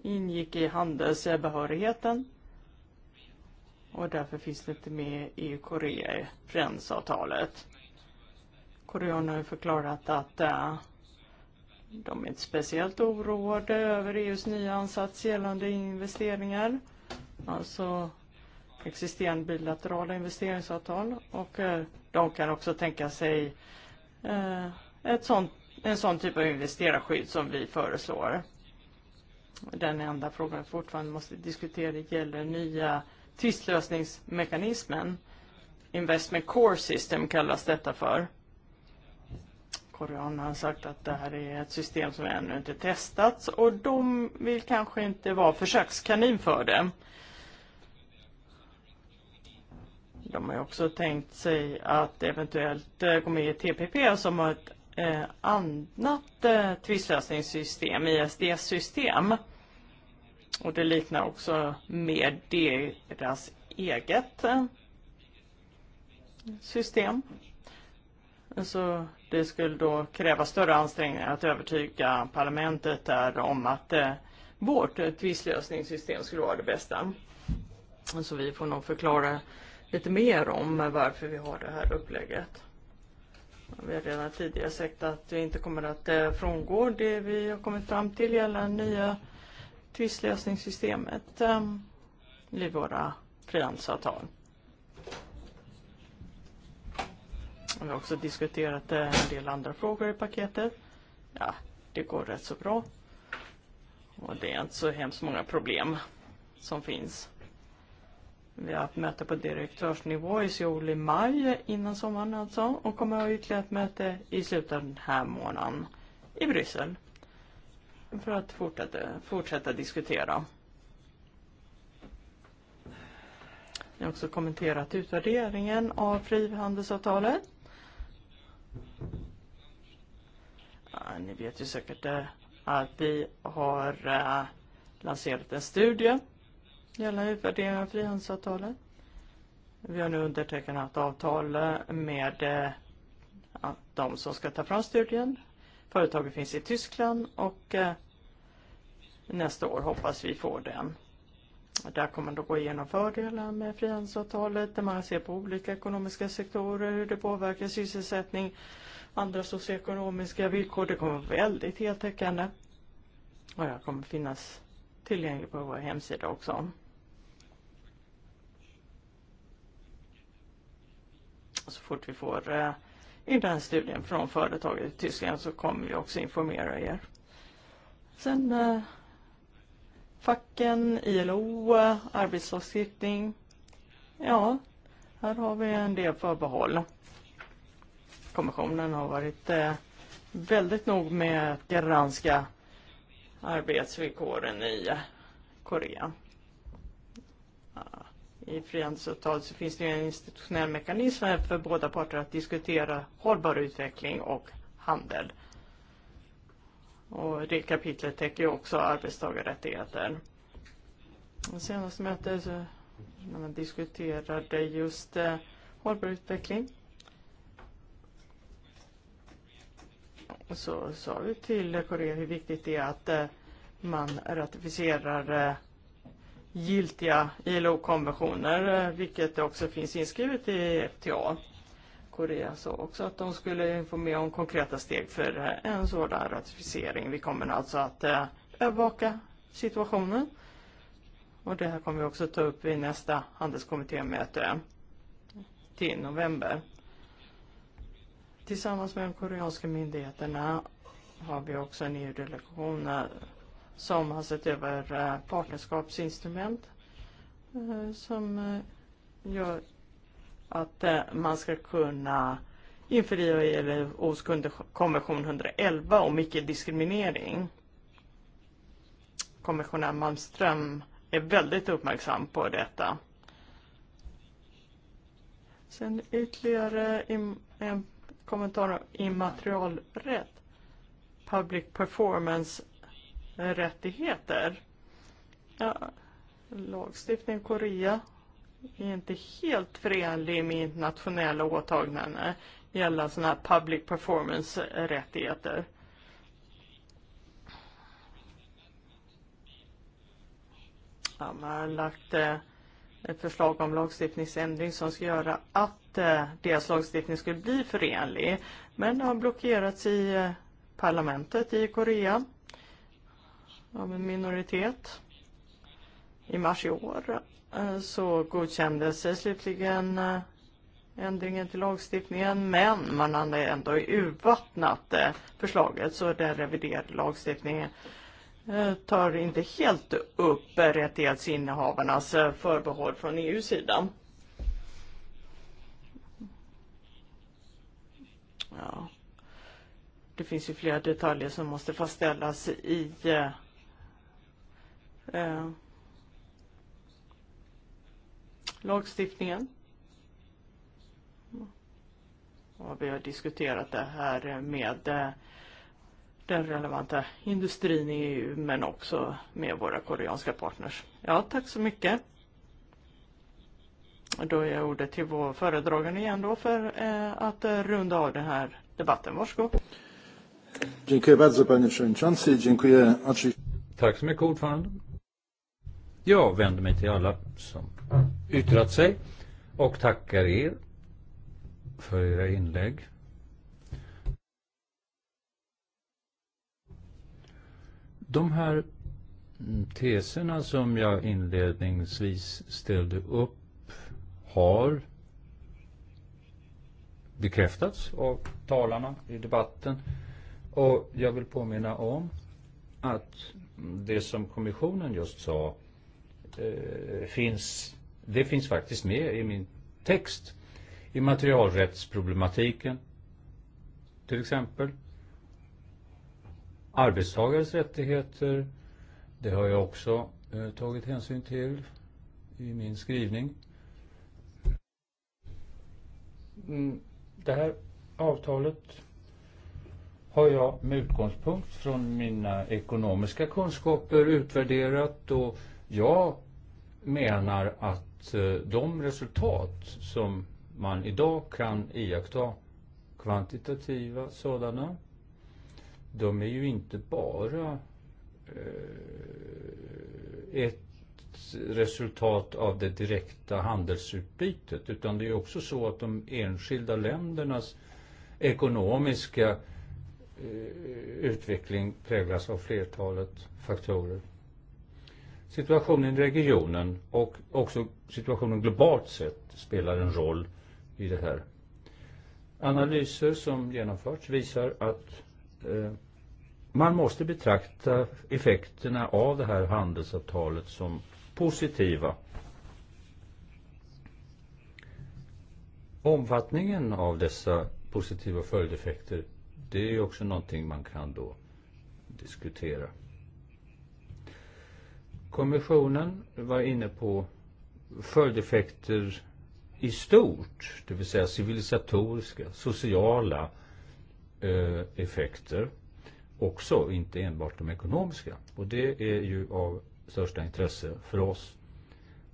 ingick i handelsbehörigheten och därför finns det inte med i korea i Koreanerna har förklarat att äh, De är inte speciellt oroade över EUs nya ansats gällande investeringar, alltså existerande bilaterala investeringsavtal. Och eh, de kan också tänka sig eh, ett sånt, en sån typ av investerarskydd som vi föreslår. Den enda frågan vi fortfarande måste diskutera gäller nya tvistlösningsmekanismen. Investment Core System kallas detta för. Koreanerna har sagt att det här är ett system som ännu inte testats och de vill kanske inte vara försökskanin för det. De har också tänkt sig att eventuellt eh, gå med i TPP som har ett eh, annat eh, tvistlösningssystem, ISDS-system. Och det liknar också mer deras eget eh, system. Så det skulle då kräva större ansträngningar att övertyga parlamentet där om att eh, vårt tvistlösningssystem skulle vara det bästa. Så vi får nog förklara lite mer om varför vi har det här upplägget. Vi har redan tidigare sagt att vi inte kommer att eh, frångå det vi har kommit fram till gällande nya tvistlösningssystemet eh, i våra frihandelsavtal. Vi har också diskuterat eh, en del andra frågor i paketet. Ja, det går rätt så bra. Och det är inte så hemskt många problem som finns. Vi har haft möte på direktörsnivå i Seoul i maj, innan sommaren alltså, och kommer att ha ytterligare ett möte i slutet av den här månaden i Bryssel. För att fortsätta, fortsätta diskutera. Jag har också kommenterat utvärderingen av frihandelsavtalet. Ni vet ju säkert det, att vi har lanserat en studie gällande utvärdering av frihandelsavtalet. Vi har nu undertecknat avtal med de som ska ta fram studien. Företaget finns i Tyskland och nästa år hoppas vi få den. Där kommer man då gå igenom fördelar med frihandelsavtalet där man ser på olika ekonomiska sektorer, hur det påverkar sysselsättning, andra socioekonomiska villkor. Det kommer vara väldigt heltäckande. Och jag kommer finnas tillgänglig på vår hemsida också. Så fort vi får eh, in den här studien från företaget i Tyskland så kommer vi också informera er. Sen eh, facken, ILO, eh, arbetslagstiftning. Ja, här har vi en del förbehåll kommissionen har varit eh, väldigt nog med att granska arbetsvillkoren i Korea. I frihandelsavtalet så finns det en institutionell mekanism för båda parter att diskutera hållbar utveckling och handel. Och det kapitlet täcker ju också arbetstagarrättigheter. Det Senaste mötet när man diskuterade just eh, hållbar utveckling så sa vi till Korea hur viktigt det är att eh, man ratificerar eh, giltiga ILO-konventioner, eh, vilket också finns inskrivet i FTA. Korea sa också att de skulle informera om konkreta steg för en sådan ratificering. Vi kommer alltså att övervaka situationen. Och det här kommer vi också ta upp vid nästa handelskommittémöte till november. Tillsammans med de koreanska myndigheterna har vi också en EU-delegation eh, som har sett över eh, partnerskapsinstrument eh, som gör att man ska kunna införliva ILOs konvention 111 om icke-diskriminering. Kommissionär Malmström är väldigt uppmärksam på detta. Sen ytterligare en kommentar om immaterialrätt, public performance-rättigheter. Ja, lagstiftningen i Korea är inte helt förenlig med internationella åtaganden gällande sådana här public performance-rättigheter. Ja, man har lagt eh, ett förslag om lagstiftningsändring som ska göra att eh, deras lagstiftning skulle bli förenlig. Men har blockerats i eh, parlamentet i Korea av en minoritet. I mars i år eh, så godkändes slutligen ändringen till lagstiftningen men man hade ändå urvattnat förslaget så den reviderade lagstiftningen Eh, tar inte helt upp rättighetsinnehavarnas eh, förbehåll från EU-sidan. Ja. Det finns ju flera detaljer som måste fastställas i eh, eh lagstiftningen. Och vi har diskuterat det här med den relevanta industrin i EU men också med våra koreanska partners. Ja, tack så mycket. Då är ordet till vår föredragande igen då för eh, att eh, runda av den här debatten. Varsågod. Tack så mycket ordförande. Jag vänder mig till alla som yttrat sig och tackar er för era inlägg. De här teserna som jag inledningsvis ställde upp har bekräftats av talarna i debatten. Och jag vill påminna om att det som kommissionen just sa eh, finns, det finns faktiskt med i min text. I materialrättsproblematiken till exempel Arbetstagares rättigheter, det har jag också eh, tagit hänsyn till i min skrivning. Mm, det här avtalet har jag med utgångspunkt från mina ekonomiska kunskaper utvärderat och jag menar att eh, de resultat som man idag kan iaktta, kvantitativa sådana, de är ju inte bara eh, ett resultat av det direkta handelsutbytet utan det är också så att de enskilda ländernas ekonomiska eh, utveckling präglas av flertalet faktorer. Situationen i regionen och också situationen globalt sett spelar en roll i det här. Analyser som genomförts visar att Eh, man måste betrakta effekterna av det här handelsavtalet som positiva. Omfattningen av dessa positiva följdeffekter, det är också någonting man kan då diskutera. Kommissionen var inne på följdeffekter i stort, det vill säga civilisatoriska, sociala, eh, effekter också, inte enbart de ekonomiska. Och det är ju av största intresse för oss.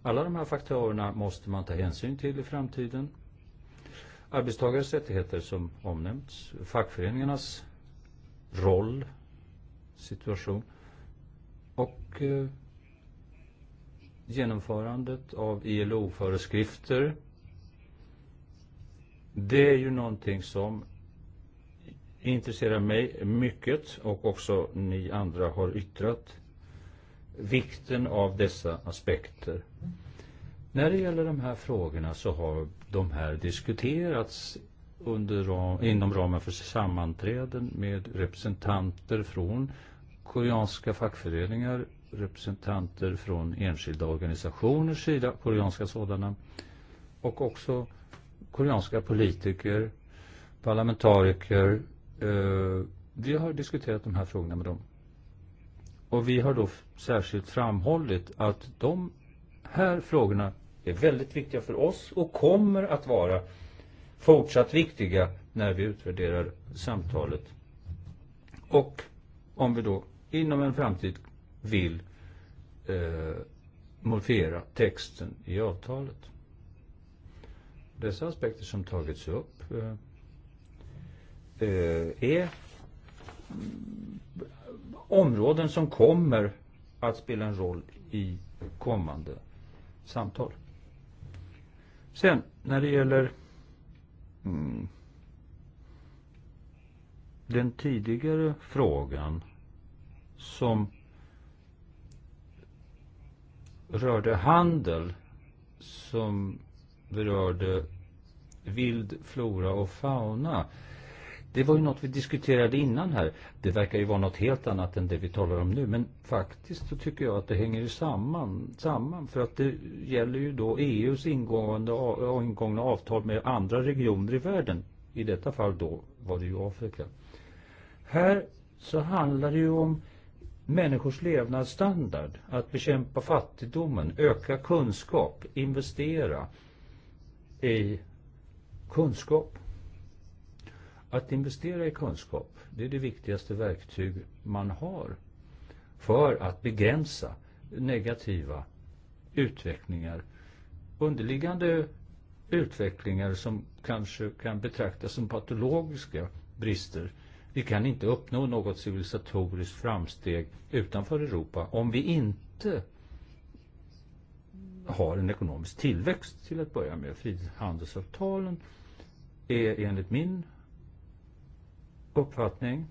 Alla de här faktorerna måste man ta hänsyn till i framtiden. Arbetstagares rättigheter som omnämnts, fackföreningarnas roll, situation och eh, genomförandet av ILO-föreskrifter. Det är ju någonting som intresserar mig mycket och också ni andra har yttrat vikten av dessa aspekter. När det gäller de här frågorna så har de här diskuterats under ram, inom ramen för sammanträden med representanter från koreanska fackföreningar, representanter från enskilda organisationers sida, koreanska sådana, och också koreanska politiker, parlamentariker, Eh, vi har diskuterat de här frågorna med dem. Och vi har då särskilt framhållit att de här frågorna är väldigt viktiga för oss och kommer att vara fortsatt viktiga när vi utvärderar samtalet. Och om vi då inom en framtid vill eh, modifiera texten i avtalet. Dessa aspekter som tagits upp eh, eh, är områden som kommer att spela en roll i kommande samtal. Sen när det gäller mm, den tidigare frågan som rörde handel som berörde vild flora och fauna. Eh, Det var ju något vi diskuterade innan här. Det verkar ju vara något helt annat än det vi talar om nu. Men faktiskt så tycker jag att det hänger samman. samman för att det gäller ju då EUs ingående, ingångna avtal med andra regioner i världen. I detta fall då var det ju Afrika. Här så handlar det ju om människors levnadsstandard, att bekämpa fattigdomen, öka kunskap, investera i kunskap Att investera i kunskap, det är det viktigaste verktyg man har för att begränsa negativa utvecklingar, underliggande utvecklingar som kanske kan betraktas som patologiska brister. Vi kan inte uppnå något civilisatoriskt framsteg utanför Europa om vi inte har en ekonomisk tillväxt till att börja med. Frihandelsavtalen är enligt min uppfattning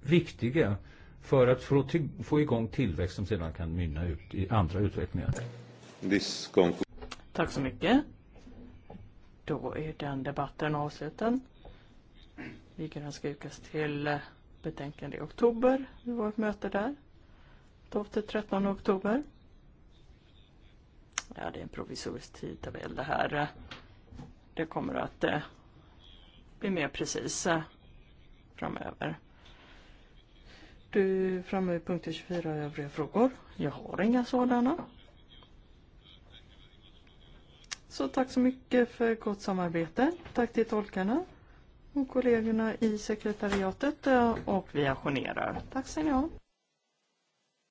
viktiga för att få, till, få igång tillväxt som sedan kan mynna ut i andra utvecklingar. Tack så mycket. Då är den debatten avslutad. Vi kan skrikas till eh, betänkande i oktober. Vi var ett möte där. 12-13 oktober. Ja, det är en provisorisk tidtabell det här. Det kommer att eh, bli mer precis framöver. Du är framme vid punkt 24 och övriga frågor. Jag har inga sådana. Så tack så mycket för gott samarbete. Tack till tolkarna och kollegorna i sekretariatet eh, och vi ajournerar. Tack ska ni ha.